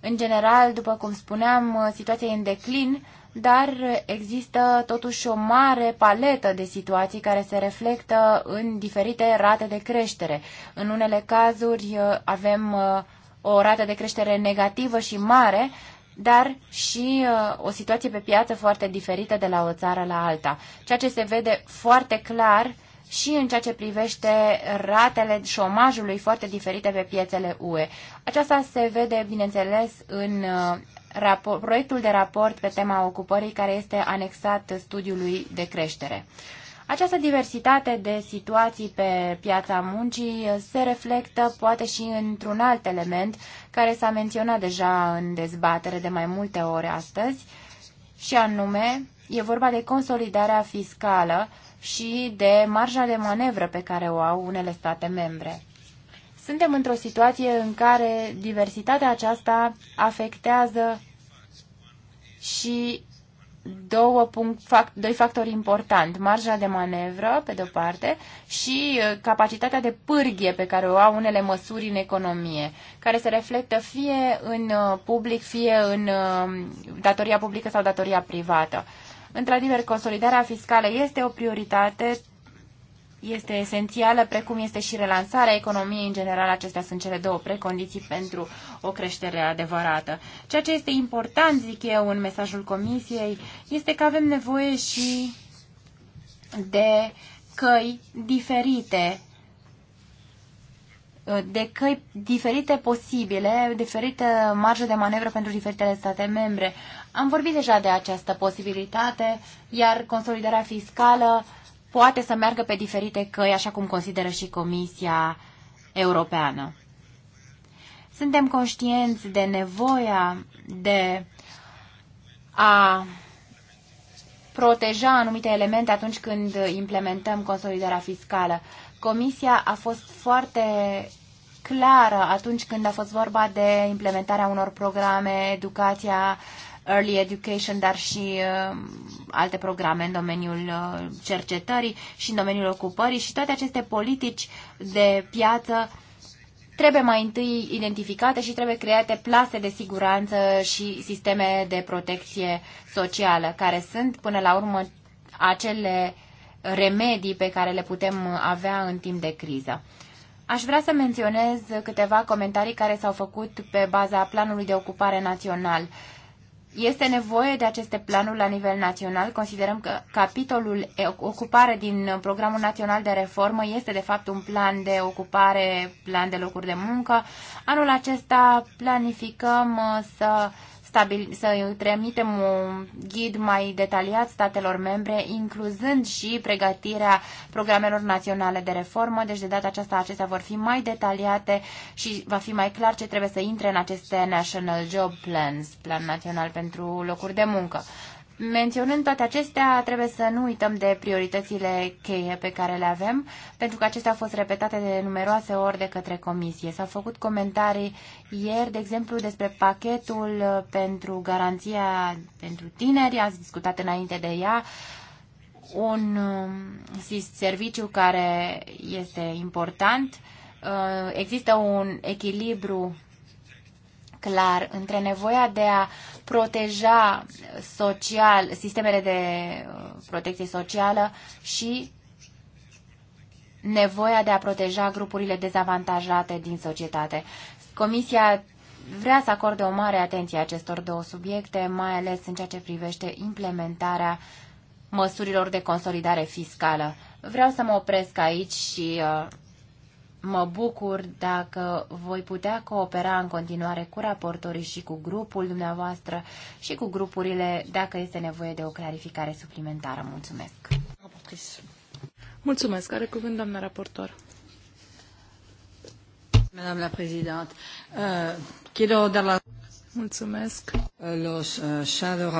În general, după cum spuneam, situația e în declin, dar există totuși o mare paletă de situații care se reflectă în diferite rate de creștere. În unele cazuri uh, avem uh, o rată de creștere negativă și mare, dar și uh, o situație pe piață foarte diferită de la o țară la alta. Ceea ce se vede foarte clar și în ceea ce privește ratele șomajului foarte diferite pe piețele UE. Aceasta se vede, bineînțeles, în uh, proiectul de raport pe tema ocupării care este anexat studiului de creștere. Această diversitate de situații pe piața muncii uh, se reflectă poate și într-un alt element care s-a menționat deja în dezbatere de mai multe ori astăzi, și anume e vorba de consolidarea fiscală și de marja de manevră pe care o au unele state membre. Suntem într-o situație în care diversitatea aceasta afectează și două punct, fac, doi factori importanti, marja de manevră, pe de-o parte, și uh, capacitatea de pârghie pe care o au unele măsuri în economie, care se reflectă fie în uh, public, fie în uh, datoria publică sau datoria privată. Într-adevăr, consolidarea fiscală este o prioritate, este esențială, precum este și relansarea economiei în general. Acestea sunt cele două precondiții pentru o creștere adevărată. Ceea ce este important, zic eu, în mesajul Comisiei, este că avem nevoie și de căi diferite Uh, de căi diferite posibile, diferite marjă de manevră pentru diferitele state membre. Am vorbit deja de această posibilitate, iar consolidarea fiscală poate să meargă pe diferite căi, așa cum consideră și Comisia Europeană. Suntem conștienți de nevoia de a proteja anumite elemente atunci când implementăm consolidarea fiscală. Comisia a fost foarte clară atunci când a fost vorba de implementarea unor programe, educația, early education, dar și uh, alte programe în domeniul uh, cercetării și în domeniul ocupării și toate aceste politici de piață trebuie mai întâi identificate și trebuie create plase de siguranță și sisteme de protecție socială, care sunt până la urmă acele uh, remedii pe care le putem avea în timp de criză. Aș vrea să menționez câteva comentarii care s-au făcut pe baza planului de ocupare național. Este nevoie de aceste planuri la nivel național. Considerăm că capitolul ocupare din programul național de reformă este de fapt un plan de ocupare, plan de locuri de muncă. Anul acesta planificăm uh, să stabil, să trimitem un ghid mai detaliat statelor membre, incluzând și pregătirea programelor naționale de reformă. Deci, de data aceasta, acestea vor fi mai detaliate și va fi mai clar ce trebuie să intre în aceste National Job Plans, Plan Național pentru Locuri de Muncă. Menționând toate acestea, trebuie să nu uităm de prioritățile cheie pe care le avem, pentru că acestea au fost repetate de numeroase ori de către comisie. S-au făcut comentarii ieri, de exemplu, despre pachetul pentru garanția pentru tineri, ați discutat înainte de ea, un um, serviciu care este important. Uh, există un echilibru clar între nevoia de a proteja social, sistemele de uh, protecție socială și nevoia de a proteja grupurile dezavantajate din societate. Comisia vrea să acorde o mare atenție acestor două subiecte, mai ales în ceea ce privește implementarea măsurilor de consolidare fiscală. Vreau să mă opresc aici și uh, Mă bucur dacă voi putea coopera în continuare cu raportorii și cu grupul dumneavoastră și cu grupurile dacă este nevoie de o clarificare suplimentară. Mulțumesc! Mulțumesc! Are cuvânt doamna raportor. Madame la Présidente, uh, quiero dar la... Mulțumesc! Los uh,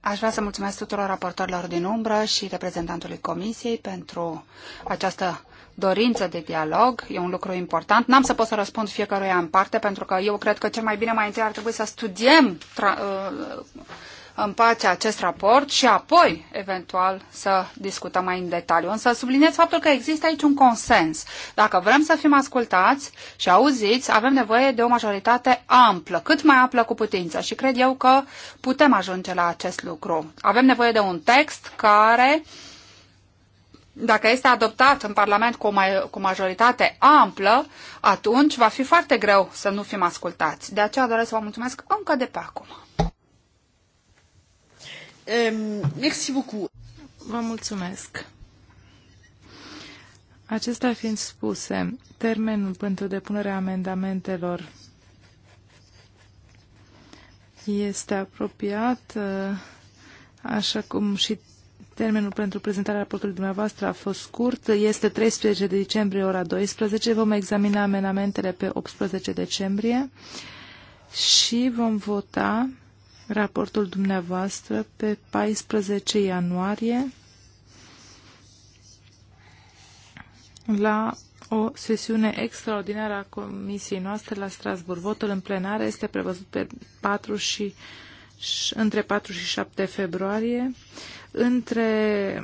Aș vrea să mulțumesc tuturor raportorilor din umbră și reprezentantului Comisiei pentru această dorință de dialog, e un lucru important. N-am să pot să răspund fiecăruia în parte, pentru că eu cred că cel mai bine mai întâi ar trebui să studiem uh, în pace acest raport și apoi, eventual, să discutăm mai în detaliu. Însă subliniez faptul că există aici un consens. Dacă vrem să fim ascultați și auziți, avem nevoie de o majoritate amplă, cât mai amplă cu putință și cred eu că putem ajunge la acest lucru. Avem nevoie de un text care uh, dacă este adoptat în Parlament cu o, mai, cu majoritate amplă, atunci va fi foarte greu să nu fim ascultați. De aceea doresc să vă mulțumesc încă de pe acum. Merci beaucoup. Vă mulțumesc. Acestea fiind spuse, termenul pentru depunerea amendamentelor este apropiat, așa cum și Termenul pentru prezentarea raportului dumneavoastră a fost scurt, este 13 decembrie ora 12, vom examina amenamentele pe 18 decembrie și vom vota raportul dumneavoastră pe 14 ianuarie la o sesiune extraordinară a comisiei noastre la Strasburg. Votul în plenare este prevăzut pe 4 și, între 4 și 7 februarie între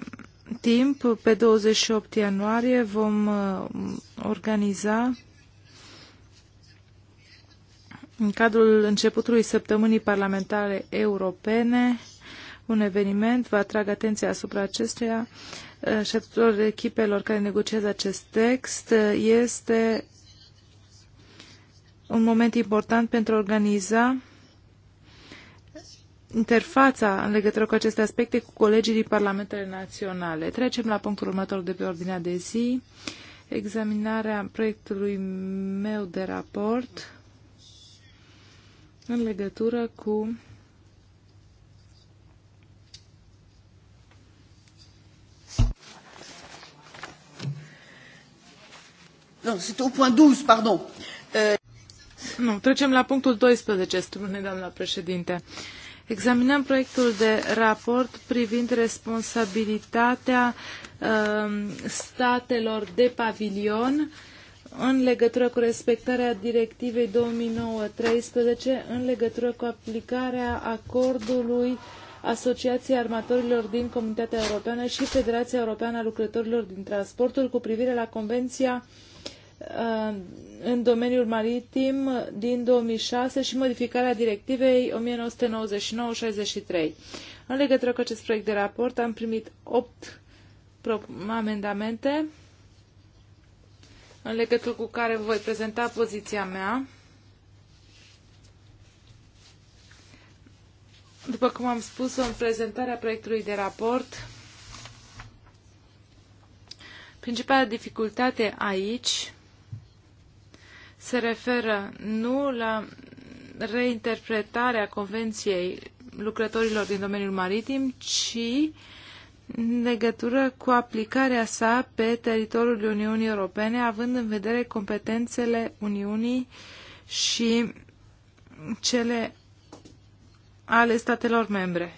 timp, pe 28 ianuarie vom uh, organiza în cadrul începutului săptămânii parlamentare europene un eveniment, vă atrag atenția asupra acestuia și a tuturor echipelor care negociază acest text. Uh, este un moment important pentru a organiza interfața în legătură cu aceste aspecte cu colegii din Parlamentele Naționale. Trecem la punctul următor de pe ordinea de zi, examinarea proiectului meu de raport în legătură cu pardon. Euh, nu, trecem la punctul 12, spune doamna președinte. Uh, Examinăm proiectul de raport privind responsabilitatea uh, statelor de pavilion în legătură cu respectarea directivei 2009-13 în legătură cu aplicarea acordului Asociației Armatorilor din Comunitatea Europeană și Federația Europeană a Lucrătorilor din Transportul cu privire la Convenția uh, Uh, în domeniul maritim din 2006 și modificarea directivei 1999-63. În legătură cu acest proiect de raport am primit 8 amendamente în legătură cu care voi prezenta poziția mea. După cum am spus în prezentarea proiectului de raport, principala dificultate aici se referă nu la reinterpretarea Convenției lucrătorilor din domeniul maritim, ci în legătură cu aplicarea sa pe teritoriul Uniunii Europene, având în vedere competențele Uniunii și cele ale statelor membre.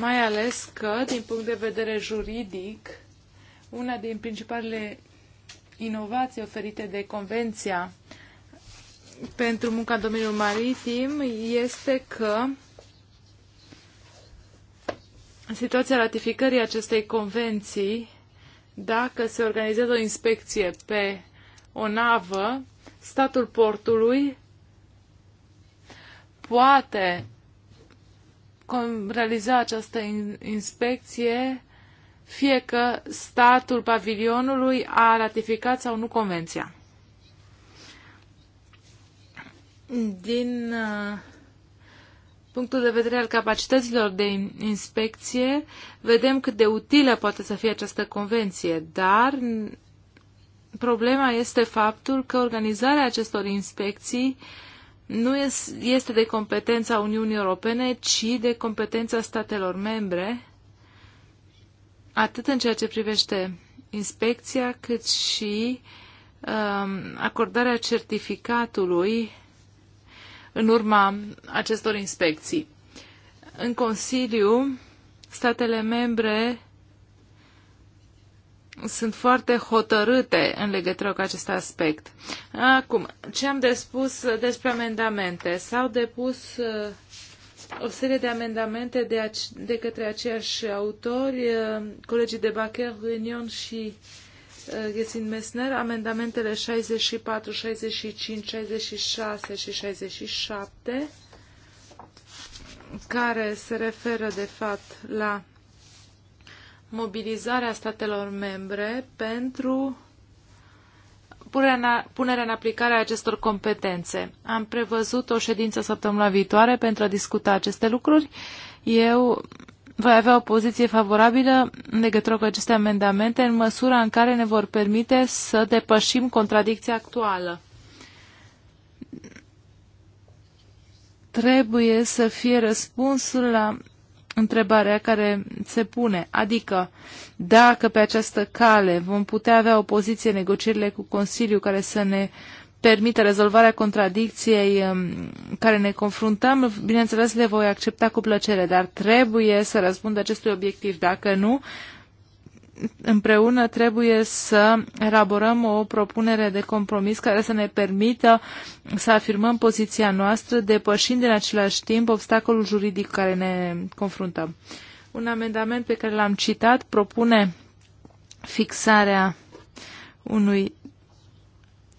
Mai ales că, din punct de vedere juridic, una din principalele inovații oferite de Convenția pentru munca în domeniul maritim este că situația ratificării acestei convenții, dacă se organizează o inspecție pe o navă, statul portului poate realiza această inspecție fie că statul pavilionului a ratificat sau nu convenția. Din uh, punctul de vedere al capacităților de inspecție, vedem cât de utilă poate să fie această convenție, dar problema este faptul că organizarea acestor inspecții nu este de competența Uniunii Europene, ci de competența statelor membre atât în ceea ce privește inspecția, cât și um, acordarea certificatului în urma acestor inspecții. În Consiliu, statele membre sunt foarte hotărâte în legătură cu acest aspect. Acum, ce am de spus despre amendamente? S-au depus uh, o serie de amendamente de, de către aceiași autori, uh, colegii de Bacher, Union și uh, Gesin Messner, amendamentele 64, 65, 66 și 67, care se referă, de fapt, la mobilizarea statelor membre pentru punerea în, aplicare a acestor competențe. Am prevăzut o ședință săptămâna viitoare pentru a discuta aceste lucruri. Eu voi avea o poziție favorabilă în legătură cu aceste amendamente în măsura în care ne vor permite să depășim contradicția actuală. Trebuie să fie răspunsul la întrebarea care se pune, adică dacă pe această cale vom putea avea o poziție negocierile cu Consiliul care să ne permite rezolvarea contradicției um, care ne confruntăm, bineînțeles le voi accepta cu plăcere, dar trebuie să răspund acestui obiectiv. Dacă nu, împreună trebuie să elaborăm o propunere de compromis care să ne permită să afirmăm poziția noastră, depășind în același timp obstacolul juridic care ne confruntăm. Un amendament pe care l-am citat propune fixarea unui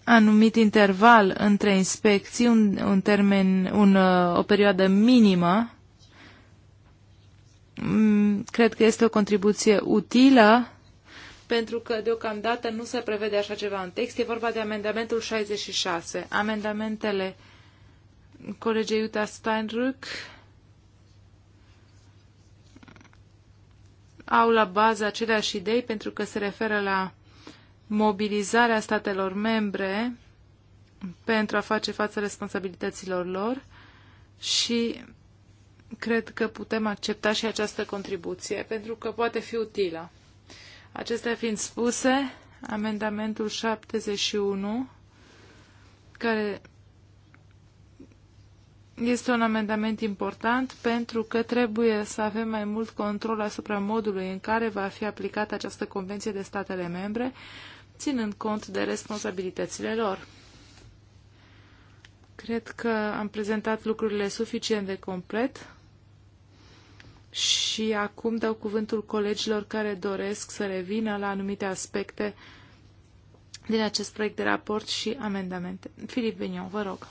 anumit interval între inspecții, un, un termen, un, uh, o perioadă minimă Mm, cred că este o contribuție utilă pentru că deocamdată nu se prevede așa ceva în text. E vorba de amendamentul 66. Amendamentele colegei Iuta Steinruck au la bază aceleași idei pentru că se referă la mobilizarea statelor membre pentru a face față responsabilităților lor și cred că putem accepta și această contribuție, pentru că poate fi utilă. Acestea fiind spuse, amendamentul 71, care este un amendament important pentru că trebuie să avem mai mult control asupra modului în care va fi aplicată această convenție de statele membre, ținând cont de responsabilitățile lor. Cred că am prezentat lucrurile suficient de complet și acum dau cuvântul colegilor care doresc să revină la anumite aspecte din acest proiect de raport și amendamente. Filip Vignon, vă rog.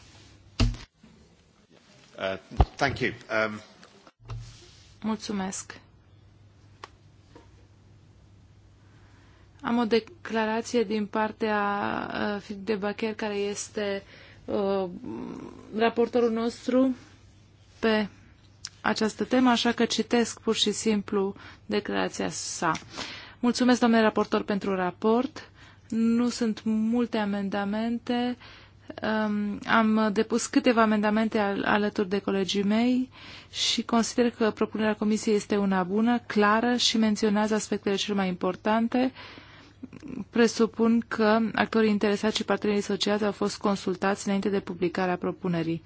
Uh, thank you. Um... Mulțumesc. Am o declarație din partea uh, de Bacher, care este uh, raportorul nostru pe această temă, așa că citesc pur și simplu declarația sa. Mulțumesc, domnule raportor, pentru raport. Nu sunt multe amendamente. Um, am depus câteva amendamente al, alături de colegii mei și consider că propunerea comisiei este una bună, clară și menționează aspectele cele mai importante. Presupun că actorii interesați și partenerii sociali au fost consultați înainte de publicarea propunerii.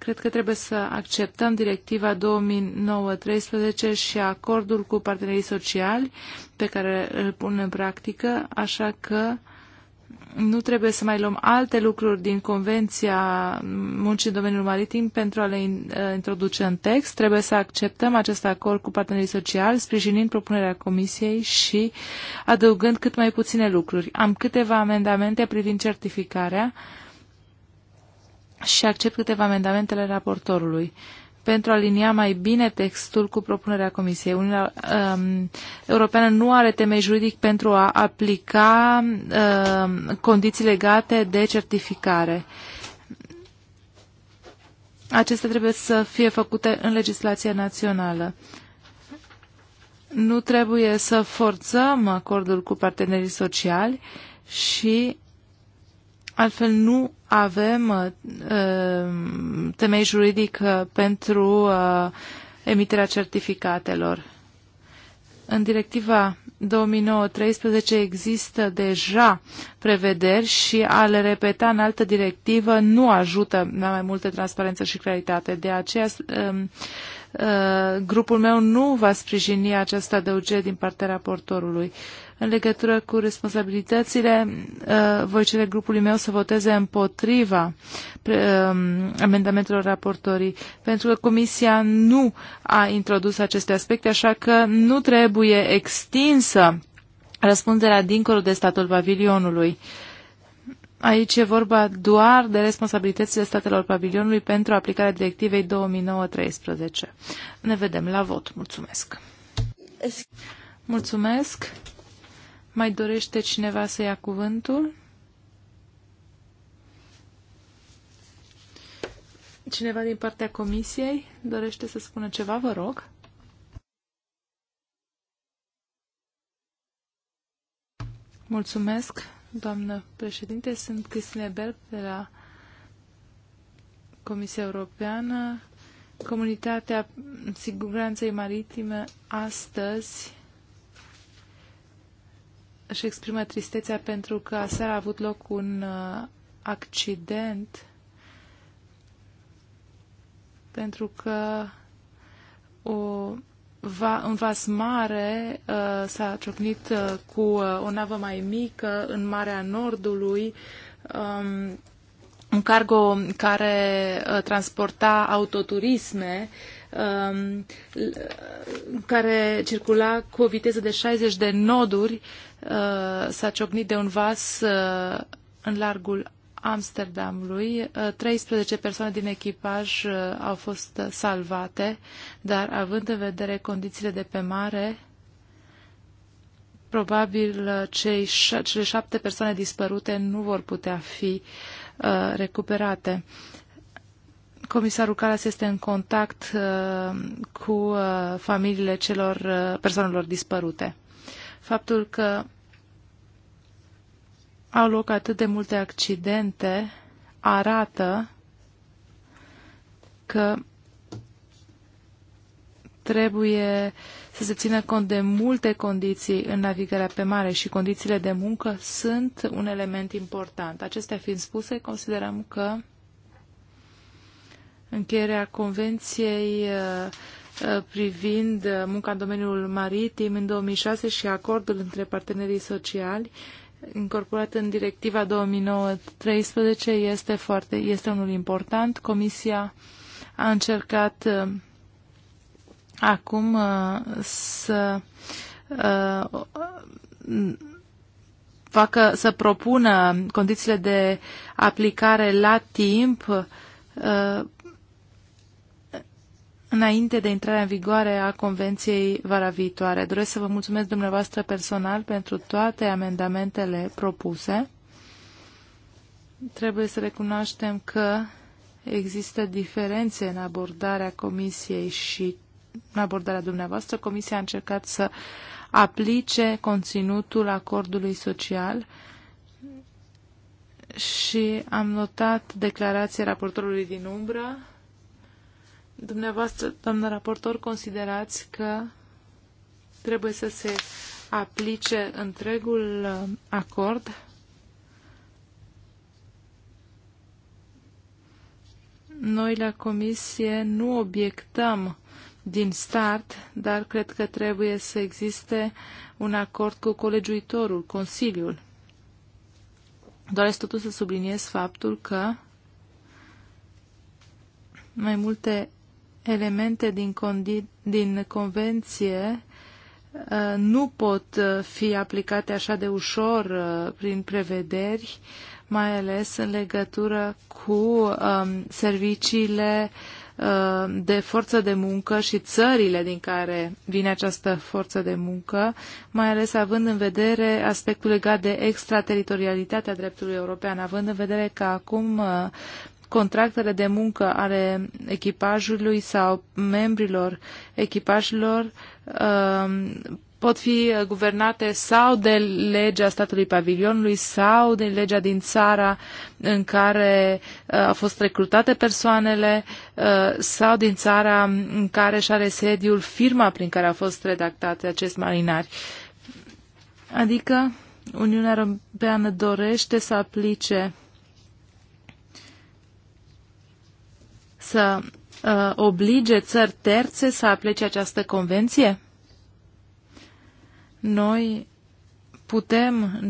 Cred că trebuie să acceptăm directiva 2009-13 și acordul cu partenerii sociali pe care îl pun în practică, așa că nu trebuie să mai luăm alte lucruri din Convenția Muncii în domeniul maritim pentru a le uh, introduce în text. Trebuie să acceptăm acest acord cu partenerii sociali, sprijinind propunerea Comisiei și adăugând cât mai puține lucruri. Am câteva amendamente privind certificarea și accept câteva amendamentele raportorului pentru a alinia mai bine textul cu propunerea Comisiei. Uniunea um, Europeană nu are temei juridic pentru a aplica um, condiții legate de certificare. Acestea trebuie să fie făcute în legislația națională. Nu trebuie să forțăm acordul cu partenerii sociali și altfel nu avem uh, uh, temei juridic uh, pentru uh, emiterea certificatelor. În directiva 2009-13 există deja prevederi și a le repeta în altă directivă nu ajută la mai multă transparență și claritate. De aceea, um, uh, grupul meu nu va sprijini această adăugere din partea raportorului. În legătură cu responsabilitățile, uh, voi cere grupului meu să voteze împotriva um, amendamentelor raportorii, pentru că Comisia nu a introdus aceste aspecte, așa că nu trebuie extinsă răspunderea dincolo de statul pavilionului. Aici e vorba doar de responsabilitățile statelor pavilionului pentru aplicarea directivei 2009-13. Ne vedem la vot. Mulțumesc! Mulțumesc! Mai dorește cineva să ia cuvântul? Cineva din partea comisiei dorește să spună ceva, vă rog. Mulțumesc, doamnă președinte. Sunt Cristine Berg de la Comisia Europeană. Comunitatea Siguranței Maritime astăzi își exprimă tristețea pentru că aseară a avut loc un uh, accident pentru că o va, un vas mare uh, s-a ciocnit uh, cu uh, o navă mai mică în Marea Nordului um, un cargo care uh, transporta autoturisme uh, Um, care circula cu o viteză de 60 de noduri uh, s-a ciocnit de un vas uh, în largul Amsterdamului. 13 uh, persoane din echipaj au fost salvate, dar având în vedere condițiile de pe mare, probabil cei, cele șapte persoane dispărute nu vor putea fi uh, recuperate. Comisarul Caras este în contact uh, cu uh, familiile celor uh, persoanelor dispărute. Faptul că au loc atât de multe accidente arată că trebuie să se țină cont de multe condiții în navigarea pe mare și condițiile de muncă sunt un element important. Acestea fiind spuse, considerăm că încheierea convenției uh, uh, privind uh, munca în domeniul maritim în 2006 și acordul între partenerii sociali incorporat în directiva 2009-13 este, foarte, este unul important. Comisia a încercat acum să facă, să propună condițiile de aplicare la timp înainte de intrarea în vigoare a Convenției vara viitoare. Doresc să vă mulțumesc dumneavoastră personal pentru toate amendamentele propuse. Trebuie să recunoaștem că există diferențe în abordarea Comisiei și în abordarea dumneavoastră. Comisia a încercat să aplice conținutul acordului social și am notat declarația raportorului din umbră Dumneavoastră, doamnă raportor, considerați că trebuie să se aplice întregul uh, acord Noi la comisie nu obiectăm din start, dar cred că trebuie să existe un acord cu colegiuitorul, Consiliul. Doresc totuși să subliniez faptul că mai multe elemente din, din convenție uh, nu pot uh, fi aplicate așa de ușor uh, prin prevederi, mai ales în legătură cu um, serviciile de forță de muncă și țările din care vine această forță de muncă, mai ales având în vedere aspectul legat de extrateritorialitatea dreptului european, având în vedere că acum contractele de muncă ale echipajului sau membrilor echipajelor um, pot fi guvernate sau de legea statului pavilionului sau de legea din țara în care uh, au fost recrutate persoanele uh, sau din țara în care și are sediul firma prin care au fost redactate acest marinari. Adică Uniunea Europeană dorește să aplice să uh, oblige țări terțe să aplece această convenție? Noi putem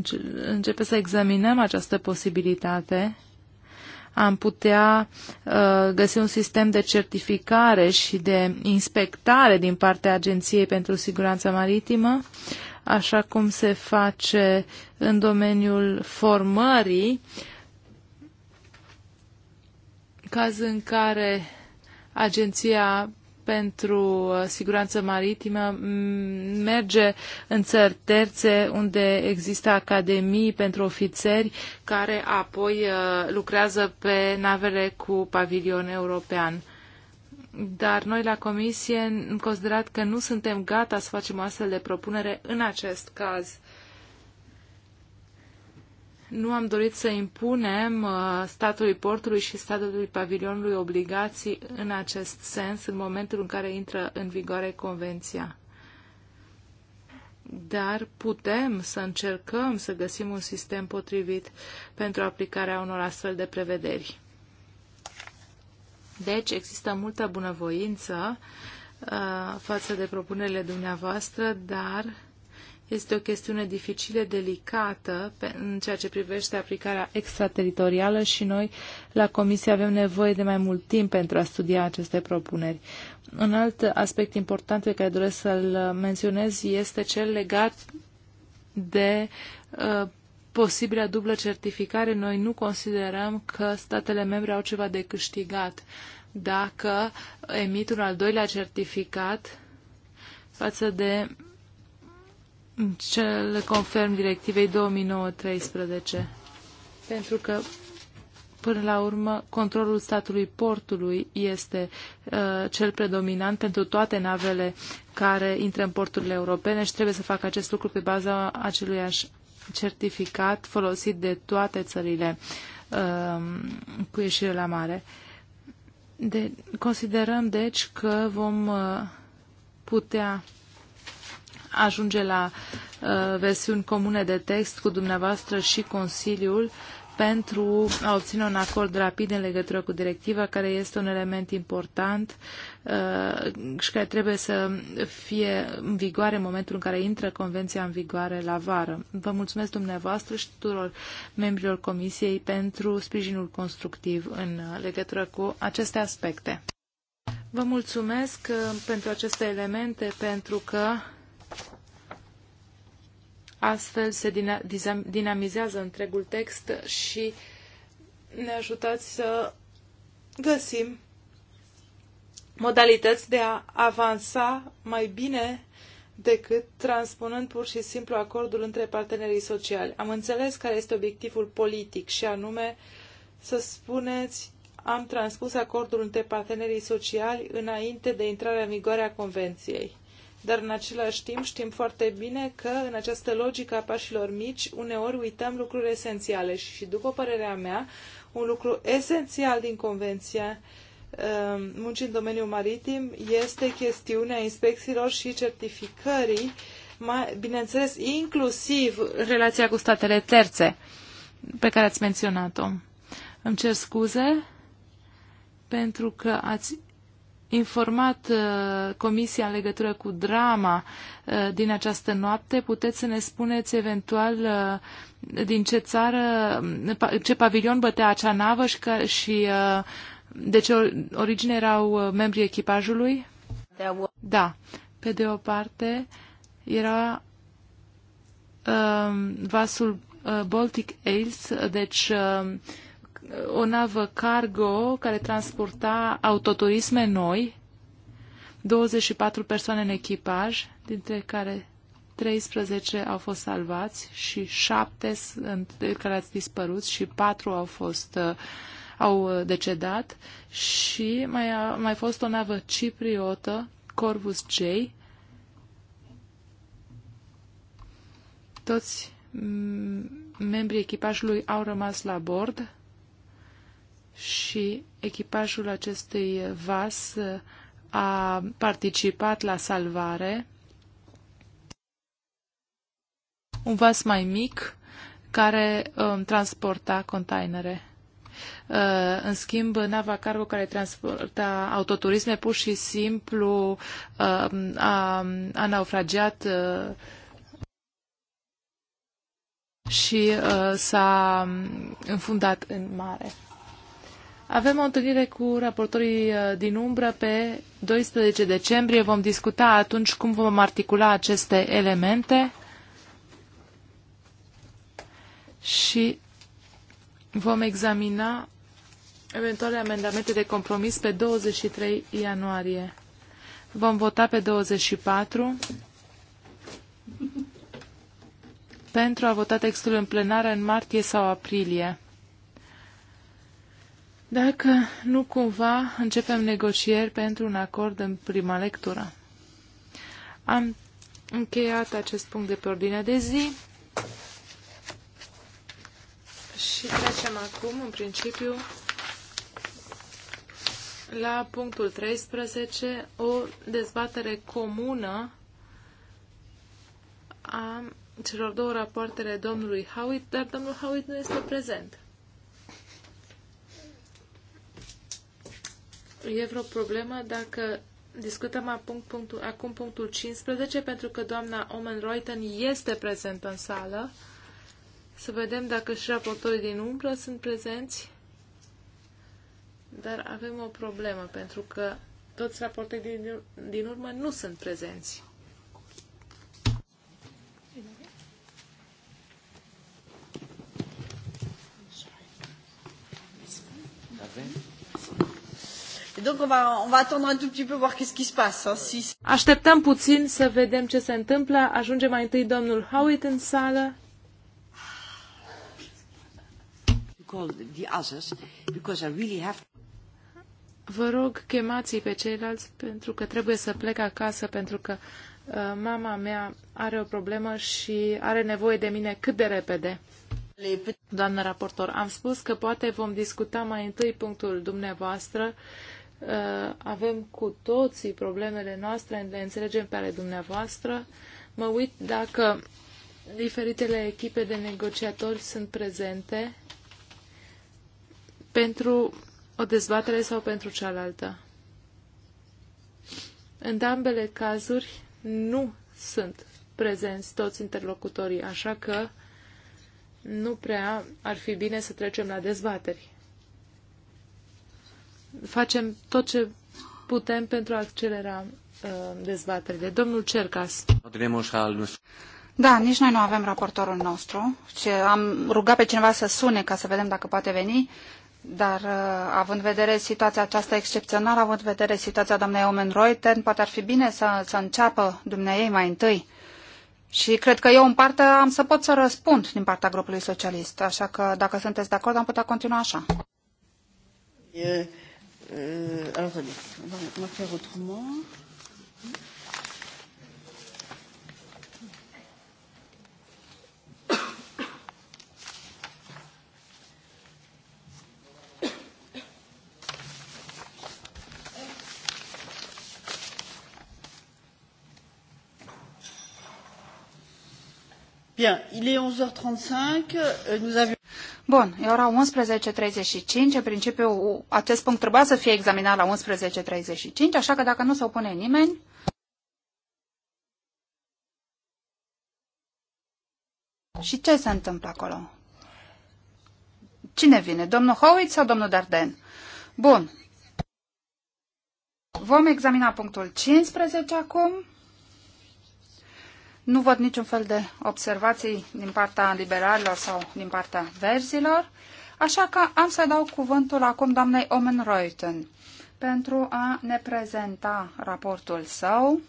începe să examinăm această posibilitate. Am putea uh, găsi un sistem de certificare și de inspectare din partea Agenției pentru Siguranța Maritimă, așa cum se face în domeniul formării uh, caz în care Agenția pentru uh, Siguranță Maritimă merge în țări terțe unde există academii pentru ofițeri care apoi uh, lucrează pe navele cu pavilion european dar noi la comisie am considerat că nu suntem gata să facem o astfel de propunere în acest caz nu am dorit să impunem uh, statului portului și statului pavilionului obligații în acest sens în momentul în care intră în vigoare convenția. Dar putem să încercăm să găsim un sistem potrivit pentru aplicarea unor astfel de prevederi. Deci există multă bunăvoință uh, față de propunerile dumneavoastră, dar uh, este o chestiune dificilă, delicată în ceea ce privește aplicarea extrateritorială și noi la Comisie avem nevoie de mai mult timp pentru a studia aceste propuneri. Un alt aspect important pe care doresc să-l menționez este cel legat de uh, posibilă dublă certificare. Noi nu considerăm că statele membre au ceva de câștigat dacă emit un al doilea certificat față de cel conform directivei 2009-13, pentru că Până la urmă, controlul statului portului este uh, cel predominant pentru toate navele care intră în porturile europene și trebuie să facă acest lucru pe baza aceluiași certificat folosit de toate țările uh, cu ieșire la mare. De, considerăm, deci, că vom uh, putea ajunge la uh, versiuni comune de text cu dumneavoastră și Consiliul pentru a obține un acord rapid în legătură cu directiva, care este un element important uh, și care trebuie să fie în vigoare în momentul în care intră convenția în vigoare la vară. Vă mulțumesc dumneavoastră și tuturor membrilor Comisiei pentru sprijinul constructiv în legătură cu aceste aspecte. Vă mulțumesc uh, pentru aceste elemente, pentru că Astfel se dinamizează întregul text și ne ajutați să găsim modalități de a avansa mai bine decât transpunând pur și simplu acordul între partenerii sociali. Am înțeles care este obiectivul politic și anume să spuneți am transpus acordul între partenerii sociali înainte de intrarea în vigoare a Convenției dar în același timp știm foarte bine că în această logică a pașilor mici uneori uităm lucruri esențiale și, după părerea mea, un lucru esențial din Convenția um, muncii în domeniul maritim este chestiunea inspecțiilor și certificării, mai, bineînțeles, inclusiv relația cu statele terțe pe care ați menționat-o. Îmi cer scuze pentru că ați informat uh, Comisia în legătură cu drama uh, din această noapte. Puteți să ne spuneți eventual uh, din ce țară, mm, ce pavilion bătea acea navă și, că, și uh, de ce origine erau uh, membrii echipajului? Da. Pe de o parte era um, vasul uh, Baltic Ales, deci um, o navă cargo care transporta autoturisme noi, 24 persoane în echipaj, dintre care 13 au fost salvați și 7 sunt, care ați dispărut și 4 au fost uh, au uh, decedat și mai a mai fost o navă cipriotă, Corvus J. Toți membrii echipajului au rămas la bord și echipajul acestui vas a participat la salvare. Un vas mai mic care um, transporta containere. Uh, în schimb, nava cargo care transporta autoturisme pur și simplu uh, a, a naufragiat uh, și uh, s-a um, înfundat în mare. Avem o întâlnire cu raportorii uh, din umbră pe 12 decembrie. Vom discuta atunci cum vom articula aceste elemente și vom examina eventuale amendamente de compromis pe 23 ianuarie. Vom vota pe 24 pentru a vota textul în plenară în martie sau aprilie dacă nu cumva începem negocieri pentru un acord în prima lectură. Am încheiat acest punct de pe ordinea de zi și trecem acum, în principiu, la punctul 13, o dezbatere comună a celor două rapoartele domnului Howitt, dar domnul Howitt nu este prezent. e vreo problemă dacă discutăm acum punctul, acum punctul 15, pentru că doamna Omen Reuten este prezentă în sală. Să vedem dacă și raportorii din umbră sunt prezenți. Dar avem o problemă, pentru că toți raportorii din, din urmă nu sunt prezenți. Avem? Așteptăm puțin să vedem ce se întâmplă. Ajunge mai întâi domnul Howitt în sală. Vă rog, chemați pe ceilalți pentru că trebuie să plec acasă pentru că uh, mama mea are o problemă și are nevoie de mine cât de repede. Doamnă raportor, am spus că poate vom discuta mai întâi punctul dumneavoastră Uh, avem cu toții problemele noastre, le înțelegem pe ale dumneavoastră. Mă uit dacă diferitele echipe de negociatori sunt prezente pentru o dezbatere sau pentru cealaltă. În ambele cazuri nu sunt prezenți toți interlocutorii, așa că nu prea ar fi bine să trecem la dezbateri facem tot ce putem pentru a accelera uh, dezbaterile. Domnul Cercas. Da, nici noi nu avem raportorul nostru. Ce am rugat pe cineva să sune ca să vedem dacă poate veni, dar uh, având vedere situația aceasta excepțională, având vedere situația doamnei Omen Reuter, poate ar fi bine să, să înceapă dumneai mai întâi. Și cred că eu în parte am să pot să răspund din partea grupului socialist, așa că dacă sunteți de acord am putea continua așa. Yeah. Euh, alors, attendez, on va, on va faire autrement. Bien, il est 11h35. Euh, nous avions. Bun, e ora 11.35, în principiu acest punct trebuia să fie examinat la 11.35, așa că dacă nu se opune nimeni... Și ce se întâmplă acolo? Cine vine, domnul Howitt sau domnul Darden? Bun. Vom examina punctul 15 acum. Nu văd niciun fel de observații din partea liberalilor sau din partea verzilor, așa că am să dau cuvântul acum doamnei Omen Reuten pentru a ne prezenta raportul său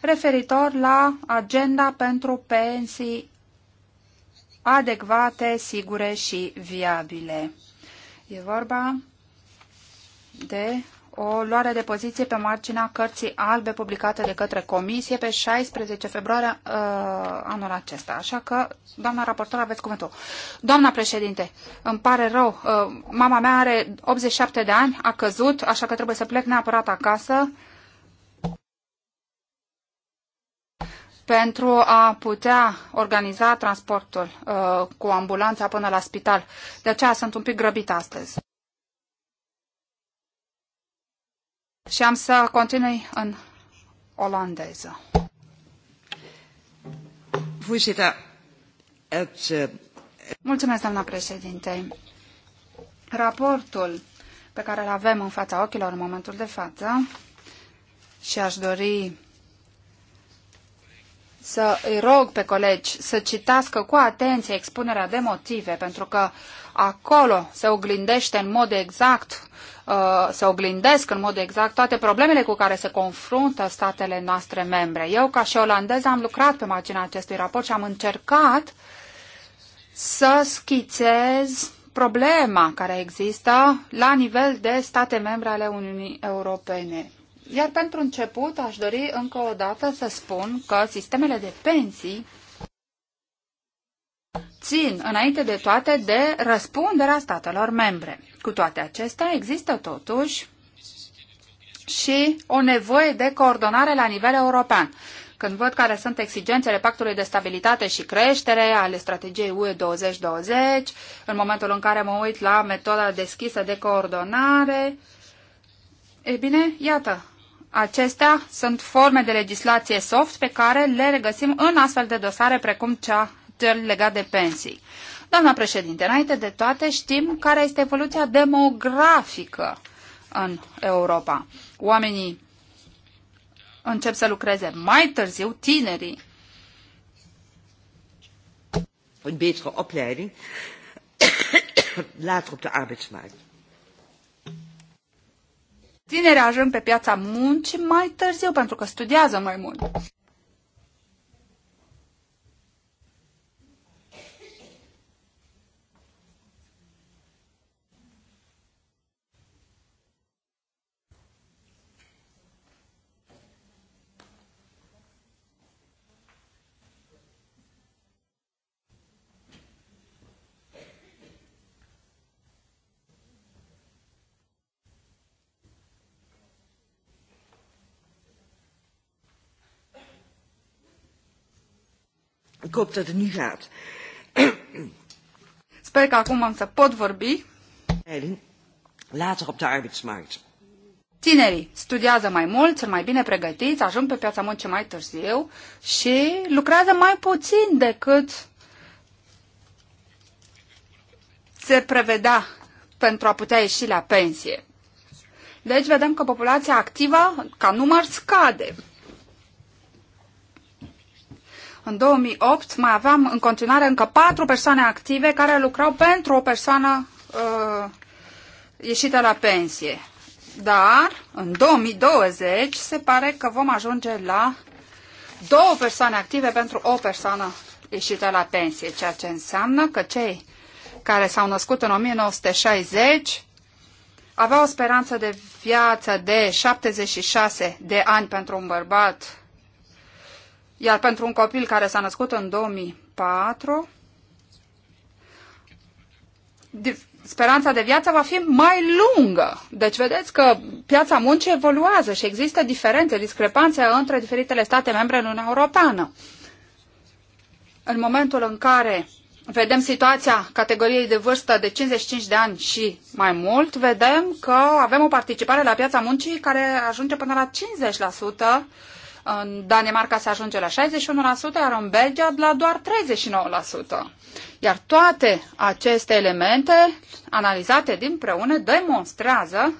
referitor la agenda pentru pensii adecvate, sigure și viabile. E vorba de o luare de poziție pe marginea cărții albe publicate de către comisie pe 16 februarie uh, anul acesta. Așa că, doamna raportor, aveți cuvântul. Doamna președinte, îmi pare rău, uh, mama mea are 87 de ani, a căzut, așa că trebuie să plec neapărat acasă. pentru a putea organiza transportul uh, cu ambulanța până la spital. De aceea sunt un pic grăbit astăzi. și am să continui în olandeză. Eh, Mulțumesc, doamna președinte. Raportul pe care îl avem în fața ochilor în momentul de față și aș dori să îi rog pe colegi să citească cu atenție expunerea de motive, pentru că acolo se oglindește în mod exact Uh, se oglindesc în mod exact toate problemele cu care se confruntă statele noastre membre. Eu, ca și olandez, am lucrat pe marginea acestui raport și am încercat să schițez problema care există la nivel de state membre ale Uniunii Europene. Iar pentru început aș dori încă o dată să spun că sistemele de pensii țin, înainte de toate, de răspunderea statelor membre. Cu toate acestea, există totuși și o nevoie de coordonare la nivel european. Când văd care sunt exigențele Pactului de Stabilitate și Creștere, ale strategiei UE 2020, în momentul în care mă uit la metoda deschisă de coordonare, e bine, iată, acestea sunt forme de legislație soft pe care le regăsim în astfel de dosare precum cea legat de pensii. Doamna președinte, înainte de toate știm care este evoluția demografică în Europa. Oamenii încep să lucreze mai târziu, tinerii. Un betere opleiding, later op de arbeidsmarkt. Tinerii ajung pe piața muncii mai târziu pentru că studiază mai mult. Ik hoop dat het nu gaat. Sper că acum am să pot vorbi. Later op de arbeidsmarkt. Tinerii studiază mai mult, sunt mai bine pregătiți, ajung pe piața muncii mai târziu și lucrează mai puțin decât se prevedea pentru a putea ieși la pensie. Deci vedem că populația activă ca număr scade. În 2008 mai aveam în continuare încă patru persoane active care lucrau pentru o persoană uh, ieșită la pensie. Dar în 2020 se pare că vom ajunge la două persoane active pentru o persoană ieșită la pensie, ceea ce înseamnă că cei care s-au născut în 1960 aveau o speranță de viață de 76 de ani pentru un bărbat iar pentru un copil care s-a născut în 2004, speranța de viață va fi mai lungă. Deci vedeți că piața muncii evoluează și există diferențe, discrepanțe între diferitele state membre în Uniunea Europeană. În momentul în care vedem situația categoriei de vârstă de 55 de ani și mai mult, vedem că avem o participare la piața muncii care ajunge până la 50% în Danemarca se ajunge la 61%, iar în Belgia la doar 39%. Iar toate aceste elemente analizate preună demonstrează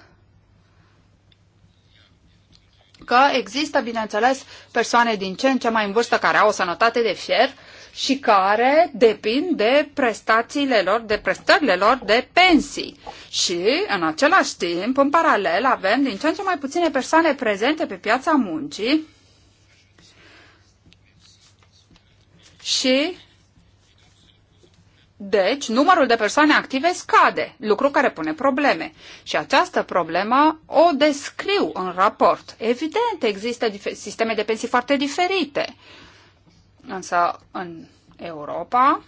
că există, bineînțeles, persoane din ce în ce mai în vârstă care au o sănătate de fier și care depind de prestațiile lor, de prestările lor de pensii. Și, în același timp, în paralel, avem din ce în ce mai puține persoane prezente pe piața muncii și deci, numărul de persoane active scade, lucru care pune probleme. Și această problemă o descriu în raport. Evident, există sisteme de pensii foarte diferite. Însă, în Europa,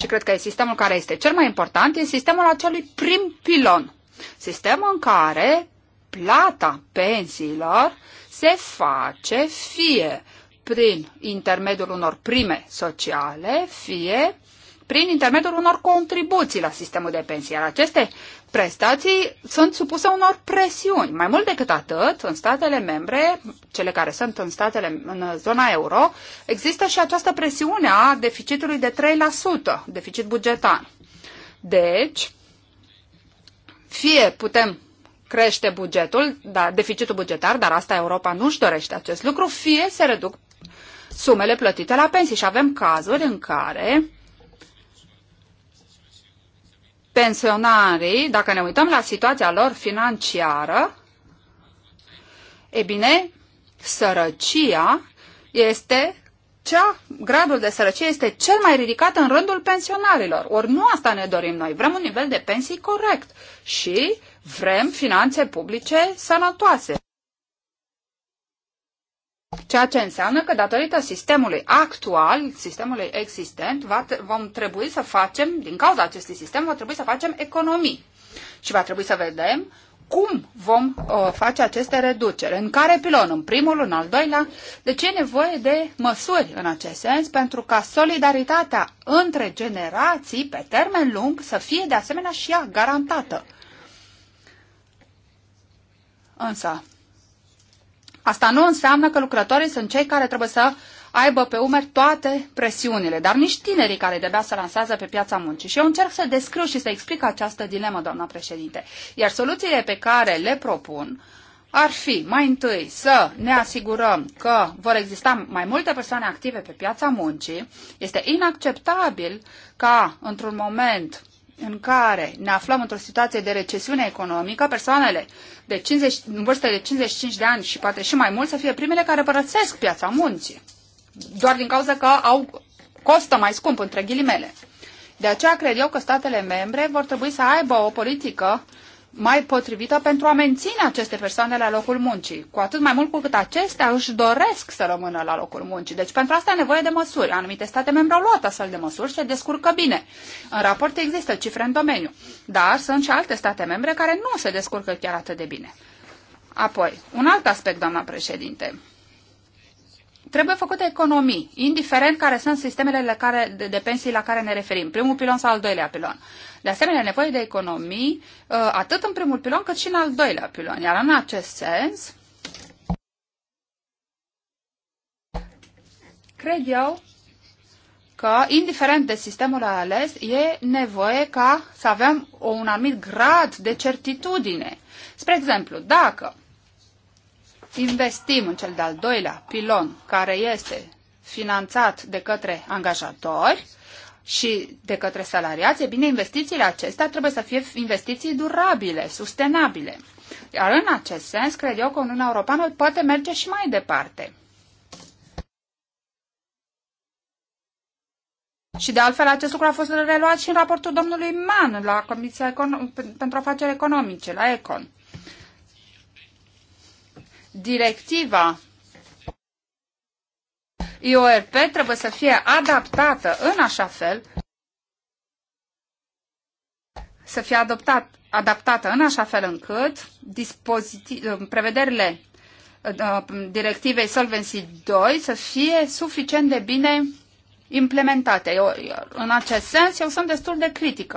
și cred că e sistemul care este cel mai important, e sistemul acelui prim pilon. Sistemul în care plata pensiilor uh, se face fie prin intermediul unor prime sociale, fie prin intermediul unor contribuții la sistemul de pensii. Iar aceste prestații sunt supuse unor presiuni. Mai mult decât atât, în statele membre, cele care sunt în statele în zona euro, există și această presiune a deficitului de 3%, deficit bugetar. Deci, fie putem crește bugetul, da, deficitul bugetar, dar asta Europa nu-și dorește acest lucru, fie se reduc sumele plătite la pensii. Și avem cazuri în care pensionarii, dacă ne uităm la situația lor financiară, e bine, sărăcia este cea, gradul de sărăcie este cel mai ridicat în rândul pensionarilor. Ori nu asta ne dorim noi, vrem un nivel de pensii corect. Și Vrem finanțe publice sănătoase. Ceea ce înseamnă că datorită sistemului actual, sistemului existent, va, vom trebui să facem, din cauza acestui sistem, va trebui să facem economii. Și va trebui să vedem cum vom uh, face aceste reduceri, în care pilon, în primul, în al doilea. Deci e nevoie de măsuri în acest sens pentru ca solidaritatea între generații pe termen lung să fie de asemenea și ea garantată. Însă, asta nu înseamnă că lucrătorii sunt cei care trebuie să aibă pe umeri toate presiunile, dar nici tinerii care de să lansează pe piața muncii. Și eu încerc să descriu și să explic această dilemă, doamna președinte. Iar soluțiile pe care le propun ar fi mai întâi să ne asigurăm că vor exista mai multe persoane active pe piața muncii. Este inacceptabil ca într-un moment în care ne aflăm într-o situație de recesiune economică, persoanele de 50, în vârstă de 55 de ani și poate și mai mult să fie primele care părăsesc piața munții, doar din cauza că au costă mai scump, între ghilimele. De aceea cred eu că statele membre vor trebui să aibă o politică uh, mai potrivită pentru a menține aceste persoane la locul muncii, cu atât mai mult cu cât acestea își doresc să rămână la locul muncii. Deci pentru asta e nevoie de măsuri. Anumite state membre au luat astfel de măsuri și se descurcă bine. În raport există cifre în domeniu, dar sunt și alte state membre care nu se descurcă chiar atât de bine. Apoi, un alt aspect, doamna președinte, trebuie făcute economii, indiferent care sunt sistemele la care, de, de pensii la care ne referim, primul pilon sau al doilea pilon. De asemenea, nevoie de economii uh, atât în primul pilon cât și în al doilea pilon. Iar în acest sens, cred eu că, indiferent de sistemul ales, e nevoie ca să avem un anumit grad de certitudine. Spre exemplu, dacă investim în cel de-al doilea pilon, care este finanțat de către angajatori și de către salariați, e bine, investițiile acestea trebuie să fie investiții durabile, sustenabile. Iar în acest sens, cred eu că Uniunea Europeană poate merge și mai departe. Și de altfel, acest lucru a fost reluat și în raportul domnului Mann la Comisia Econ- pentru Afaceri Economice, la Econ directiva IORP trebuie să fie adaptată în așa fel, să fie adoptat, adaptată în așa fel încât prevederile uh, directivei Solvency 2 să fie suficient de bine implementate. Eu, eu, în acest sens, eu sunt destul de critică.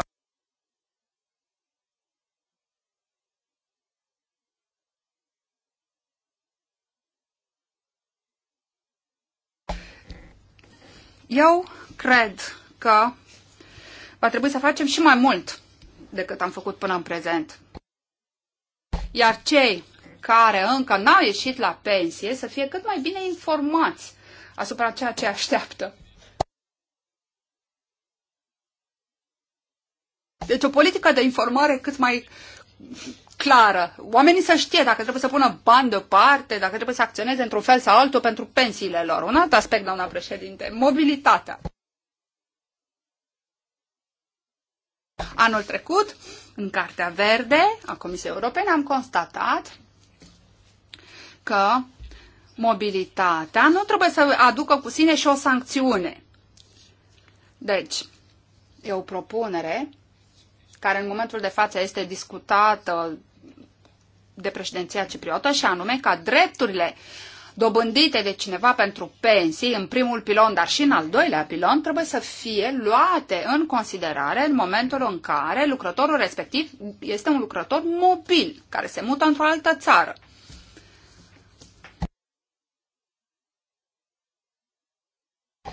Eu cred că va trebui să facem și mai mult decât am făcut până în prezent. Iar cei care încă n-au ieșit la pensie să fie cât mai bine informați asupra ceea ce așteaptă. Deci o politică de informare cât mai clară. Oamenii să știe dacă trebuie să pună bani deoparte, dacă trebuie să acționeze într-un fel sau altul pentru pensiile lor. Un alt aspect, doamna președinte, mobilitatea. Anul trecut, în Cartea Verde a Comisiei Europene, am constatat că mobilitatea nu trebuie să aducă cu sine și o sancțiune. Deci, e o propunere care în momentul de față este discutată de președinția cipriotă și anume ca drepturile dobândite de cineva pentru pensii în primul pilon, dar și în al doilea pilon, trebuie să fie luate în considerare în momentul în care lucrătorul respectiv este un lucrător mobil, care se mută într-o altă țară.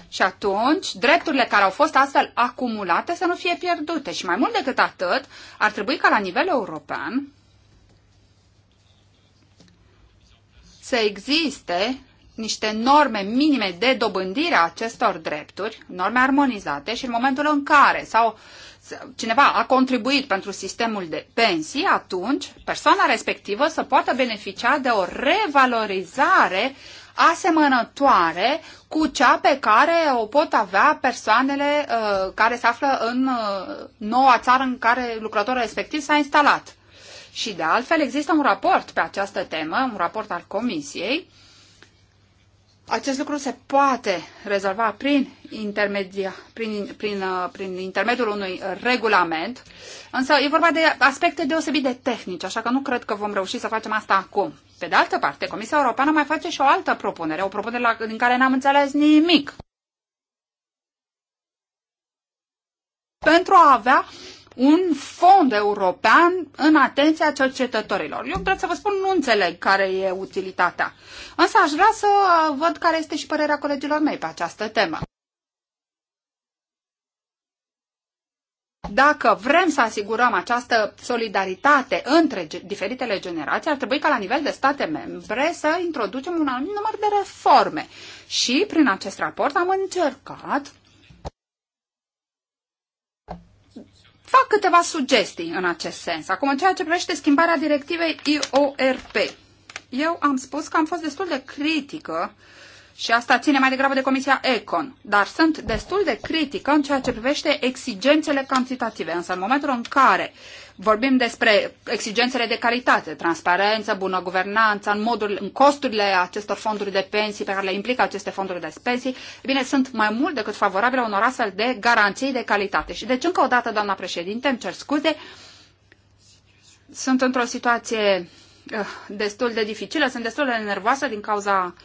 Și atunci, drepturile care au fost astfel acumulate să nu fie pierdute. Și mai mult decât atât, ar trebui ca la nivel european să existe niște norme minime de dobândire a acestor drepturi, norme armonizate și în momentul în care sau cineva a contribuit pentru sistemul de pensii, atunci persoana respectivă să poată beneficia de o revalorizare uh, asemănătoare cu cea pe care o pot avea persoanele uh, care se află în uh, noua țară în care lucrătorul respectiv s-a instalat. Și de altfel există un raport pe această temă, un raport al Comisiei. Acest lucru se poate rezolva prin, intermedia, prin, prin, uh, prin intermediul unui regulament, însă e vorba de aspecte deosebit de tehnice, așa că nu cred că vom reuși să facem asta acum. Pe de altă parte, Comisia Europeană mai face și o altă propunere, o propunere la, din care n-am înțeles nimic. Pentru a avea un fond european în atenția cercetătorilor. Eu trebuie să vă spun, nu înțeleg care e utilitatea. Însă aș vrea să văd care este și părerea colegilor mei pe această temă. Dacă vrem să asigurăm această solidaritate între diferitele generații, ar trebui ca la nivel de state membre să introducem un anumit număr de reforme. Și prin acest raport am încercat fac câteva sugestii în acest sens. Acum, în ceea ce privește schimbarea directivei IORP, eu am spus că am fost destul de critică uh, și asta ține mai degrabă de Comisia Econ, dar sunt destul de critică în ceea ce privește exigențele cantitative. Însă în momentul în care vorbim despre exigențele de calitate, transparență, bună guvernanță, în, modul, în costurile acestor fonduri de pensii pe care le implică aceste fonduri de pensii, bine, sunt mai mult decât favorabile unor astfel de garanții de calitate. Și deci, încă o dată, doamna președinte, îmi cer scuze, sunt într-o situație eh, destul de dificilă, sunt destul de nervoasă din cauza uh,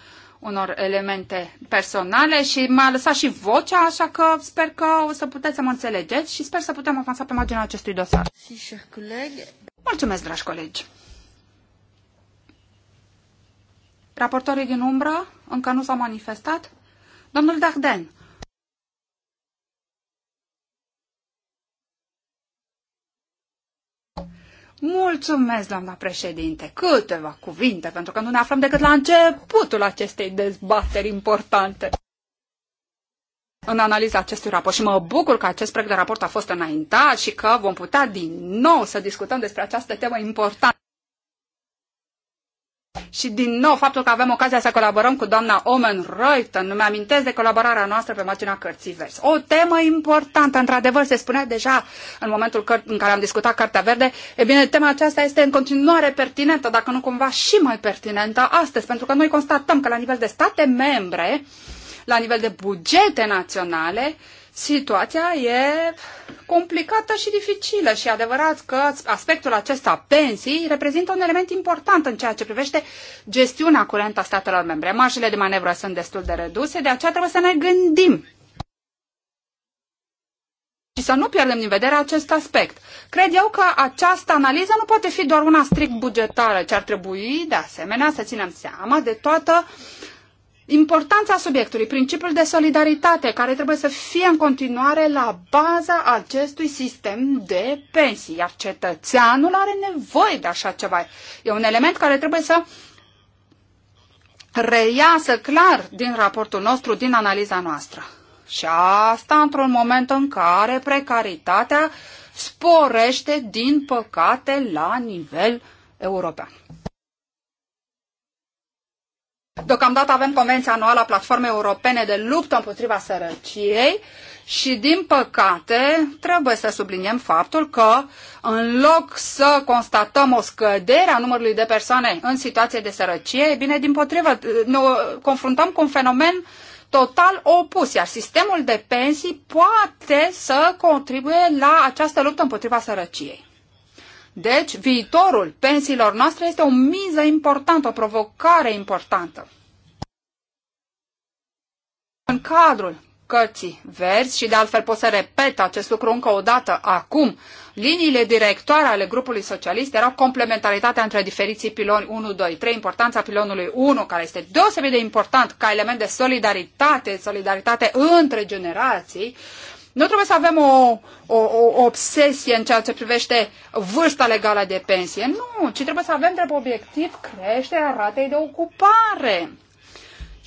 unor elemente personale și m-a lăsat și vocea, așa că sper că o să puteți să mă înțelegeți și sper să putem avansa pe marginea acestui dosar. Mulțumesc, dragi colegi! Raportorii din umbră încă nu s-au manifestat. Domnul Darden, Mulțumesc, doamna președinte. Câteva cuvinte, pentru că nu ne aflăm decât la începutul acestei dezbateri importante în analiza acestui raport și mă bucur că acest proiect de raport a fost înaintat și că vom putea din nou să discutăm despre această temă importantă. Și din nou, faptul că avem ocazia să colaborăm cu doamna Omen Reuten, nu-mi amintesc de colaborarea noastră pe marginea cărții verzi. O temă importantă, într-adevăr, se spunea deja în momentul în care am discutat Cartea Verde, e bine, tema aceasta este în continuare pertinentă, dacă nu cumva și mai pertinentă astăzi, pentru că noi constatăm că la nivel de state membre, la nivel de bugete naționale, uh, Situația e complicată și dificilă și adevărat că aspectul acesta pensii reprezintă un element important în ceea ce privește gestiunea curentă a statelor membre. Marjele de manevră sunt destul de reduse, de aceea trebuie să ne gândim și să nu pierdem din vedere acest aspect. Cred eu că această analiză nu poate fi doar una strict bugetară, ci ar trebui, de asemenea, să ținem seama de toată uh, importanța subiectului, principiul de solidaritate, care trebuie să fie în continuare la baza acestui sistem de pensii, iar cetățeanul are nevoie de așa ceva. E un element care trebuie să reiasă clar din raportul nostru, din analiza noastră. Și asta într-un moment în care precaritatea sporește, din păcate, la nivel european. Deocamdată avem Convenția Anuală a Platformei Europene de Luptă împotriva Sărăciei și, din păcate, trebuie să subliniem faptul că, în loc să constatăm o scădere a numărului de persoane în situație de sărăcie, bine, din potrivă, ne confruntăm cu un fenomen total opus, iar sistemul de pensii poate să contribuie la această luptă împotriva sărăciei. Deci, viitorul pensiilor noastre este o miză importantă, o provocare importantă. În cadrul cărții verzi și de altfel pot să repet acest lucru încă o dată acum. Liniile directoare ale grupului socialist erau complementaritatea între diferiții piloni 1, 2, 3, importanța pilonului 1, care este deosebit de important ca element de solidaritate, solidaritate între generații, nu trebuie să avem o, o, o obsesie în ceea ce privește vârsta legală de pensie. Nu, ci trebuie să avem drept obiectiv creșterea ratei de ocupare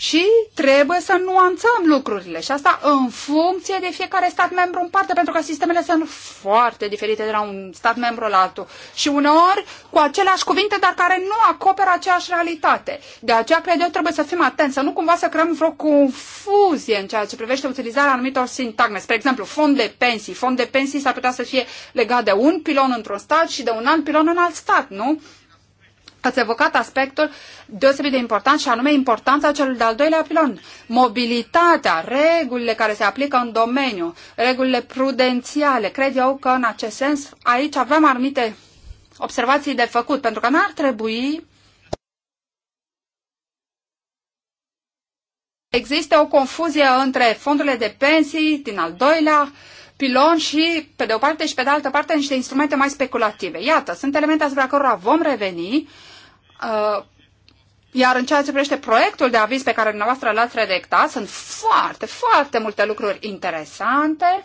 și trebuie să nuanțăm lucrurile și asta în funcție de fiecare stat membru în parte, pentru că sistemele sunt foarte diferite de la un stat membru la altul și uneori cu aceleași cuvinte, dar care nu acoperă aceeași realitate. De aceea, cred eu, trebuie să fim atenți, să nu cumva să creăm vreo confuzie în ceea ce privește utilizarea anumitor sintagme. Spre exemplu, fond de pensii. Fond de pensii s-ar putea să fie legat de un pilon într-un stat și de un alt pilon în alt stat, nu? ați evocat aspectul deosebit de important și anume importanța celui de-al doilea pilon. Mobilitatea, regulile care se aplică în domeniu, regulile prudențiale. Cred eu că în acest sens aici avem anumite observații de făcut, pentru că n-ar trebui Există o confuzie între fondurile de pensii din al doilea pilon și, pe de o parte și pe de altă parte, niște instrumente mai speculative. Iată, sunt elemente asupra cărora vom reveni Uh, iar în ceea ce privește proiectul de aviz pe care dumneavoastră l-ați redactat, sunt foarte, foarte multe lucruri interesante.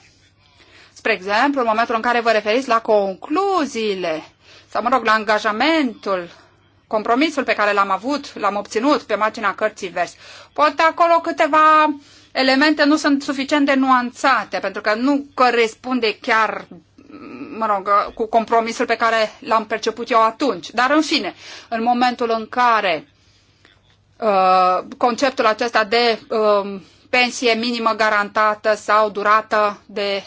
Spre exemplu, în momentul în care vă referiți la concluziile sau, mă rog, la angajamentul, compromisul pe care l-am avut, l-am obținut pe marginea cărții vers. Poate acolo câteva elemente nu sunt suficient de nuanțate, pentru că nu corespunde chiar mă rog, cu compromisul pe care l-am perceput eu atunci. Dar, în fine, în momentul în care uh, conceptul acesta de uh, pensie minimă garantată sau durată de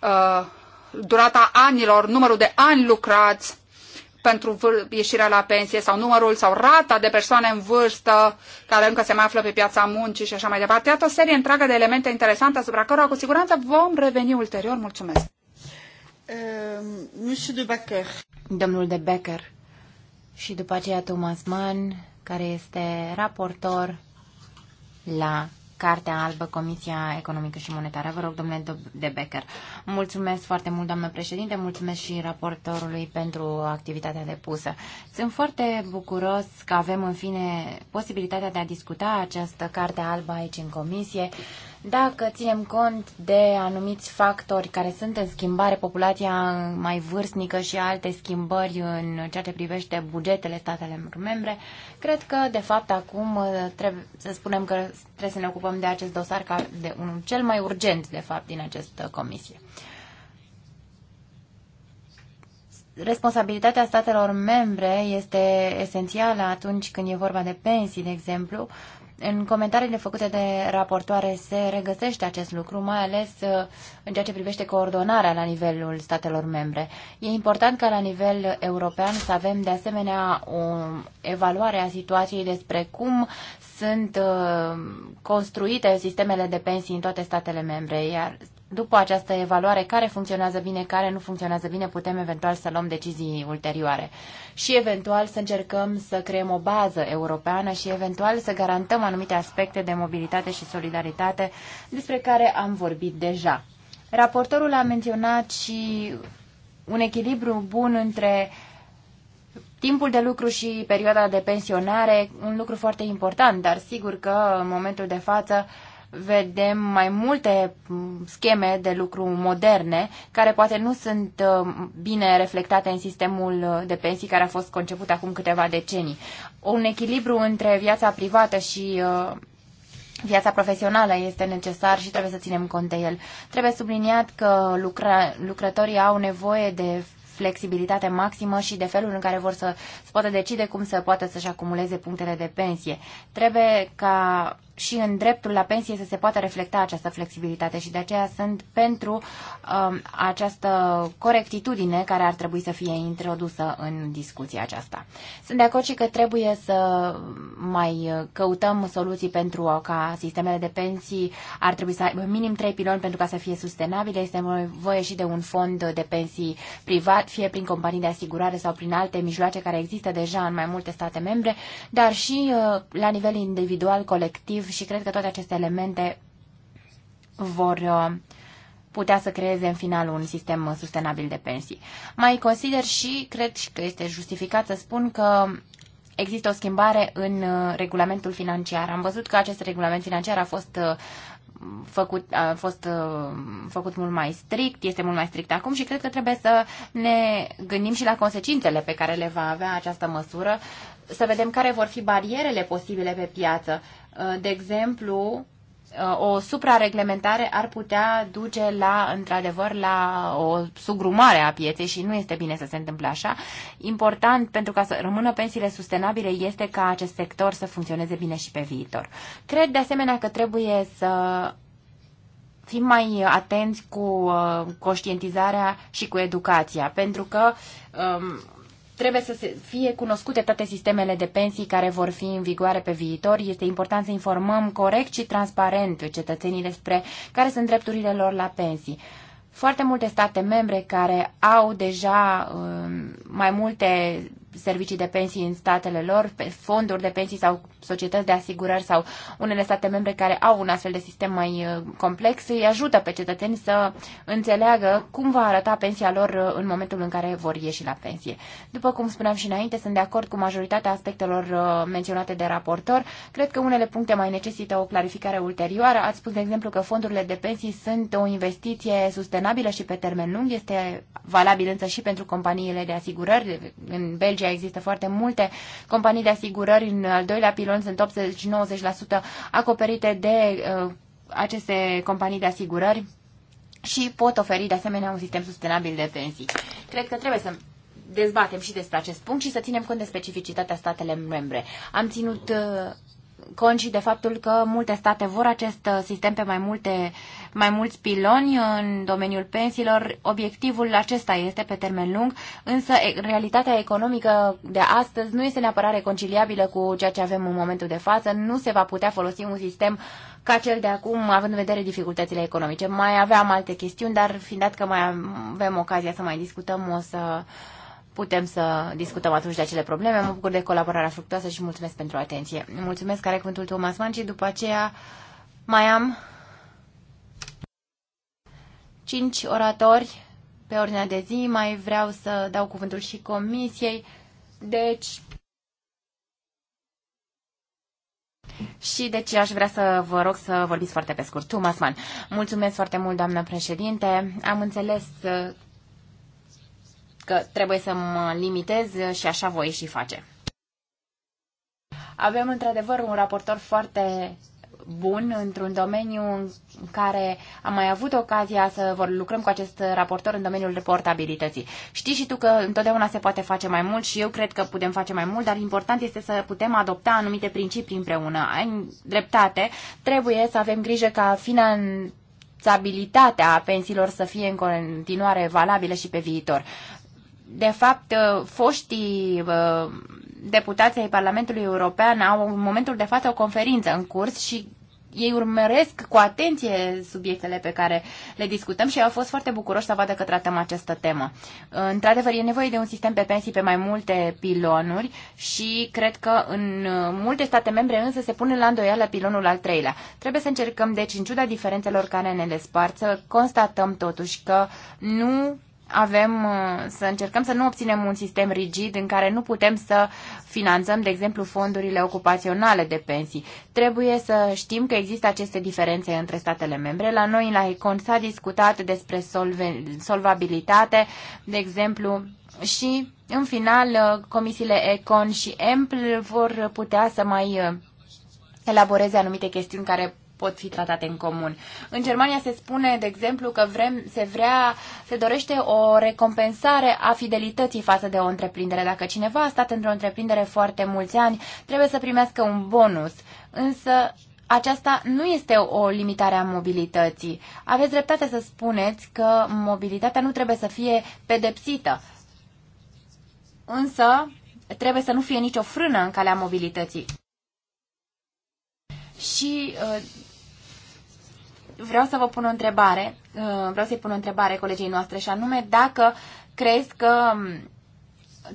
uh, durata anilor, numărul de ani lucrați pentru ieșirea la pensie sau numărul sau rata de persoane în vârstă care încă se mai află pe piața muncii și așa mai departe. Iată o serie întreagă de elemente interesante asupra cărora cu siguranță vom reveni ulterior. Mulțumesc! Ehm, Monsieur de Becker. Domnul de Becker. Și după aceea Thomas Mann, care este raportor la Cartea Albă, Comisia Economică și Monetară. Vă rog, domnule De Becker. Mulțumesc foarte mult, doamnă președinte, mulțumesc și raportorului pentru activitatea depusă. Sunt foarte bucuros că avem, în fine, posibilitatea de a discuta această Carte Albă aici în Comisie. Dacă ținem cont de anumiți factori care sunt în schimbare, populația mai vârstnică și alte schimbări în ceea ce privește bugetele statelor membre, cred că, de fapt, acum uh, trebuie să spunem că trebuie să ne ocupăm de acest dosar ca de unul cel mai urgent, de fapt, din această comisie. Responsabilitatea statelor membre este esențială atunci când e vorba de pensii, de exemplu, uh, în comentariile făcute de raportoare se regăsește acest lucru, mai ales uh, în ceea ce privește coordonarea la nivelul statelor membre. E important ca la nivel european să avem de asemenea o evaluare a situației despre cum sunt uh, construite sistemele de pensii în toate statele membre, iar după această evaluare, care funcționează bine, care nu funcționează bine, putem eventual să luăm decizii ulterioare. Și eventual să încercăm să creăm o bază europeană și eventual să garantăm anumite aspecte de mobilitate și solidaritate despre care am vorbit deja. Raportorul a menționat și un echilibru bun între timpul de lucru și perioada de pensionare, un lucru foarte important, dar sigur că în momentul de față vedem mai multe mm, scheme de lucru moderne, care poate nu sunt mm, bine reflectate în sistemul de pensii care a fost conceput acum câteva decenii. Un echilibru între viața privată și mm, viața profesională este necesar și trebuie să ținem cont de el. Trebuie subliniat că lucra, lucrătorii au nevoie de flexibilitate maximă și de felul în care vor să poată decide cum să poată să-și acumuleze punctele de pensie. Trebuie ca și în dreptul la pensie să se poată reflecta această flexibilitate și de aceea sunt pentru um, această corectitudine care ar trebui să fie introdusă în discuția aceasta. Sunt de acord și că trebuie să mai căutăm soluții pentru ca sistemele de pensii ar trebui să aibă minim trei piloni pentru ca să fie sustenabile. Este nevoie și de un fond de pensii privat, fie prin companii de asigurare sau prin alte mijloace care există deja în mai multe state membre, dar și uh, la nivel individual, colectiv, și cred că toate aceste elemente vor uh, putea să creeze în final un sistem sustenabil de pensii. Mai consider și cred și că este justificat să spun că există o schimbare în uh, regulamentul financiar. Am văzut că acest regulament financiar a fost uh, făcut, a fost uh, făcut mult mai strict, este mult mai strict acum și cred că trebuie să ne gândim și la consecințele pe care le va avea această măsură, să vedem care vor fi barierele posibile pe piață. Uh, de exemplu, Uh, o suprareglementare ar putea duce la, într-adevăr, la o sugrumare a pieței și nu este bine să se întâmple așa. Important pentru ca să rămână pensiile sustenabile este ca acest sector să funcționeze bine și pe viitor. Cred de asemenea că trebuie să fim mai atenți cu uh, conștientizarea și cu educația, pentru că um, Trebuie să fie cunoscute toate sistemele de pensii care vor fi în vigoare pe viitor. Este important să informăm corect și transparent cetățenii despre care sunt drepturile lor la pensii. Foarte multe state membre care au deja um, mai multe servicii de pensii în statele lor, pe fonduri de pensii sau societăți de asigurări sau unele state membre care au un astfel de sistem mai uh, complex, îi ajută pe cetățeni să înțeleagă cum va arăta pensia lor uh, în momentul în care vor ieși la pensie. După cum spuneam și înainte, sunt de acord cu majoritatea aspectelor uh, menționate de raportor. Cred că unele puncte mai necesită o clarificare ulterioară. Ați spus, de exemplu, că fondurile de pensii sunt o investiție sustenabilă și pe termen lung. Este valabil însă și pentru companiile de asigurări. În Belgia Belgia există foarte multe companii de asigurări. În al doilea pilon sunt 80-90% acoperite de uh, aceste companii de asigurări și pot oferi de asemenea un sistem sustenabil de pensii. Cred că trebuie să dezbatem și despre acest punct și să ținem cont de specificitatea statele membre. Am ținut uh, cont și de faptul că multe state vor acest uh, sistem pe mai, multe, mai mulți piloni în domeniul pensiilor. Obiectivul acesta este pe termen lung, însă realitatea economică de astăzi nu este neapărat reconciliabilă cu ceea ce avem în momentul de față. Nu se va putea folosi un sistem ca cel de acum, având în vedere dificultățile economice. Mai aveam alte chestiuni, dar fiind dat că mai avem ocazia să mai discutăm, o să uh, putem să discutăm atunci de acele probleme. Mă bucur de colaborarea fructoasă și mulțumesc pentru atenție. Mulțumesc, care cuvântul Thomas Manci. și după aceea mai am cinci oratori pe ordinea de zi. Mai vreau să dau cuvântul și comisiei. Deci, Și deci aș vrea să vă rog să vorbiți foarte pe scurt. Thomas Mann, mulțumesc foarte mult, doamnă președinte. Am înțeles că trebuie să mă limitez și așa voi și face. Avem într-adevăr un raportor foarte bun într-un domeniu în care am mai avut ocazia să vor lucrăm cu acest raportor în domeniul reportabilității. Știi și tu că întotdeauna se poate face mai mult și eu cred că putem face mai mult, dar important este să putem adopta anumite principii împreună. Ai dreptate, trebuie să avem grijă ca finanțabilitatea pensiilor să fie în continuare valabilă și pe viitor de fapt, uh, foștii uh, deputații ai Parlamentului European au în momentul de față o conferință în curs și ei urmăresc cu atenție subiectele pe care le discutăm și au fost foarte bucuroși să vadă că tratăm această temă. Uh, într-adevăr, e nevoie de un sistem pe pensii pe mai multe pilonuri și cred că în multe state membre însă se pune la îndoială pilonul al treilea. Trebuie să încercăm, deci, în ciuda diferențelor care ne despart, să constatăm totuși că nu avem uh, să încercăm să nu obținem un sistem rigid în care nu putem să finanțăm, de exemplu, fondurile ocupaționale de pensii. Trebuie să știm că există aceste diferențe între statele membre. La noi, la ICON, s-a discutat despre solvabilitate, de exemplu, și, în final, uh, comisiile ECON și EMPL vor putea să mai uh, elaboreze anumite chestiuni care pot fi tratate în comun. În Germania se spune, de exemplu, că vrem, se vrea, se dorește o recompensare a fidelității față de o întreprindere. Dacă cineva a stat într-o întreprindere foarte mulți ani, trebuie să primească un bonus. Însă aceasta nu este o limitare a mobilității. Aveți dreptate să spuneți că mobilitatea nu trebuie să fie pedepsită. Însă trebuie să nu fie nicio frână în calea mobilității. Și uh, vreau să vă pun o întrebare, uh, vreau să-i pun o întrebare colegii noastre și anume dacă crezi că um,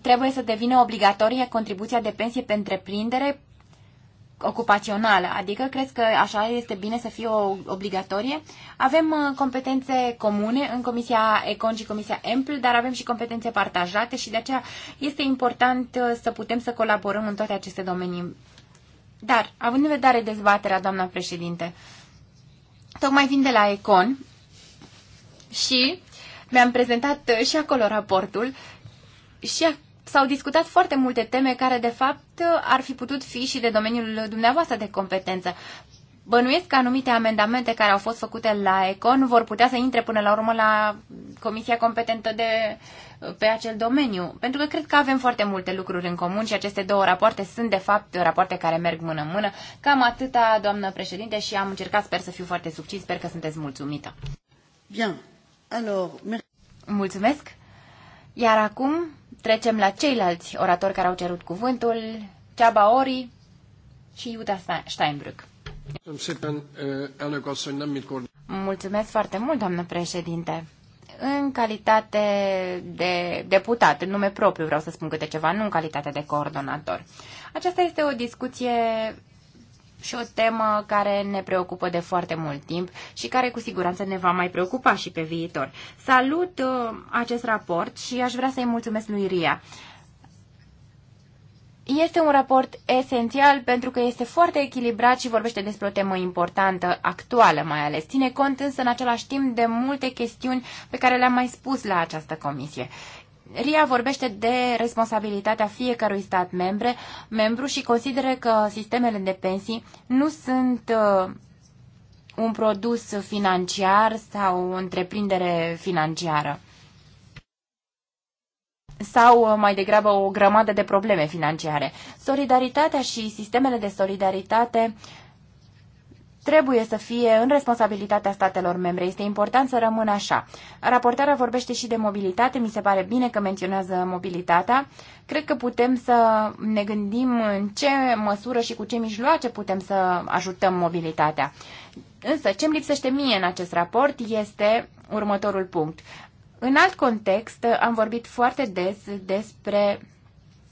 trebuie să devină obligatorie contribuția de pensie pe întreprindere ocupațională, adică crezi că așa este bine să fie o obligatorie. Avem uh, competențe comune în Comisia Econ și Comisia Empl, dar avem și competențe partajate și de aceea este important uh, să putem să colaborăm în toate aceste domenii. Dar, având în vedere dezbaterea, doamna președinte, uh, Tocmai vin de la Econ și mi-am prezentat uh, și acolo raportul și s-au discutat foarte multe teme care, de fapt, uh, ar fi putut fi și de domeniul dumneavoastră de competență. Bănuiesc că anumite amendamente care au fost făcute la ECON vor putea să intre până la urmă la Comisia competentă de, pe acel domeniu, pentru că cred că avem foarte multe lucruri în comun și aceste două rapoarte sunt, de fapt, rapoarte care merg mână în mână. Cam atâta, doamnă președinte, și am încercat, sper să fiu foarte succint, sper că sunteți mulțumită. Bien. Alors, merci. Mulțumesc. Iar acum trecem la ceilalți oratori care au cerut cuvântul, Ceaba Ori și Iuta Steinbrück. Mulțumesc foarte mult, doamnă președinte. În calitate de deputat, în nume propriu vreau să spun câte ceva, nu în calitate de coordonator. Aceasta este o discuție și o temă care ne preocupă de foarte mult timp și care cu siguranță ne va mai preocupa și pe viitor. Salut uh, acest raport și aș vrea să-i mulțumesc lui Ria. Este un raport esențial pentru că este foarte echilibrat și vorbește despre o temă importantă, actuală mai ales. Ține cont însă în același timp de multe chestiuni pe care le-am mai spus la această comisie. RIA vorbește de responsabilitatea fiecărui stat membre, membru și consideră că sistemele de pensii nu sunt uh, un produs financiar sau o întreprindere financiară sau uh, mai degrabă o grămadă de probleme financiare. Solidaritatea și sistemele de solidaritate trebuie să fie în responsabilitatea statelor membre. Este important să rămână așa. Raportarea vorbește și de mobilitate. Mi se pare bine că menționează mobilitatea. Cred că putem să ne gândim în ce măsură și cu ce mijloace putem să ajutăm mobilitatea. Însă, ce îmi lipsește mie în acest raport este următorul punct. În alt context, am vorbit foarte des despre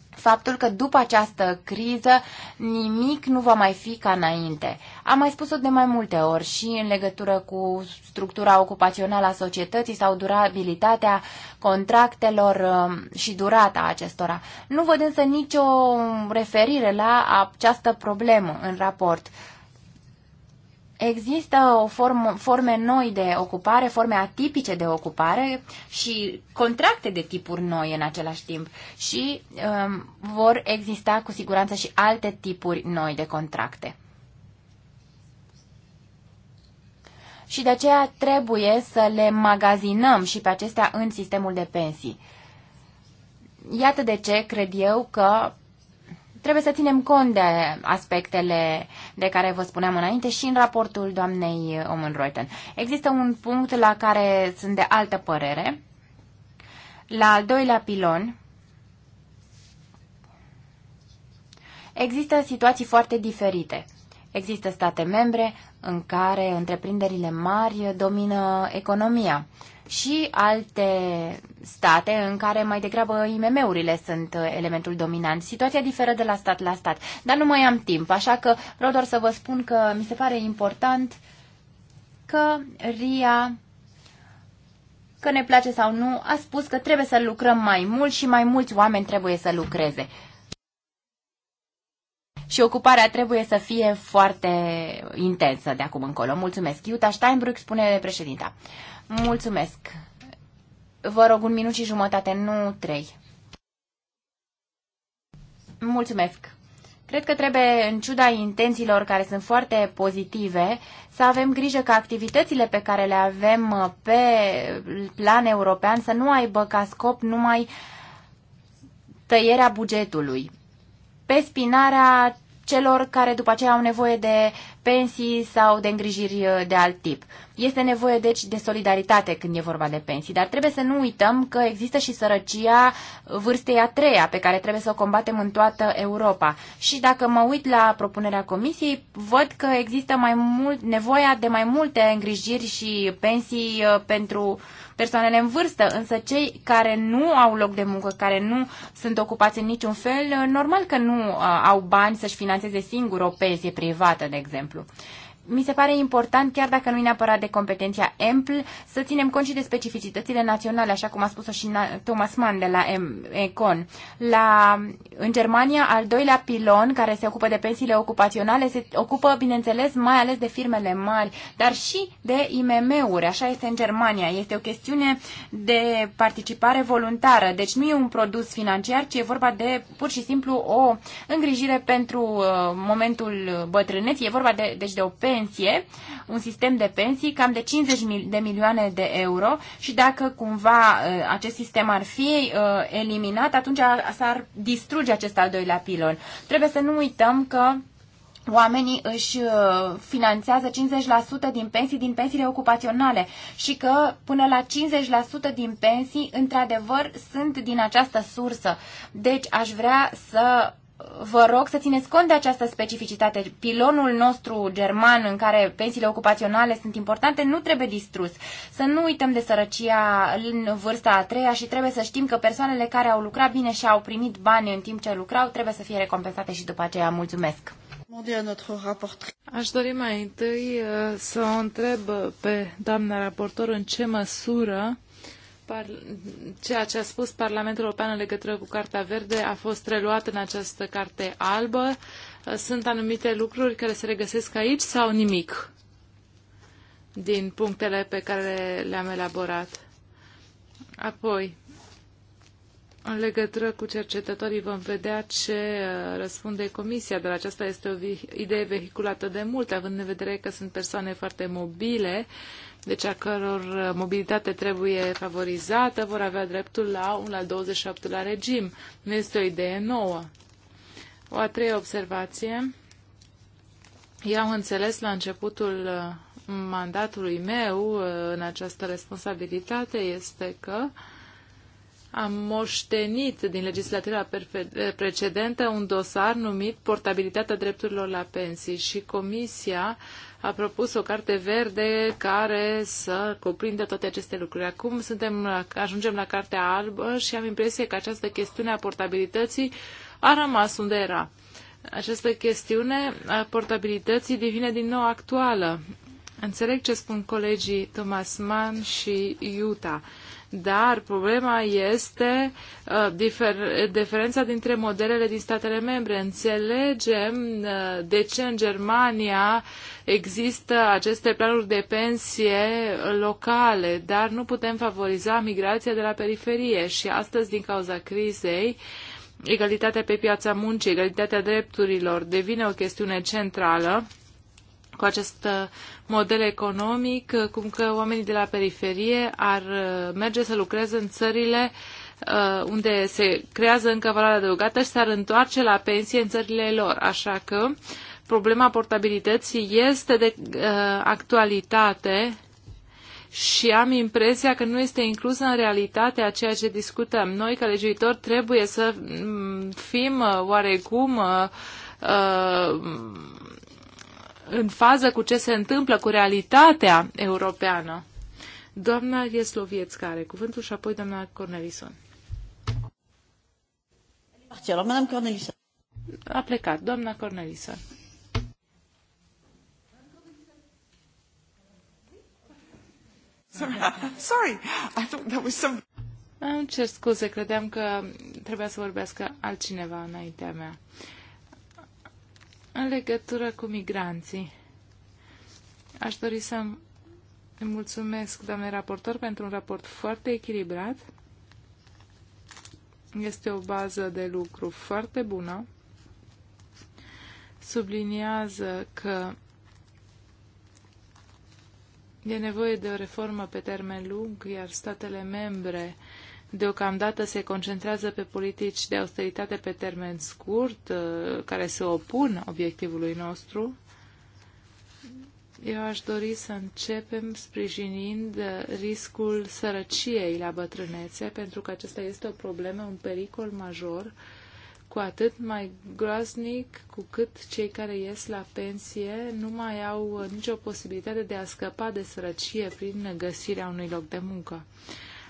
faptul că după această criză nimic nu va mai fi ca înainte. Am mai spus-o de mai multe ori și în legătură cu structura ocupațională a societății sau durabilitatea contractelor um, și durata acestora. Nu văd însă nicio referire la această problemă în raport. Există o form, forme noi de ocupare, forme atipice de ocupare și contracte de tipuri noi în același timp și um, vor exista cu siguranță și alte tipuri noi de contracte. Și de aceea trebuie să le magazinăm și pe acestea în sistemul de pensii. Iată de ce cred eu că Trebuie să ținem cont de aspectele de care vă spuneam înainte și în raportul doamnei Omen Reuten. Există un punct la care sunt de altă părere. La al doilea pilon există situații foarte diferite. Există state membre în care întreprinderile mari domină economia și alte state în care mai degrabă IMM-urile sunt uh, elementul dominant. Situația diferă de la stat la stat, dar nu mai am timp, așa că vreau doar să vă spun că mi se pare important că RIA, că ne place sau nu, a spus că trebuie să lucrăm mai mult și mai mulți oameni trebuie să lucreze. Și ocuparea trebuie să fie foarte intensă de acum încolo. Mulțumesc. Iuta Steinbrück spune președinta. Mulțumesc. Vă rog un minut și jumătate, nu trei. Mulțumesc. Cred că trebuie, în ciuda intențiilor care sunt foarte pozitive, să avem grijă ca activitățile pe care le avem uh, pe plan european să nu aibă ca scop numai tăierea bugetului pe spinarea celor care după aceea au nevoie de pensii sau de îngrijiri uh, de alt tip. Este nevoie deci de solidaritate când e vorba de pensii, dar trebuie să nu uităm că există și sărăcia uh, vârstei a treia pe care trebuie să o combatem în toată Europa. Și dacă mă uit la propunerea comisiei, văd că există mai mult nevoia de mai multe îngrijiri și pensii uh, pentru persoanele în vârstă, însă cei care nu au loc de muncă, care nu sunt ocupați în niciun fel, normal că nu uh, au bani să-și financeze singur o pensie privată, de exemplu mi se pare important, chiar dacă nu e neapărat de competenția EMPL, să ținem cont și de specificitățile naționale, așa cum a spus-o și Thomas Mann de la Econ. La, în Germania, al doilea pilon, care se ocupă de pensiile ocupaționale, se ocupă, bineînțeles, mai ales de firmele mari, dar și de IMM-uri. Așa este în Germania. Este o chestiune de participare voluntară. Deci nu e un produs financiar, ci e vorba de pur și simplu o îngrijire pentru uh, momentul bătrâneții. E vorba de, deci de o pensie pensie, un sistem de pensii cam de 50 de milioane de euro și dacă cumva uh, acest sistem ar fi uh, eliminat, atunci s-ar distruge acest al doilea pilon. Trebuie să nu uităm că oamenii își uh, finanțează 50% din pensii din pensiile ocupaționale și că până la 50% din pensii, într-adevăr, sunt din această sursă. Deci aș vrea să vă rog să țineți cont de această specificitate. Pilonul nostru german în care pensiile ocupaționale sunt importante nu trebuie distrus. Să nu uităm de sărăcia în vârsta a treia și trebuie să știm că persoanele care au lucrat bine și au primit bani în timp ce lucrau trebuie să fie recompensate și după aceea. Mulțumesc! Aș dori mai întâi uh, să o întreb pe doamna raportor în ce măsură ceea ce a spus Parlamentul European în legătură cu Cartea Verde a fost reluat în această carte albă. Sunt anumite lucruri care se regăsesc aici sau nimic din punctele pe care le-am elaborat? Apoi, în legătură cu cercetătorii vom vedea ce uh, răspunde comisia, dar aceasta este o idee vehiculată de mult, având în vedere că sunt persoane foarte mobile, uh, deci a căror uh, mobilitate trebuie favorizată, vor avea dreptul la un al 27-lea regim. Nu este o idee nouă. O a treia observație. Eu am înțeles la începutul uh, mandatului meu uh, în această responsabilitate este că am moștenit din legislatura eh, precedentă un dosar numit Portabilitatea drepturilor la pensii și Comisia uh, a propus o carte verde care să cuprindă toate aceste lucruri. Acum suntem, ajungem la cartea albă și am impresie că această chestiune a portabilității a rămas unde era. Această chestiune a portabilității devine din nou actuală. Înțeleg ce spun colegii Thomas Mann și Iuta dar problema este uh, difer- diferența dintre modelele din statele membre. Înțelegem uh, de ce în Germania există aceste planuri de pensie locale, dar nu putem favoriza migrația de la periferie și astăzi, din cauza crizei, egalitatea pe piața muncii, egalitatea drepturilor devine o chestiune centrală cu acest uh, model economic, uh, cum că oamenii de la periferie ar uh, merge să lucreze în țările unde se creează încă valoare adăugată și s-ar întoarce la pensie în țările lor. Așa că problema portabilității este de actualitate și am impresia că nu este inclusă în realitate a ceea ce discutăm. Noi, ca legiuitori, trebuie să mm, fim oarecum în fază cu ce se întâmplă cu realitatea europeană. Doamna Iesloviec, care cuvântul și apoi doamna Cornelison. A plecat, doamna Cornelison. Sorry, I thought that was some... Am cer scuze, credeam că trebuia să vorbească altcineva înaintea mea. Uh, în legătură cu migranții, aș dori să îmi mulțumesc, doamne raportor, pentru un raport foarte echilibrat. Este o bază de lucru foarte bună. Subliniază că e nevoie de o reformă pe termen lung, iar statele membre deocamdată se concentrează pe politici de austeritate pe termen scurt, uh, care se opun obiectivului nostru. Eu aș dori să începem sprijinind riscul sărăciei la bătrânețe, pentru că acesta este o problemă, un pericol major, cu atât mai groaznic cu cât cei care ies la pensie nu mai au nicio posibilitate de a scăpa de sărăcie prin găsirea unui loc de muncă.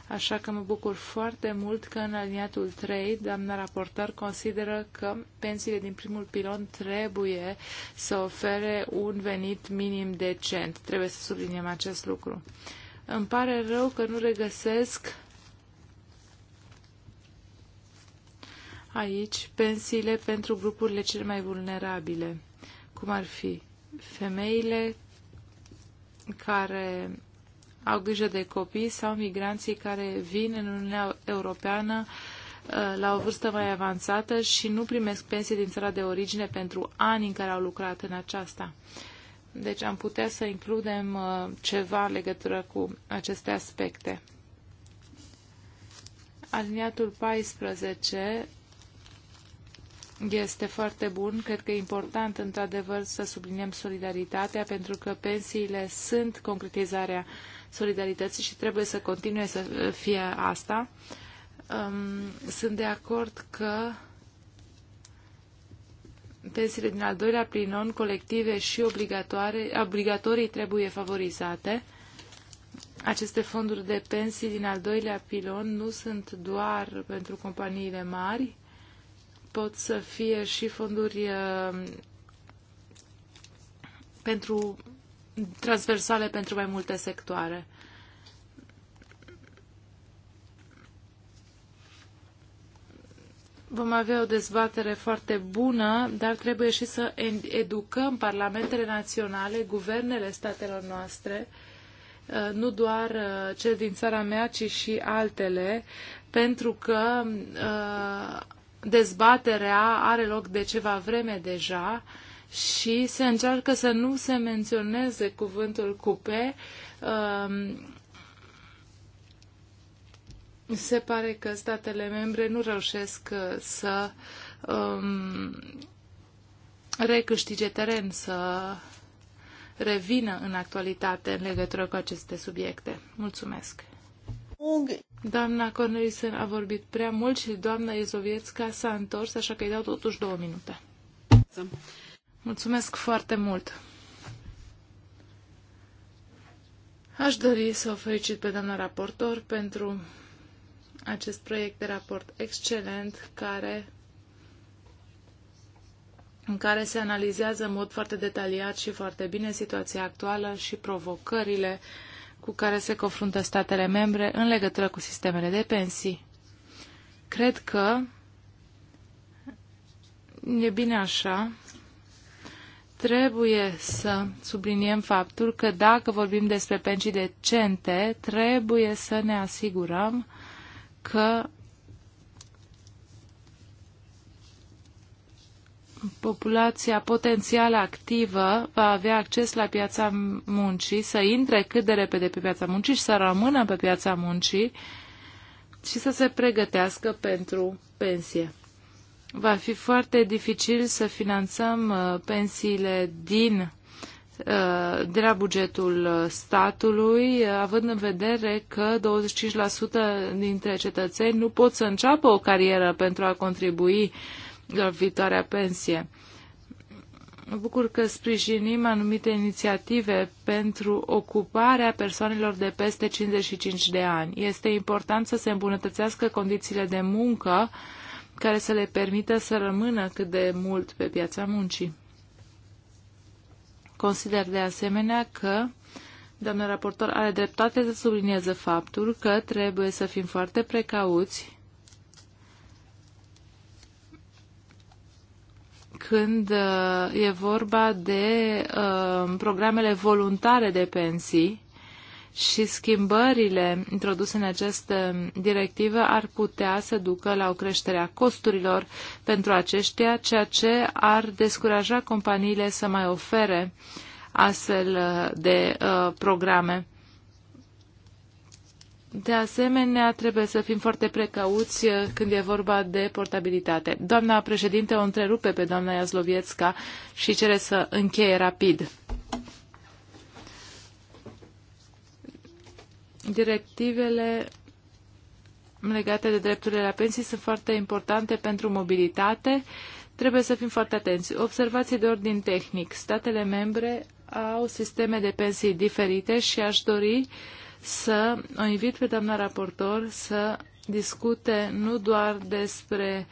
Așa că mă bucur foarte mult că în aliniatul 3, doamna raportor consideră că pensiile din primul pilon trebuie să ofere un venit minim decent. Trebuie să subliniem acest lucru. Îmi pare rău că nu regăsesc aici pensiile pentru grupurile cele mai vulnerabile, cum ar fi femeile care au grijă de copii sau migranții care vin în Uniunea Europeană uh, la o vârstă mai avansată și nu primesc pensii din țara de origine pentru ani în care au lucrat în aceasta. Deci am putea să includem uh, ceva în legătură cu aceste aspecte. Aliniatul 14 este foarte bun. Cred că e important, într-adevăr, să subliniem solidaritatea, pentru că pensiile sunt concretizarea uh, solidarității și trebuie să continue să fie asta. Um, sunt de acord că pensiile din al doilea plinon, colective și obligatorii, trebuie favorizate. Aceste fonduri de pensii din al doilea pilon nu sunt doar pentru companiile mari, pot să fie și fonduri um, pentru transversale pentru mai multe sectoare. Vom avea o dezbatere foarte bună, dar trebuie și să educăm parlamentele naționale, guvernele statelor noastre, uh, nu doar uh, cel din țara mea, ci și altele, pentru că uh, dezbaterea are loc de ceva vreme deja și se încearcă să nu se menționeze cuvântul cupe. Um, se pare că statele membre nu reușesc uh, să um, recâștige teren, să revină în actualitate în legătură cu aceste subiecte. Mulțumesc! Doamna Cornelisen a vorbit prea mult și doamna Iezovietska s-a întors, așa că îi dau totuși două minute. Mulțumesc foarte mult! Aș dori să o felicit pe doamna raportor pentru acest proiect de raport excelent care, în care se analizează în mod foarte detaliat și foarte bine situația actuală și provocările cu care se confruntă statele membre în legătură cu sistemele de pensii. Cred că e bine așa trebuie să subliniem faptul că dacă vorbim despre pensii decente, trebuie să ne asigurăm că populația potențial activă va avea acces la piața muncii, să intre cât de repede pe piața muncii și să rămână pe piața muncii și să se pregătească pentru pensie va fi foarte dificil să finanțăm uh, pensiile din uh, de la bugetul uh, statului, având în vedere că 25% dintre cetățeni nu pot să înceapă o carieră pentru a contribui la viitoarea pensie. Mă bucur că sprijinim anumite inițiative pentru ocuparea persoanelor de peste 55 de ani. Este important să se îmbunătățească condițiile de muncă care să le permită să rămână cât de mult pe piața muncii. Consider de asemenea că doamna raportor are dreptate să sublinieze faptul că trebuie să fim foarte precauți când uh, e vorba de uh, programele voluntare de pensii și schimbările introduse în această directivă ar putea să ducă la o creștere a costurilor pentru aceștia, ceea ce ar descuraja companiile să mai ofere astfel uh, de uh, programe. De asemenea, trebuie să fim foarte precauți uh, când e vorba de portabilitate. Doamna președinte o întrerupe pe doamna Iazlovietska și cere să încheie rapid. directivele legate de drepturile la pensii sunt foarte importante pentru mobilitate. Trebuie să fim foarte atenți. Observații de ordin tehnic. Statele membre au sisteme de pensii diferite și aș dori să o invit pe doamna raportor să discute nu doar despre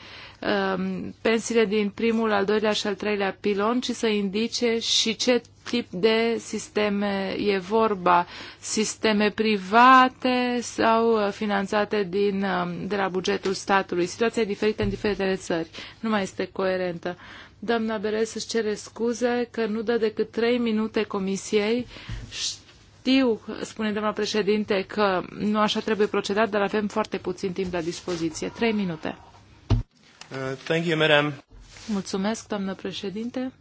um, pensiile din primul, al doilea și al treilea pilon, ci să indice și ce tip de sisteme e vorba, sisteme private sau uh, finanțate din, um, de la bugetul statului. Situația e diferită în diferitele țări, nu mai este coerentă. Doamna Beres își cere scuze că nu dă decât trei minute comisiei. Știu, spune doamna președinte, că nu așa trebuie procedat, dar avem foarte puțin timp la dispoziție. Trei minute. Uh, thank you, madam. Mulțumesc, doamnă președinte.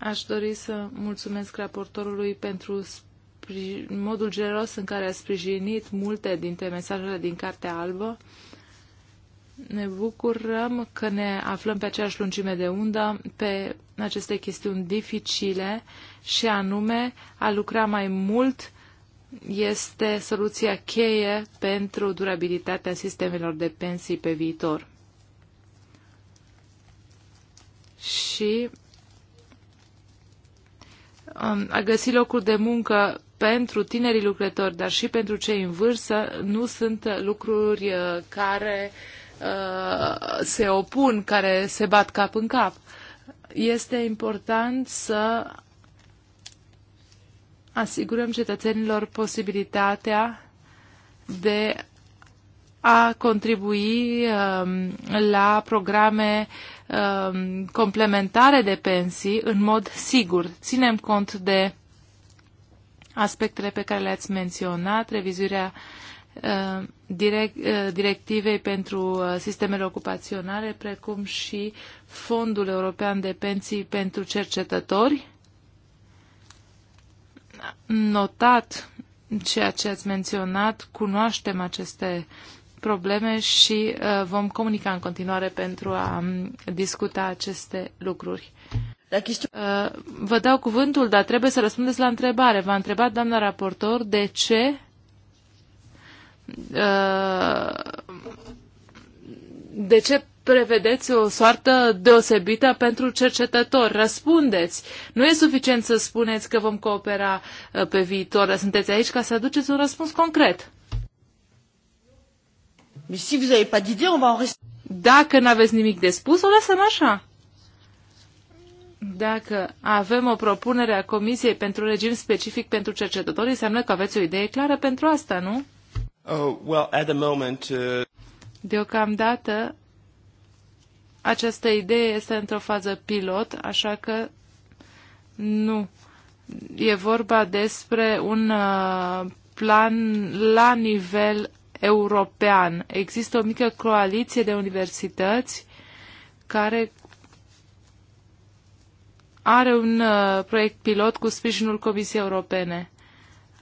Aș dori să mulțumesc raportorului pentru modul generos în care a sprijinit multe dintre mesajele din Cartea Albă. Ne bucurăm că ne aflăm pe aceeași lungime de undă pe aceste chestiuni dificile și anume a lucra mai mult este soluția cheie pentru durabilitatea sistemelor de pensii pe viitor. Și um, a găsi locuri de muncă pentru tinerii lucrători, dar și pentru cei în vârstă, nu sunt lucruri uh, care uh, se opun, care se bat cap în cap. Este important să asigurăm cetățenilor posibilitatea de a contribui um, la programe um, complementare de pensii în mod sigur. Ținem cont de aspectele pe care le-ați menționat, revizuirea uh, uh, directivei pentru uh, sistemele ocupaționale, precum și Fondul European de Pensii pentru Cercetători notat ceea ce ați menționat, cunoaștem aceste probleme și uh, vom comunica în continuare pentru a um, discuta aceste lucruri. Uh, vă dau cuvântul, dar trebuie să răspundeți la întrebare. V-a întrebat doamna raportor de ce uh, de ce prevedeți o soartă deosebită pentru cercetători? Răspundeți! Nu e suficient să spuneți că vom coopera uh, pe viitor, sunteți aici ca să aduceți un răspuns concret. Dacă nu aveți nimic de spus, o lăsăm așa. Dacă avem o propunere a Comisiei pentru regim specific pentru cercetători, înseamnă că aveți o idee clară pentru asta, nu? Oh, well, at the moment, uh... Deocamdată această idee este într-o fază pilot, așa că nu. E vorba despre un uh, plan la nivel european. Există o mică coaliție de universități care are un uh, proiect pilot cu sprijinul Comisiei Europene.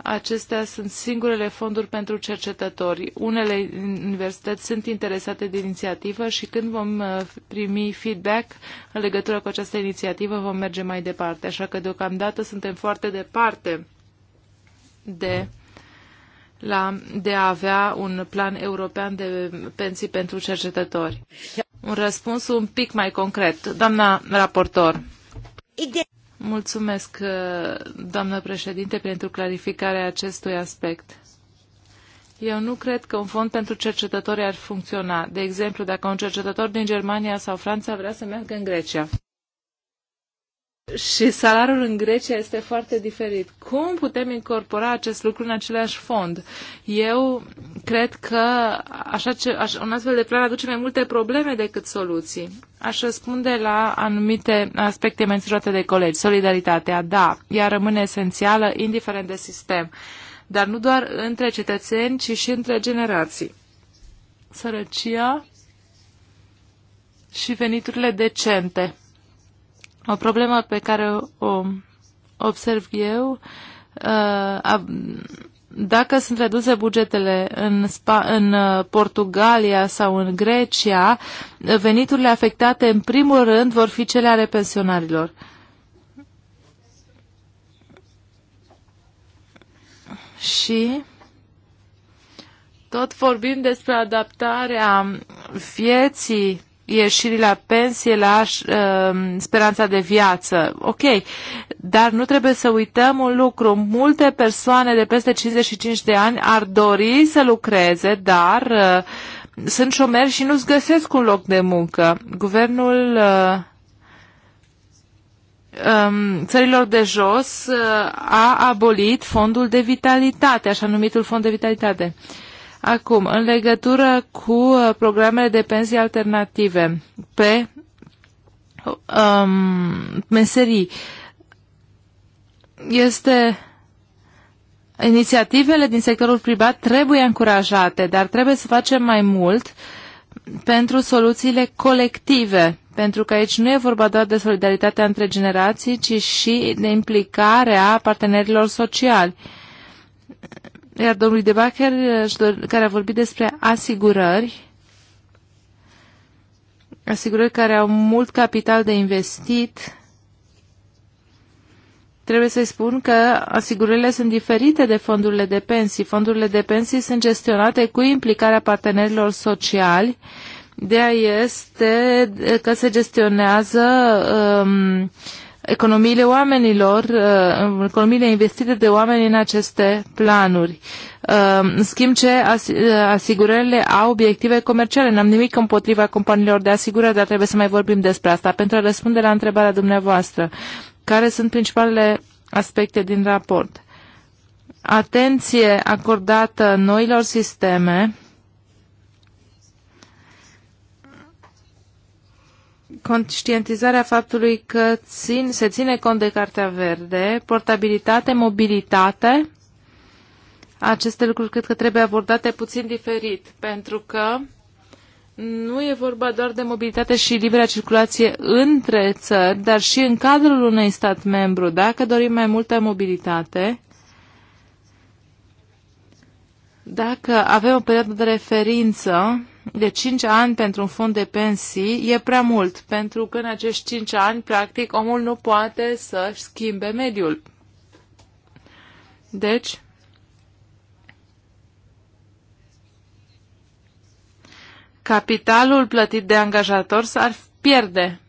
Acestea sunt singurele fonduri pentru cercetători. Unele universități sunt interesate de inițiativă și când vom uh, primi feedback în legătură cu această inițiativă vom merge mai departe. Așa că deocamdată suntem foarte departe de, la, de a avea un plan european de pensii pentru cercetători. Un răspuns un pic mai concret. Doamna raportor. Mulțumesc, uh, doamnă președinte, pentru clarificarea acestui aspect. Eu nu cred că un fond pentru cercetători ar funcționa. De exemplu, dacă un cercetător din Germania sau Franța vrea să meargă în Grecia și salariul în Grecia este foarte diferit. Cum putem incorpora acest lucru în același fond? Eu cred că așa ce, aș, un astfel de plan aduce mai multe probleme decât soluții. Aș răspunde la anumite aspecte menționate de colegi. Solidaritatea, da, ea rămâne esențială, indiferent de sistem, dar nu doar între cetățeni, ci și între generații. Sărăcia și veniturile decente o problemă pe care o observ eu, uh, dacă sunt reduse bugetele în, Sp- în uh, Portugalia sau în Grecia, veniturile afectate în primul rând vor fi cele ale pensionarilor. Și tot vorbim despre adaptarea vieții ieșirii la pensie, la uh, speranța de viață. Ok, dar nu trebuie să uităm un lucru. Multe persoane de peste 55 de ani ar dori să lucreze, dar uh, sunt șomeri și nu-ți găsesc un loc de muncă. Guvernul uh, um, țărilor de jos uh, a abolit fondul de vitalitate, așa numitul fond de vitalitate. Uh, Acum, în legătură cu uh, programele de pensii alternative pe um, meserii, este inițiativele din sectorul privat trebuie încurajate, dar trebuie să facem mai mult pentru soluțiile colective, pentru că aici nu e vorba doar de solidaritatea între generații, ci și de implicarea partenerilor sociali. Iar domnul Bacher, care a vorbit despre asigurări, asigurări care au mult capital de investit, Trebuie să-i spun că asigurările sunt diferite de fondurile de pensii. Fondurile de pensii sunt gestionate cu implicarea partenerilor sociali. aia este că se gestionează um, economiile oamenilor, uh, economiile investite de oameni în aceste planuri. Uh, în schimb ce uh, asigurările au obiective comerciale. N-am nimic împotriva companiilor de asigurări, dar trebuie să mai vorbim despre asta. Pentru a răspunde la întrebarea dumneavoastră, care sunt principalele aspecte din raport? Atenție acordată noilor sisteme conștientizarea faptului că țin, se ține cont de Cartea Verde, portabilitate, mobilitate, aceste lucruri cred că trebuie abordate puțin diferit, pentru că nu e vorba doar de mobilitate și libera circulație între țări, dar și în cadrul unui stat membru. Dacă dorim mai multă mobilitate, dacă avem o perioadă de referință de 5 ani pentru un fond de pensii e prea mult, pentru că în acești 5 ani, practic, omul nu poate să-și schimbe mediul. Deci, capitalul plătit de angajator s-ar pierde.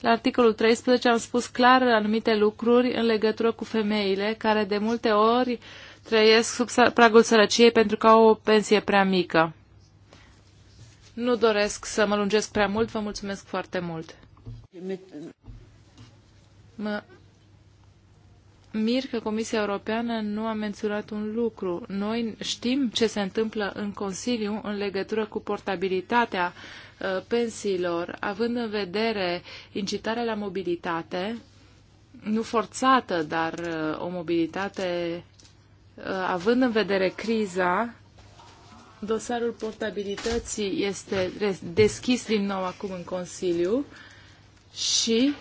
La articolul 13 am spus clar anumite lucruri în legătură cu femeile care de multe ori trăiesc sub pragul sărăciei pentru că au o pensie prea mică. Nu doresc să mă lungesc prea mult, vă mulțumesc foarte mult. Mă mir că Comisia Europeană nu a menționat un lucru. Noi știm ce se întâmplă în Consiliu în legătură cu portabilitatea uh, pensiilor, având în vedere incitarea la mobilitate, nu forțată, dar uh, o mobilitate uh, având în vedere criza, Dosarul portabilității este deschis din nou acum în Consiliu și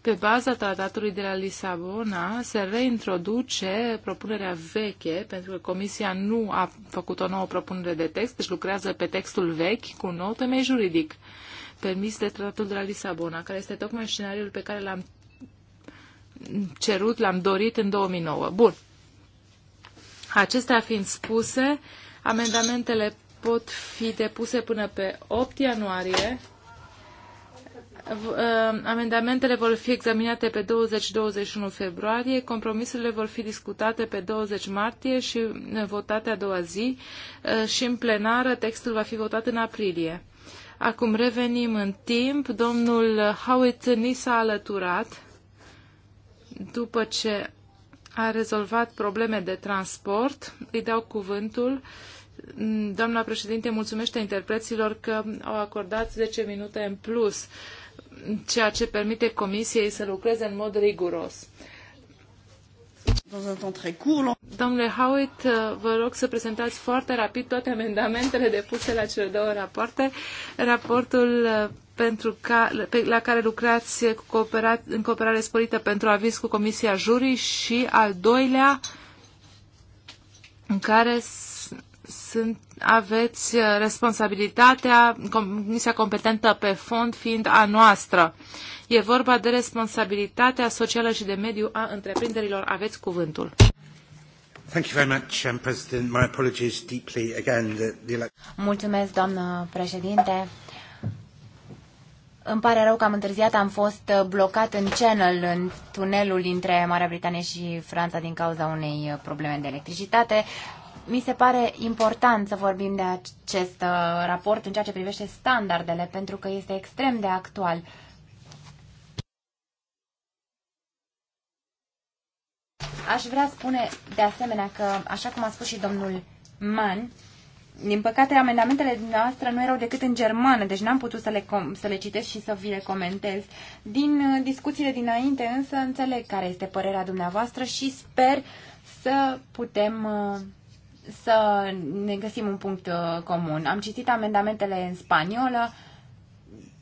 pe baza tratatului de la Lisabona se reintroduce propunerea veche, pentru că Comisia nu a făcut o nouă propunere de text, deci lucrează pe textul vechi cu un nou temei juridic permis de tratatul de la Lisabona, care este tocmai scenariul pe care l-am cerut, l-am dorit în 2009. Bun. Acestea fiind spuse, amendamentele pot fi depuse până pe 8 ianuarie. Ă, amendamentele vor fi examinate pe 20-21 februarie, compromisurile vor fi discutate pe 20 martie și ă, votate a doua zi ă, și în plenară textul va fi votat în aprilie. Acum revenim în timp. Domnul Howitt ni s-a alăturat după ce a rezolvat probleme de transport, îi dau cuvântul. Doamna președinte mulțumește interpreților că au acordat 10 minute în plus, ceea ce permite comisiei să lucreze în mod riguros. Domnule Howitt, vă rog să prezentați foarte rapid toate amendamentele depuse la cele două rapoarte. Raportul pentru ca, pe, la care lucrați cu cooperat, în cooperare sporită pentru aviz cu Comisia Jurii și al doilea în care sunt, aveți uh, responsabilitatea, comisia competentă pe fond fiind a noastră. E vorba de responsabilitatea socială și de mediu a întreprinderilor. Aveți cuvântul. Thank you very much, um, President. My apologies deeply again that the Mulțumesc, doamnă președinte. Îmi pare rău că am întârziat, am fost blocat în channel, în tunelul dintre Marea Britanie și Franța din cauza unei probleme de electricitate. Mi se pare important să vorbim de acest uh, raport în ceea ce privește standardele, pentru că este extrem de actual. Aș vrea spune de asemenea că, așa cum a spus și domnul Mann, din păcate, amendamentele dumneavoastră nu erau decât în germană, deci n-am putut să le, com- să le citesc și să vi le comentez. Din uh, discuțiile dinainte, însă, înțeleg care este părerea dumneavoastră și sper să putem uh, să ne găsim un punct uh, comun. Am citit amendamentele în spaniolă,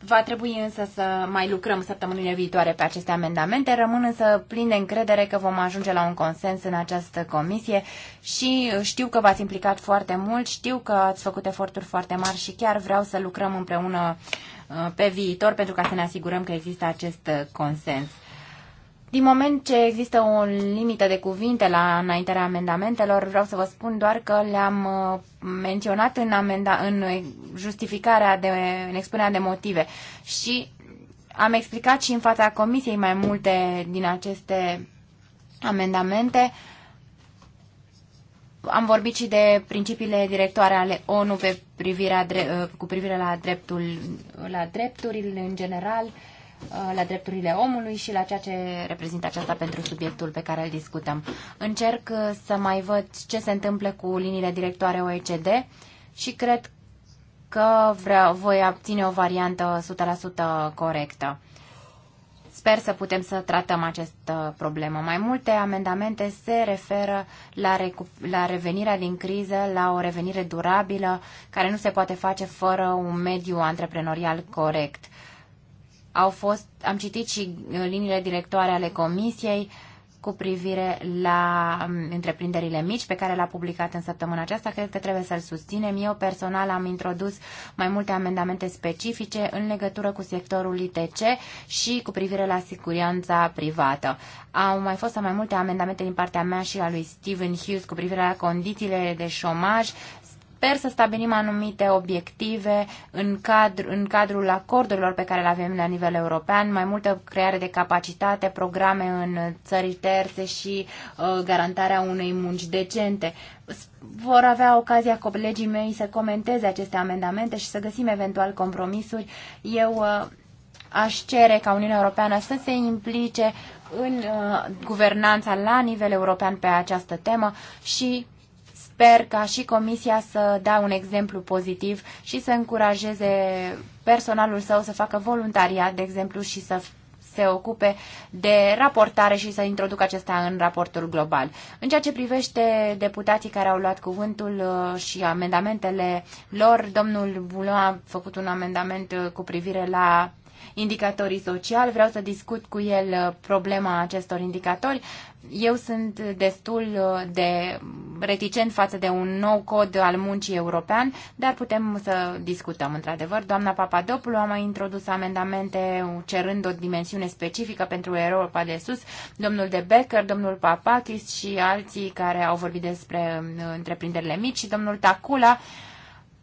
Va trebui însă să mai lucrăm săptămânile viitoare pe aceste amendamente. Rămân însă plin de încredere că vom ajunge la un consens în această comisie și știu că v-ați implicat foarte mult, știu că ați făcut eforturi foarte mari și chiar vreau să lucrăm împreună uh, pe viitor pentru ca să ne asigurăm că există acest uh, consens. Din moment ce există o limită de cuvinte la înaintarea amendamentelor, vreau să vă spun doar că le-am uh, menționat în, amenda, în justificarea, de, în expunerea de motive și am explicat și în fața comisiei mai multe din aceste amendamente. Am vorbit și de principiile directoare ale ONU pe privirea, uh, cu privire la, dreptul, la drepturile în general Uh, la drepturile omului și la ceea ce reprezintă aceasta pentru subiectul pe care îl discutăm. Încerc uh, să mai văd ce se întâmplă cu liniile directoare OECD și cred că vreau, voi obține o variantă 100% corectă. Sper să putem să tratăm această problemă. Mai multe amendamente se referă la, la revenirea din criză, la o revenire durabilă, care nu se poate face fără un mediu antreprenorial corect. Au fost, am citit și uh, liniile directoare ale comisiei cu privire la um, întreprinderile mici pe care l-a publicat în săptămâna aceasta. Cred că trebuie să-l susținem. Eu personal am introdus mai multe amendamente specifice în legătură cu sectorul ITC și cu privire la siguranța privată. Au mai fost mai multe amendamente din partea mea și a lui Steven Hughes cu privire la condițiile de șomaj, sper să stabilim anumite obiective în, cadr, în cadrul acordurilor pe care le avem la nivel european, mai multă creare de capacitate, programe în țări terțe și uh, garantarea unei munci decente. Vor avea ocazia colegii mei să comenteze aceste amendamente și să găsim eventual compromisuri. Eu uh, aș cere ca Uniunea Europeană să se implice în uh, guvernanța la nivel european pe această temă și Sper ca și Comisia să dea un exemplu pozitiv și să încurajeze personalul său să facă voluntariat, de exemplu, și să se ocupe de raportare și să introducă acesta în raportul global. În ceea ce privește deputații care au luat cuvântul uh, și amendamentele lor, domnul Bulon a făcut un amendament uh, cu privire la indicatorii sociali, vreau să discut cu el uh, problema acestor indicatori. Eu sunt destul uh, de reticent față de un nou cod al muncii european, dar putem să discutăm într-adevăr. Doamna Papadopoulou a mai introdus amendamente cerând o dimensiune specifică pentru Europa de Sus. Domnul de Becker, domnul Papakis și alții care au vorbit despre uh, întreprinderile mici și domnul Tacula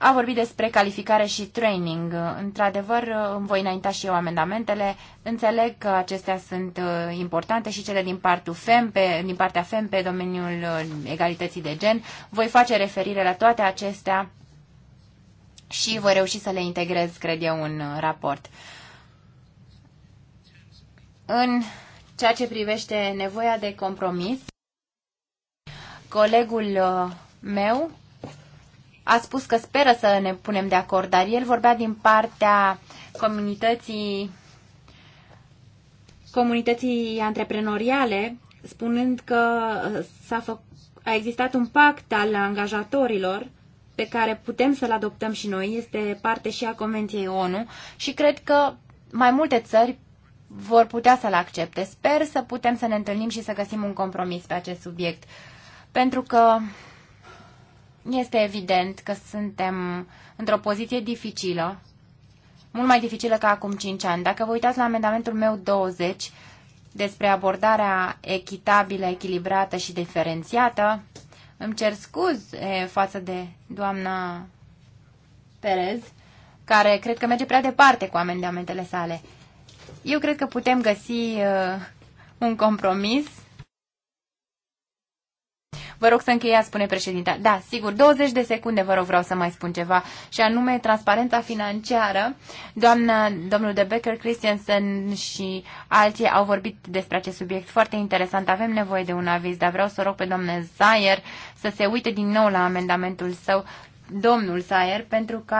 a vorbit despre calificare și training. Într-adevăr, îmi voi înainta și eu amendamentele. Înțeleg că acestea sunt uh, importante și cele din, partea din partea FEM pe domeniul uh, egalității de gen. Voi face referire la toate acestea și voi reuși să le integrez, cred eu, în uh, raport. În ceea ce privește nevoia de compromis, colegul meu a spus că speră să ne punem de acord, dar el vorbea din partea comunității comunității antreprenoriale, spunând că s-a fă, a existat un pact al angajatorilor pe care putem să-l adoptăm și noi, este parte și a Convenției ONU și cred că mai multe țări vor putea să-l accepte. Sper să putem să ne întâlnim și să găsim un compromis pe acest subiect, pentru că este evident că suntem într-o poziție dificilă, mult mai dificilă ca acum 5 ani. Dacă vă uitați la amendamentul meu 20 despre abordarea echitabilă, echilibrată și diferențiată, îmi cer scuze față de doamna Perez, care cred că merge prea departe cu amendamentele sale. Eu cred că putem găsi uh, un compromis Vă rog să încheiați, spune președinta. Da, sigur, 20 de secunde vă rog vreau să mai spun ceva și anume transparența financiară. Doamna, domnul de Becker, Christiansen și alții au vorbit despre acest subiect foarte interesant. Avem nevoie de un aviz, dar vreau să rog pe doamna Zayer să se uite din nou la amendamentul său, domnul Zayer, pentru că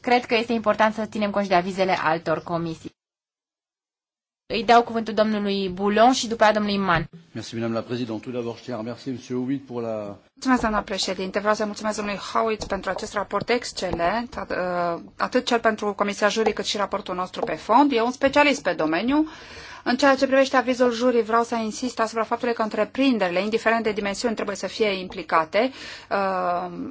cred că este important să ținem cont de avizele altor comisii. Îi dau cuvântul domnului Boulon și după aia domnului Man. Mulțumesc, doamna președinte. Vreau să mulțumesc domnului Howitt pentru acest raport excelent, uh, atât cel pentru Comisia Jurii, cât și raportul nostru pe fond. E un specialist pe domeniu. În ceea ce privește avizul jurii, vreau să insist asupra faptului că întreprinderile, indiferent de dimensiuni, trebuie să fie implicate. Uh,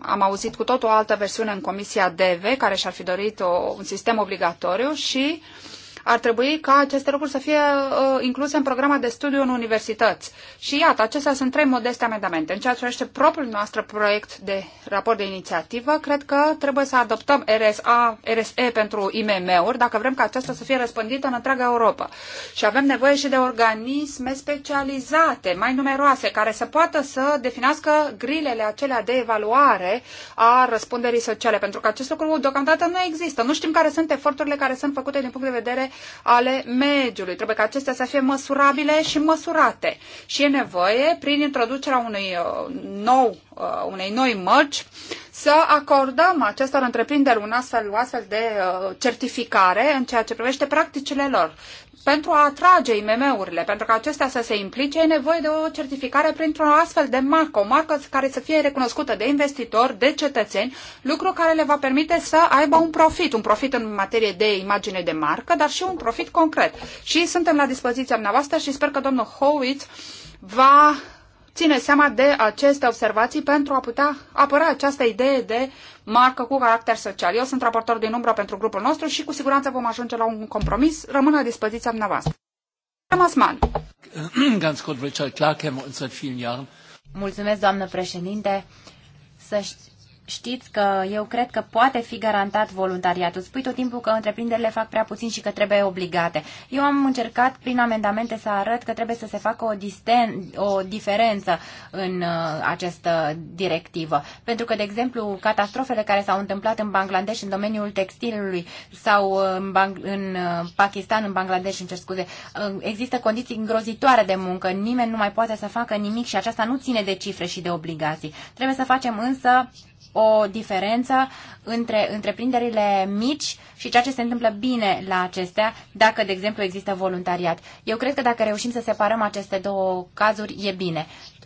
am auzit cu tot o altă versiune în Comisia DV, care și-ar fi dorit o, un sistem obligatoriu și uh, ar trebui ca aceste lucruri să fie uh, incluse în programa de studiu în universități. Și iată, acestea sunt trei modeste amendamente. În ceea ce privește propriul nostru proiect de raport de inițiativă, cred că trebuie să adoptăm RSA, RSE pentru IMM-uri, dacă vrem ca aceasta să fie răspândită în întreaga Europa. Și avem nevoie și de organisme specializate, mai numeroase, care să poată să definească grilele acelea de evaluare a răspunderii sociale, pentru că acest lucru deocamdată nu există. Nu știm care sunt eforturile care sunt făcute din punct de vedere ale mediului. Trebuie ca acestea să fie măsurabile și măsurate. Și e nevoie, prin introducerea unui uh, nou, uh, unei noi mărci, să acordăm acestor întreprinderi un astfel, o astfel de uh, certificare în ceea ce privește practicile lor pentru a atrage IMM-urile, pentru că acestea să se implice, e nevoie de o certificare printr-o astfel de marcă, o marcă care să fie recunoscută de investitori, de cetățeni, lucru care le va permite să aibă un profit, un profit în materie de imagine de marcă, dar și un profit concret. Și suntem la dispoziția dumneavoastră și sper că domnul Howitt va ține seama de aceste observații pentru a putea apăra această idee de marcă cu caracter social. Eu sunt raportor din umbră pentru grupul nostru și cu siguranță vom ajunge la un compromis. Rămân la dispoziția dumneavoastră. Mulțumesc, doamnă președinte. Să știți știți că eu cred că poate fi garantat voluntariatul. Spui tot timpul că întreprinderile fac prea puțin și că trebuie obligate. Eu am încercat prin amendamente să arăt că trebuie să se facă o, disten, o diferență în uh, această directivă. Pentru că, de exemplu, catastrofele care s-au întâmplat în Bangladesh în domeniul textilului sau uh, în, Bang- în uh, Pakistan, în Bangladesh, în cer scuze, uh, există condiții îngrozitoare de muncă. Nimeni nu mai poate să facă nimic și aceasta nu ține de cifre și de obligații. Trebuie să facem însă o diferență între întreprinderile mici și ceea ce se întâmplă bine la acestea, dacă, de exemplu, există voluntariat. Eu cred că dacă reușim să separăm aceste două cazuri, e bine.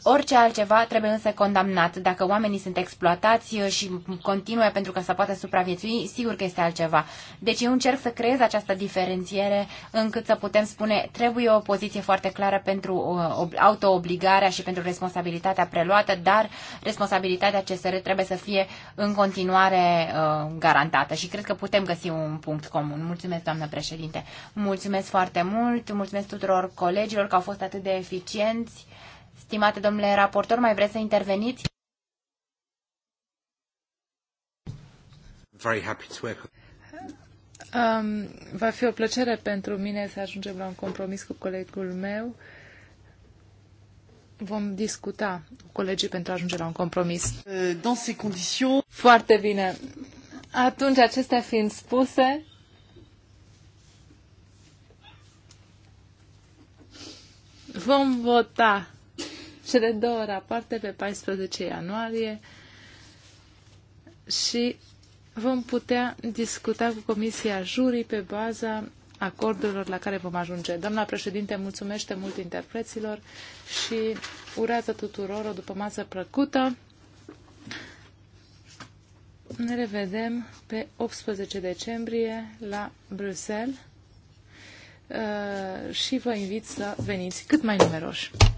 Orice altceva trebuie însă condamnat. Dacă oamenii sunt exploatați uh, și continuă pentru că să poată supraviețui, sigur că este altceva. Deci eu încerc să creez această diferențiere încât să putem spune trebuie o poziție foarte clară pentru uh, autoobligarea și pentru responsabilitatea preluată, dar responsabilitatea CSR trebuie să fie în continuare uh, garantată și cred că putem găsi un punct comun. Mulțumesc, doamnă președinte. Mulțumesc foarte mult, mulțumesc tuturor colegilor că au fost atât de eficienți Stimate domnule raportor, mai vreți să interveniți? Very happy to work. Um, va fi o plăcere pentru mine să ajungem la un compromis cu colegul meu. Vom discuta cu colegii pentru a ajunge la un compromis. Dans ces conditions... Foarte bine. Atunci, acestea fiind spuse, vom vota cele două rapoarte pe 14 ianuarie și vom putea discuta cu Comisia Jurii pe baza acordurilor la care vom ajunge. Doamna președinte, mulțumește mult interpreților și urează tuturor o după masă plăcută. Ne revedem pe 18 decembrie la Bruxelles uh, și vă invit să veniți cât mai numeroși.